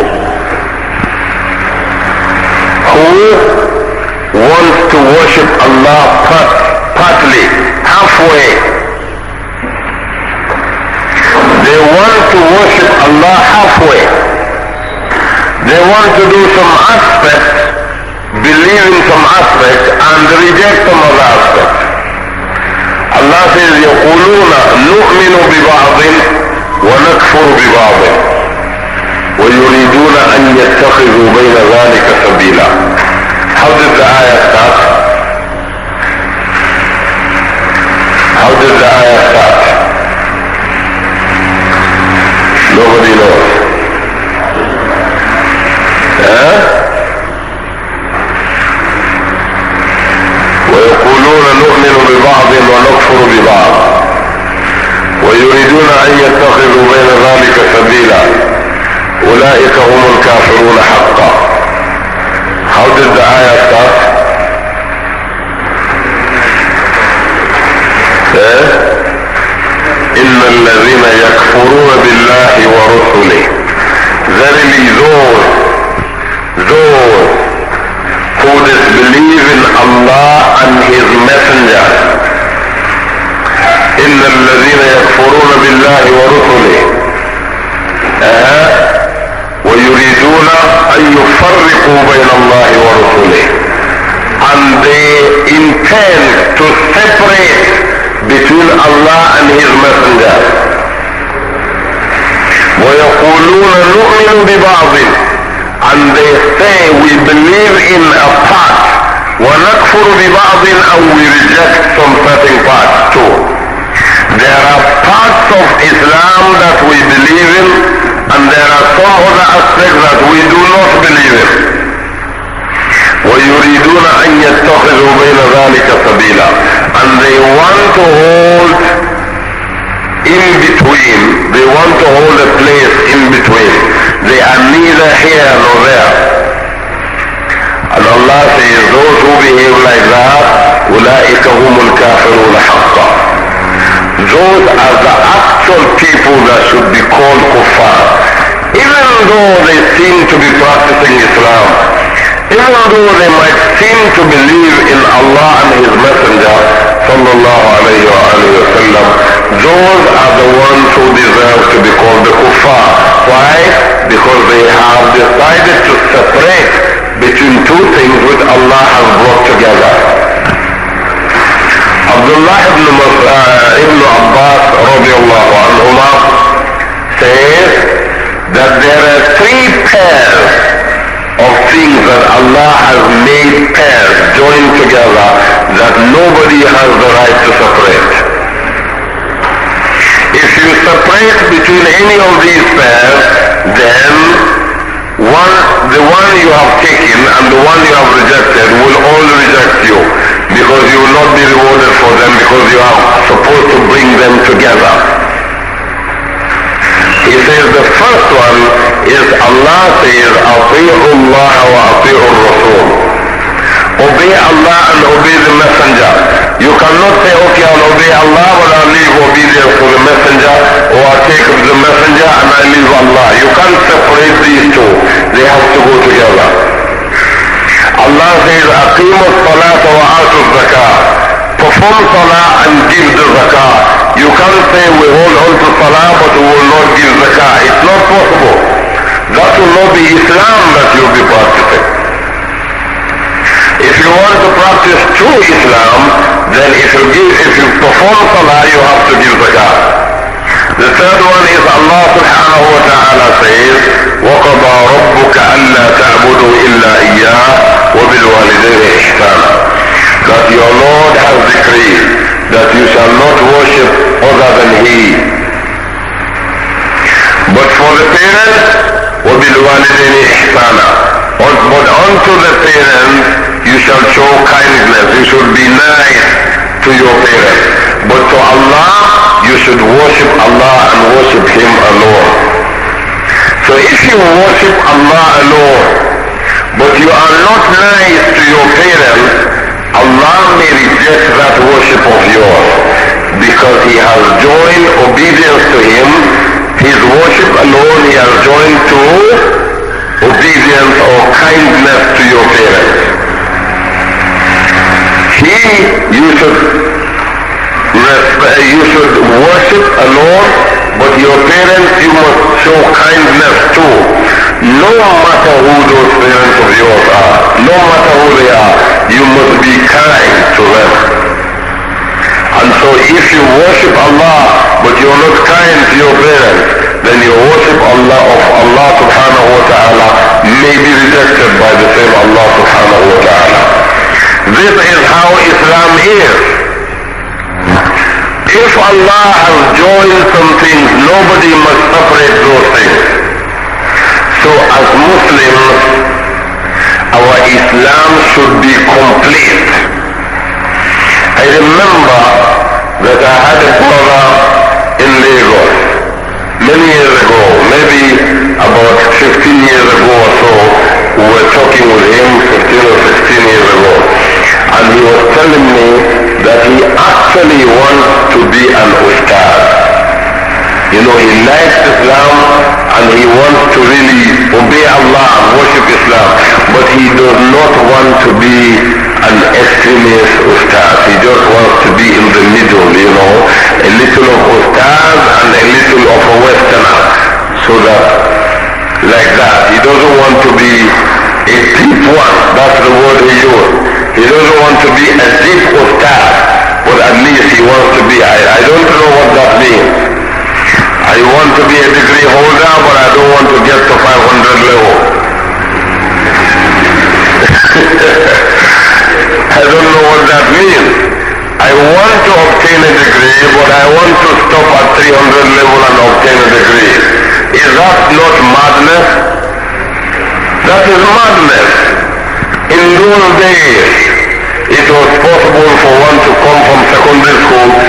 who want to worship Allah part, partly, halfway, They want to worship Allah halfway. They want to do some aspects, believe in some aspects, and reject some other aspects. Allah says, يقولون نؤمن ببعض ونكفر ببعض ويريدون أن يتخذوا بين ذلك سبيلا. How did the ayah start? How did the ayah start? Nobody knows. Huh? ويقولون نؤمن ببعض ونكفر ببعض ويريدون ان يتخذوا بين ذلك سبيلا اولئك هم الكافرون حقا How الدعايه the ان الذين يكفرون بالله ورسله verily those those who disbelieve in Allah and his messenger ان الذين يكفرون بالله ورسله أه. ويريدون ان يفرقوا بين الله ورسله and they intend to separate between Allah and His Messenger. وَيَقُولُونَ نُؤْمِنُ بِبَعْضٍ And they say we believe in a part وَنَكْفُرُ بِبَعْضٍ And we reject some certain parts too. There are parts of Islam that we believe in and there are some other aspects that we do not believe in. ويريدون ان يتخذوا بين ذلك سبيلا and they want to hold in between they want to hold a place in between they are neither here nor there and Allah says those who behave like that أولئك هم الكافرون حقا those are the actual people that should be called kuffar even though they seem to be practicing Islam Even though they might seem to believe in Allah and His Messenger, sallallahu alayhi wa sallam, those are the ones who deserve to be called the kuffar. Why? Because they have decided to separate between two things which Allah has brought together. Abdullah ibn, Mas- uh, ibn Abbas radiallahu says that there are three pairs of things that Allah has made pairs, joined together, that nobody has the right to separate. If you separate between any of these pairs, then one, the one you have taken and the one you have rejected will all reject you because you will not be rewarded for them because you are supposed to bring them together. He says the first one is Allah says, أطيعوا الله وأطيعوا الرسول. Obey Allah and obey the messenger. You cannot say, okay, I'll obey Allah, but I'll leave obedience to the messenger, or I'll take the messenger and I'll leave Allah. You can't separate these two. They have to go together. Allah says, أقيموا الصلاة وآتوا الزكاة. Perform salah and give the zakah. You can't say we hold on to Salah but we will not give zakah. It's not possible. That will not be Islam that you'll be practicing. If you want to practice true Islam, then if you give, if you perform Salah, you have to give zakah. The third one is Allah subhanahu wa ta'ala says, وَقَضَى رَبُّكَ أَلَّا تَعْبُدُوا إِلَّا إِيَّاهُ وَبِالْوَالِدَيْنِ إِحْسَانًا that your Lord has decreed that you shall not worship other than He. But for the parents, وَبِالْوَالِدَيْنِ إِحْسَانًا But unto the parents you shall show kindness, you should be nice to your parents. But to Allah, you should worship Allah and worship Him alone. So if you worship Allah alone, but you are not nice to your parents, Allah may reject that worship of yours because he has joined obedience to him, his worship alone he has joined to obedience or kindness to your parents. He, you should, you should worship alone, but your parents you must show kindness to no matter who those parents of yours are, no matter who they are, you must be kind to them. And so if you worship Allah, but you're not kind to your parents, then your worship Allah of Allah subhanahu wa ta'ala may be rejected by the same Allah subhanahu wa ta'ala. This is how Islam is. If Allah has joined some things, nobody must separate those things. So as Muslims, our Islam should be complete. I remember that I had a brother in Lagos many years ago, maybe about 15 years ago or so, we were talking with him 15 or 16 years ago. And he was telling me that he actually wants to be an ustad. You know, he likes Islam and he wants to really obey Allah and worship Islam, but he does not want to be an extremist ustaz. He just wants to be in the middle, you know, a little of ustaz and a little of a westerner. So that, like that, he doesn't want to be a deep one. That's the word he used. He doesn't want to be a deep ustaz, but at least he wants to be, I, I don't know what that means. I want to be a degree holder, but I don't want to get to 500 level. I don't know what that means. I want to obtain a degree, but I want to stop at 300 level and obtain a degree. Is that not madness? That is madness. In those days, it was possible for one to come from secondary school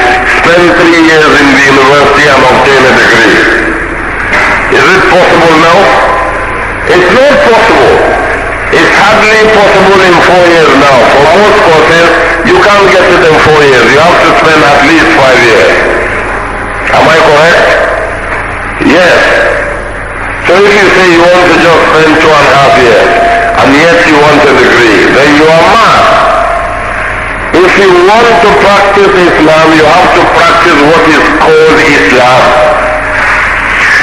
23 years in the university and obtain a degree. Is it possible now? It's not possible. It's hardly possible in four years now. For most courses, you can't get it in four years. You have to spend at least five years. Am I correct? Yes. So if you say you want to just spend two and a half years, and yet you want a degree, then you are mad. If you want to practice Islam, you have to practice what is called Islam.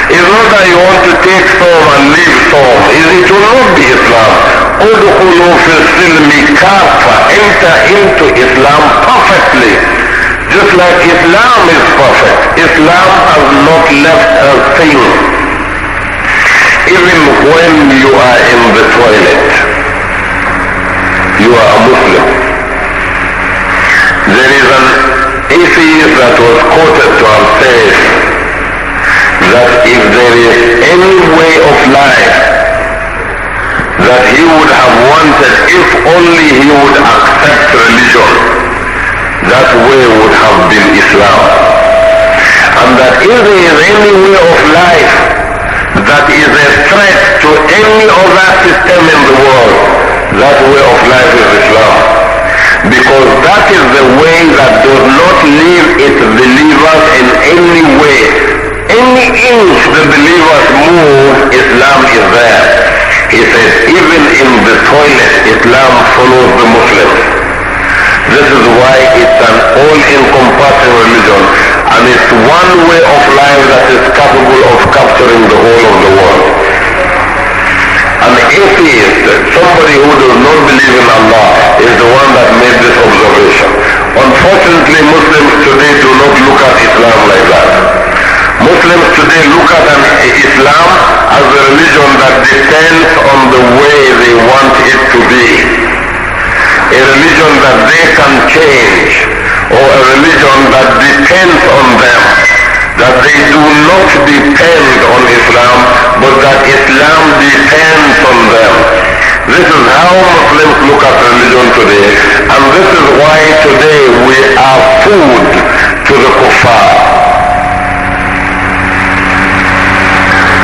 It's not that you want to take some and leave some. It will not be Islam. ادخلوا في السلم كافة enter into Islam perfectly just like Islam is perfect Islam has not left a thing even when you are in the toilet you are a Muslim an atheist that was quoted to have said that if there is any way of life that he would have wanted if only he would accept religion, that way would have been Islam. And that if there is any way of life that is a threat to any other system in the world, that way of life is Islam because that is the way that does not leave its believers in any way. Any inch the believers move, Islam is there. He says, even in the toilet, Islam follows the Muslims. This is why it's an all-encompassing religion, and it's one way of life that is capable of capturing the whole of the world. An atheist, somebody who does not believe in Allah, is the one that made this observation. Unfortunately, Muslims today do not look at Islam like that. Muslims today look at Islam as a religion that depends on the way they want it to be. A religion that they can change, or a religion that depends on them that they do not depend on Islam, but that Islam depends on them. This is how Muslims look at religion today, and this is why today we are food to the kuffar.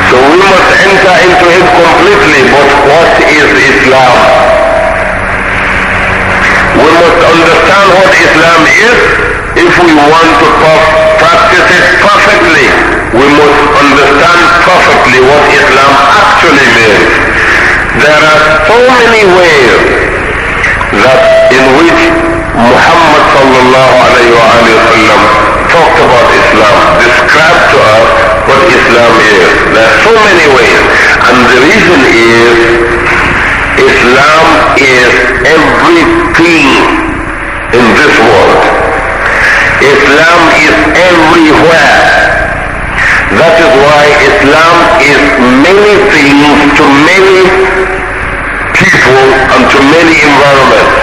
So we must enter into it completely, but what is Islam? we must understand what Islam is if we want to practice it perfectly. We must understand perfectly what Islam actually means. There are so many ways that in which Muhammad sallallahu alayhi wa talked about Islam, described to us what Islam is. There are so many ways. And the reason is Islam is everything in this world. Islam is everywhere. That is why Islam is many things to many people and to many environments.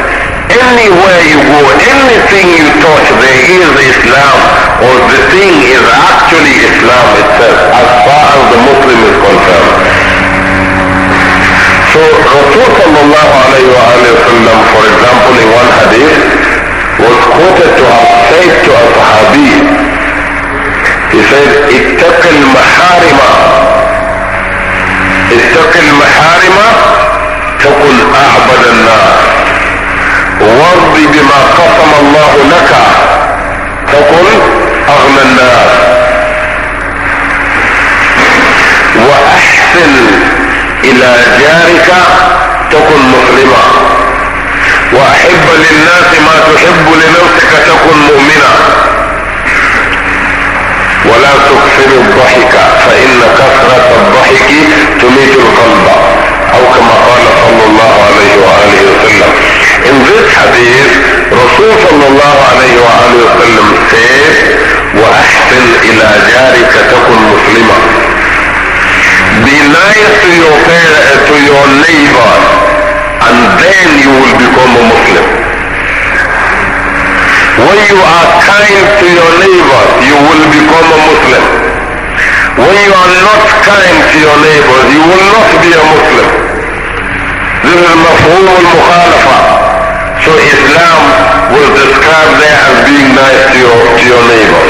Anywhere you go, anything you touch, there is Islam, or the thing is actually Islam itself, as far as the Muslim is concerned. Rasul sallallahu alayhi wa alayhi wa sallam, for example, in one hadith, was quoted to have said to a Sahabi, he said, اتق المحارم اتق المحارم تقل اعبد الناس وارض بما قسم الله لك تقل اغنى الناس واحسن الى جارك تكن مسلما واحب للناس ما تحب لنفسك تكن مؤمنا ولا تكثر الضحك فان كثرة الضحك تميت القلب او كما قال صلى الله عليه وآله وسلم In this hadith, رسول صلى الله عليه واله وسلم sallam وأحسن إلى جارك تكن مسلما Be nice to your parent, to your neighbor, and then you will become a Muslim. When you are kind to your neighbor, you will become a Muslim. When you are not kind to your neighbor, you will not be a Muslim. This is mafhum al-mukhalafa. So Islam will describe there as being nice to your, to your neighbor.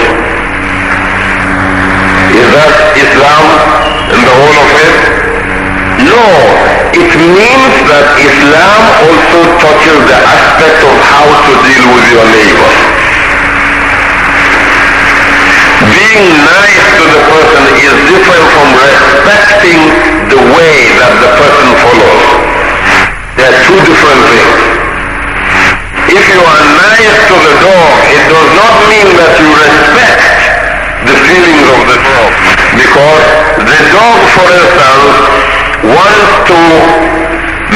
Is that Islam? in the whole of it? No. It means that Islam also touches the aspect of how to deal with your neighbor. Being nice to the person is different from respecting the way that the person follows. They are two different things. If you are nice to the dog, it does not mean that you respect the feelings of the dog. Because the dog, for instance, wants to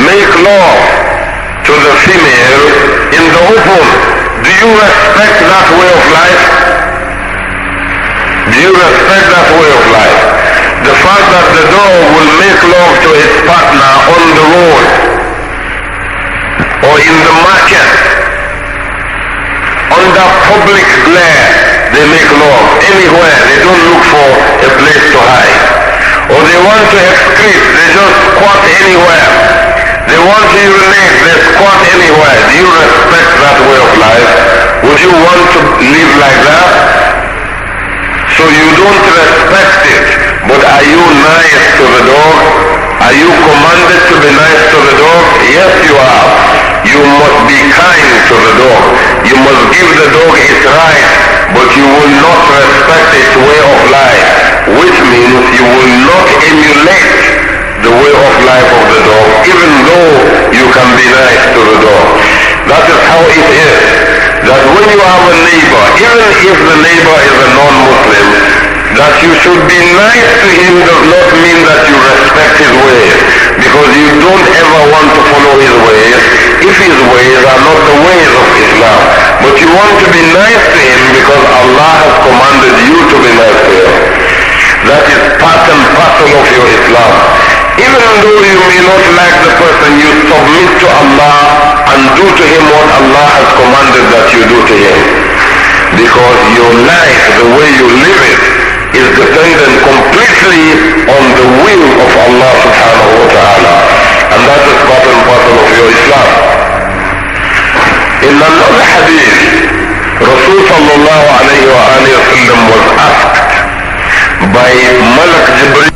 make love to the female in the open. Do you respect that way of life? Do you respect that way of life? The fact that the dog will make love to its partner on the road or in the market under public glare they make love anywhere. They don't look for a place to hide. Or they want to escape. They just squat anywhere. They want to urinate. They squat anywhere. Do you respect that way of life? Would you want to live like that? So you don't respect it. But are you nice to the dog? Are you commanded to be nice to the dog? Yes, you are. You must be kind to the dog. You must give the dog its rights but you will not respect its way of life, which means you will not emulate the way of life of the dog, even though you can be nice to the dog. That is how it is. That when you have a neighbor, even if the neighbor is a non-Muslim, that you should be nice to him does not mean that you respect his ways, because you don't ever want to follow his ways if his ways are not the ways of Islam. But you want to be nice to him because Allah has commanded you to be nice to him. That is part and parcel of your Islam. Even though you may not like the person, you submit to Allah and do to him what Allah has commanded that you do to him. Because your life, the way you live it, is dependent completely on the will of Allah subhanahu wa ta'ala. And that is part and parcel of your Islam. In another hadith, Rasul sallallahu alayhi wa alayhi wa sallam was asked by Malak Jibril